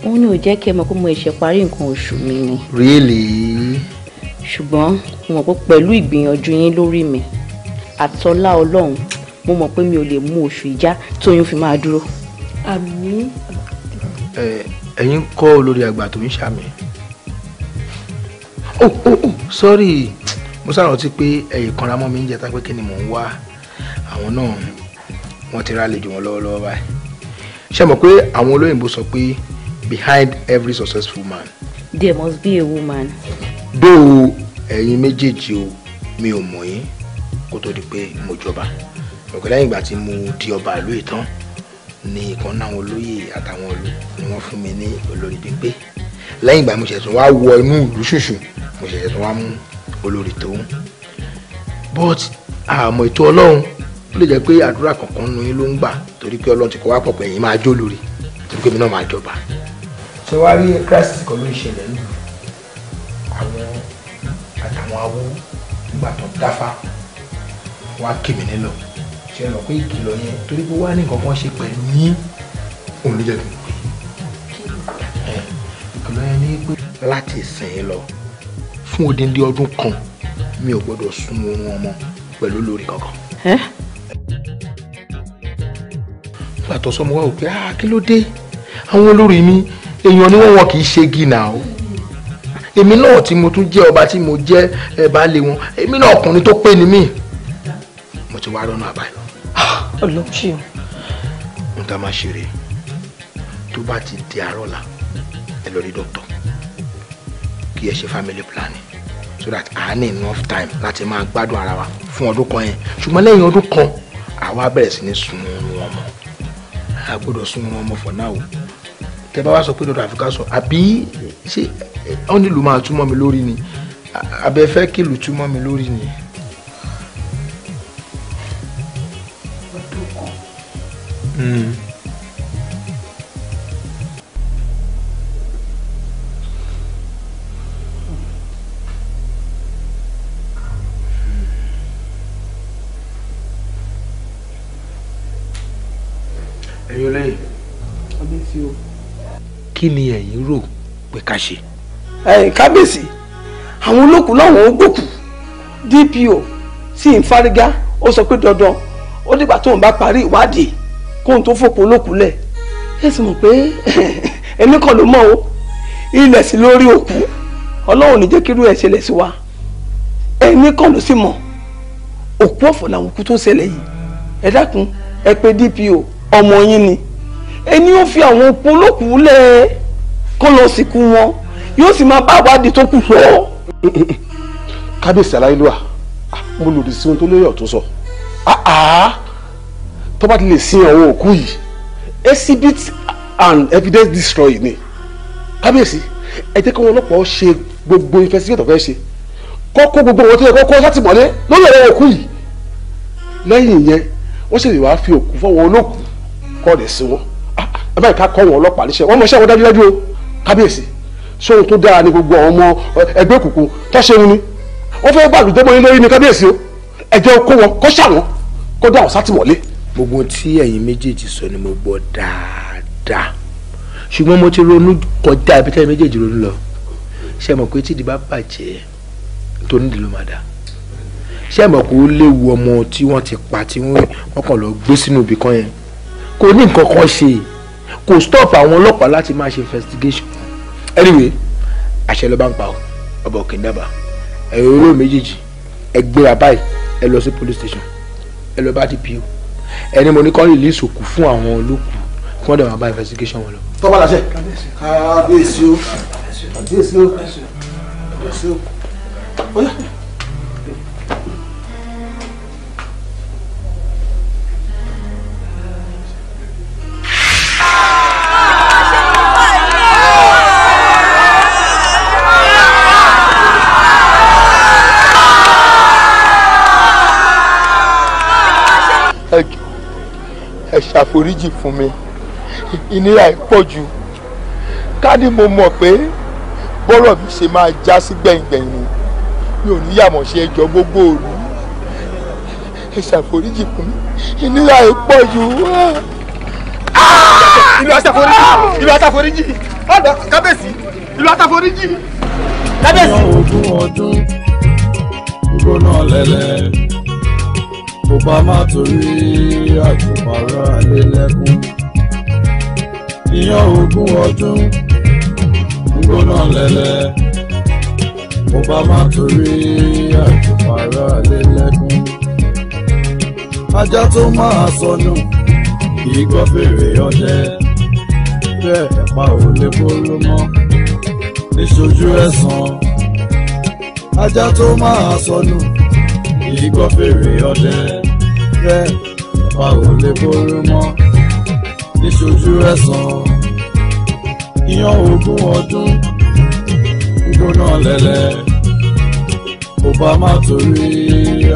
[SPEAKER 2] òun ni ò jẹ́ kí ẹ mọ̀ pé mo ṣe parí nǹkan oṣù mi ni. really. ṣùgbọ́n mo mọ̀ pé pẹ̀lú ìgbìyànjú yín lórí mi àtọ́lá ọlọ́run mo mọ̀ pé mi ò lè mú oṣù ìjà tóyún fi máa dúró
[SPEAKER 5] àmì.
[SPEAKER 1] ẹ̀yin kọ́ olórí àgbà tó ń ṣàmì. oh oh oh sorry mo ṣàrántí pé ẹ̀yìn kanra mọ́ mi ń jẹta pé kí ni mò ń wá àwọn náà wọ́n ti rálejò wọn lọ́wọ́lọ́wọ́ báyìí ṣe mọ̀ pé àwọn olóyìnbó sọ pé behind every successful man.
[SPEAKER 2] there must be a woman.
[SPEAKER 1] dóò ẹ̀yin méjèèjì o mi ò mọ̀ yín kó tó di pé mo jọba ọ̀gá lẹ́yìn ìgbà tí mo di ọba ìlú ìtàn ni ìkan náà àwọn olóyè àtàwọn olú ni wọ́n fún mi ní olórí gbígbé lẹ́yìn ìgbà mo ṣẹ̀ṣẹ̀ wá wọ inú ìlú ṣùṣù mo ṣẹ̀ṣẹ̀ wá mú olórí tòun but àmọ́ ètò ọlọ́run ó lè jẹ́ pé àdúrà kankan nu yín ló ń gbà torí pé ọlọ́run ti kọ́ wá pọ̀ pé ẹ̀yin máa jó lórí torí pé èmi náà máa jọba. ṣé wàá rí crisis kan ló ń ṣẹlẹ̀ nílùú àwọn àtàwọn awó nígbà tó dáfá wá kì mí nílò ṣe mọ̀ pé ìkìlọ̀ yẹn torí pé wá ní nǹkan kan ṣe pẹ̀lú yín òun ló jẹ́ kí n pè é ìkìlọ̀ yẹn ní pé láti ìsìn lọ fún odindi ọdún kan mi ò gbọ́dọ̀ sún oorun ọmọ pẹ̀lú lórí kankan. nígbà tó sọmọ wa ò pé ah kí ló dé àwọn olórí mi èèyàn ni wọ́n wọn kì í ṣe gínà o èmi náà tí mo tún jẹ́ ọba tí mo jẹ́ ẹ̀ bá lé wọn èmi náà ọkùnrin tó pé ni mí mo ti wá lọ́nà àbáyọ. Ọlọ́run ṣe o. nǹkan máa ṣe rèé tó bá ti di àárọ̀ la ẹ lọ rí dókítà kí ẹ ṣe family planning so that a ní enough time láti máa gbádùn ara wa fún ọdún kan yẹn ṣùgbọ́n lẹ́yìn ọdún kan àwa bẹ̀rẹ̀ sí ní sun oorun ọmọ a gbọ́dọ̀ sun oorun ọmọ for now tẹ bá wá sọ pé dọ́dọ̀ àfikà sọ àbí ṣé ọ́nìlù máa túmọ̀ mi lórí ni abẹ́fẹ́ kìlù túmọ̀ mi lórí ni.
[SPEAKER 5] Mm.
[SPEAKER 6] ẹ̀yin olóyè
[SPEAKER 1] kábíyèsí o. kí ni ẹ̀yin rò pé ká ṣe. ẹ̀yin kábíyèsí àwọn olókùn láwọn ò DPO sì ń fárígá ó sọ pé dandan ó dìgbà tóun bá parí ìwádìí kóhun tó fòpò olókùlẹ̀ ẹ sì mọ̀ pé ẹni [LAUGHS] kan ló mọ̀ o ilẹ̀ sí lórí òkú ọlọ́run ní jẹ́ kí irú ẹ̀ ṣẹlẹ̀ sí wa ẹni kan ló sì mọ̀ òkú ọ̀fọ̀ làwọn òkú tó ṣẹlẹ̀ yìí ẹ dákun ẹ pé DPO ọmọ yín ni ẹni ó fi àwọn òkú olókùlẹ̀ kó lọ sìnkú wọn yóò sì máa bá àwádìí tó kù lọ. kábíyèsí aláìlúwà mo lòdì sí ohun tó lóyè ọ̀tún sọ. Ah, ah tó bá ti lè sin àwọn òkú yìí exhibit and evidence destroy ni kábíyèsí ẹ jẹ́ kí wọn ọlọ́pàá ṣe gbogbo investigator fẹ́ ṣe kọ́kọ́ gbogbo wọn tó yẹ kọ́kọ́ sátìmọ́lé lórí ọ̀rọ̀ òkú yìí lẹ́yìn yẹn wọ́n sì lè wá fi òkú fọwọ́ olókùú kọ́ ọ̀dẹ̀ sí wọn ah, ẹ báyìí ká kọ́ wọn ọlọ́pàá níṣẹ́ wọ́n mọ̀ iṣẹ́ wọn dájúdájú o kábíyèsí sóhun tó dára ni gbogbo àwọn ọmọ ẹgbẹ́ òkùnkùn tó ṣe ni wọ́n fẹ́ bá àlùjọ́mọ́ yín lórí ni kábíyèsí o ẹ̀jẹ̀ kó wọn kó ṣàwọn kó dá àwọn sátìmọ́lé gbogbo tí ẹ̀yin méjèèjì sọ ni mo gbọ́ dáadáa ṣùgbọ́n mo ti ronú kọjá ibi tẹ́lẹ̀ méjèèjì ronú lọ ṣe mọ̀ pé tídìí bá bàjẹ́ tó nídìí ló máa dà ṣe mọ̀ pé ó léwu ọmọ tí wọ́n ti pa tí wọ́n kàn lọ gbé sínú ibì kan yẹn kò ní nǹkan kan ṣe kò stop àwọn ọlọ́pàá láti máa ṣe investigation anyway àṣẹ ló bá ń pa ọ ọba òkè dábàá ẹ̀rọ olóò méjèèjì ẹ gbéra báyìí ẹ lọ sí police station ẹ lọ bá DPO ẹni mo ní kọ́ release òkú fún àwọn olókù kí wọ́n dẹ̀ máa bá investigation wọn lọ. tọ́pọ̀ làṣẹ kábíyèsí o kábíyèsí o kábíyèsí o. ẹ ṣàforíjì fún mi ìnira ẹ pọ̀ jù ká ní mo mọ̀ pé bọ́rọ̀ mi ṣe máa já sí gbẹ̀ngbẹ̀yìn ni mi ò ní yàmọ̀ ṣe ẹjọ́ gbogbo òru ẹ ṣàforíjì fún mi ìnira ẹ pọ̀ jù. ìlú aṣàforíjì ìlú aṣàforíjì ọ̀dọ̀ kábẹ́sì ìlú aṣàforíjì kábẹ́sì.
[SPEAKER 6] ọdún ọdún gbóná lẹ́lẹ́ àfòpá má torí àjùmọ̀rọ̀ àlélẹ́kùn ìyàn ogún ọdún ń gbóná lẹ́lẹ́ mo bá má torí àjùmọ̀rọ̀ àlélẹ́kùn ajá tó máa sọnù kì í gbọ́ fèrè ọdẹ bẹ́ẹ̀ pa ò lè bólú mọ́ níṣojú ẹ̀sán ajá tó máa sọnù ìgbọ́ fèrè ọdẹ rẹ wa ò lè borí mọ́ níṣojú ẹ̀sán ìyàn ogún ọdún gbóná lẹ́lẹ́ kò bá má torí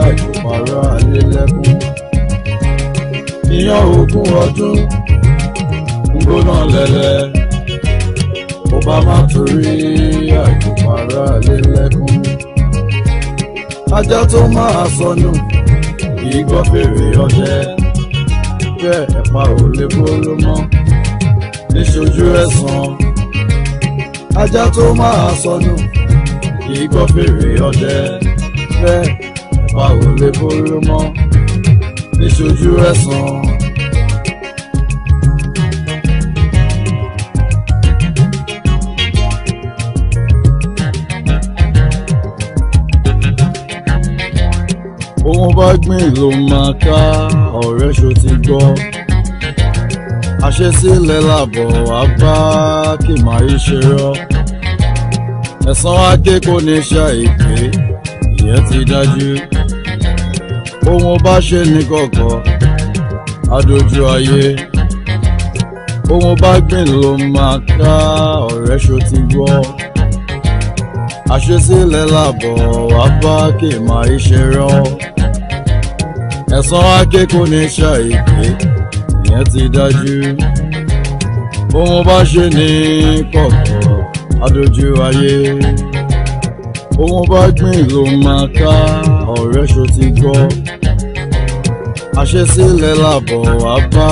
[SPEAKER 6] àjùmọ̀rọ̀ ayé lẹ́kún ìyàn ogún ọdún gbóná lẹ́lẹ́ kò bá má torí àjùmọ̀rọ̀ ayé lẹ́kún ajá tó máa sọnù ìgbọ́ bèrè ọṣẹ bẹ́ẹ̀ ẹ̀pà ò lè bólú mọ́ níṣojú ẹ̀sán ajá tó máa sọnù ìgbọ́ bèrè ọṣẹ bẹ́ẹ̀ ẹ̀pà ò lè bólú mọ́ níṣojú ẹ̀sán. bá gbìn ló máa ká ọ̀rẹ́ ṣo ti gbọ́ àṣesílẹ̀ làbọ̀ wá bá kì máa yí ṣe rọ́ ẹ̀san ajé kò ní ṣàìpé ìyẹn ti dájú ohun bá ṣe ní kọ̀kọ̀ adójú ayé ohun bá gbìn ló máa ká ọ̀rẹ́ ṣo ti gbọ́ àṣesílẹ̀ làbọ̀ wá bá kì máa yí ṣe rọ́ ẹ̀san ajé kò ní ṣàìpé ìyẹn ti dájú ohun bá ṣe ní kọ̀kọ̀ adójú ayé ohun bá gbìn ló máa ká ọ̀rẹ́ ṣo ti gbọ́ àṣesílẹ̀ làbọ̀ wá bá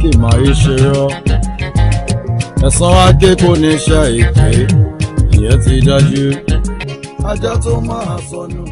[SPEAKER 6] kì máa yí ṣe rọ́ ẹ̀san ajé kò ní ṣàìpé ìyẹn ti dájú
[SPEAKER 5] ajá tó máa sọnù.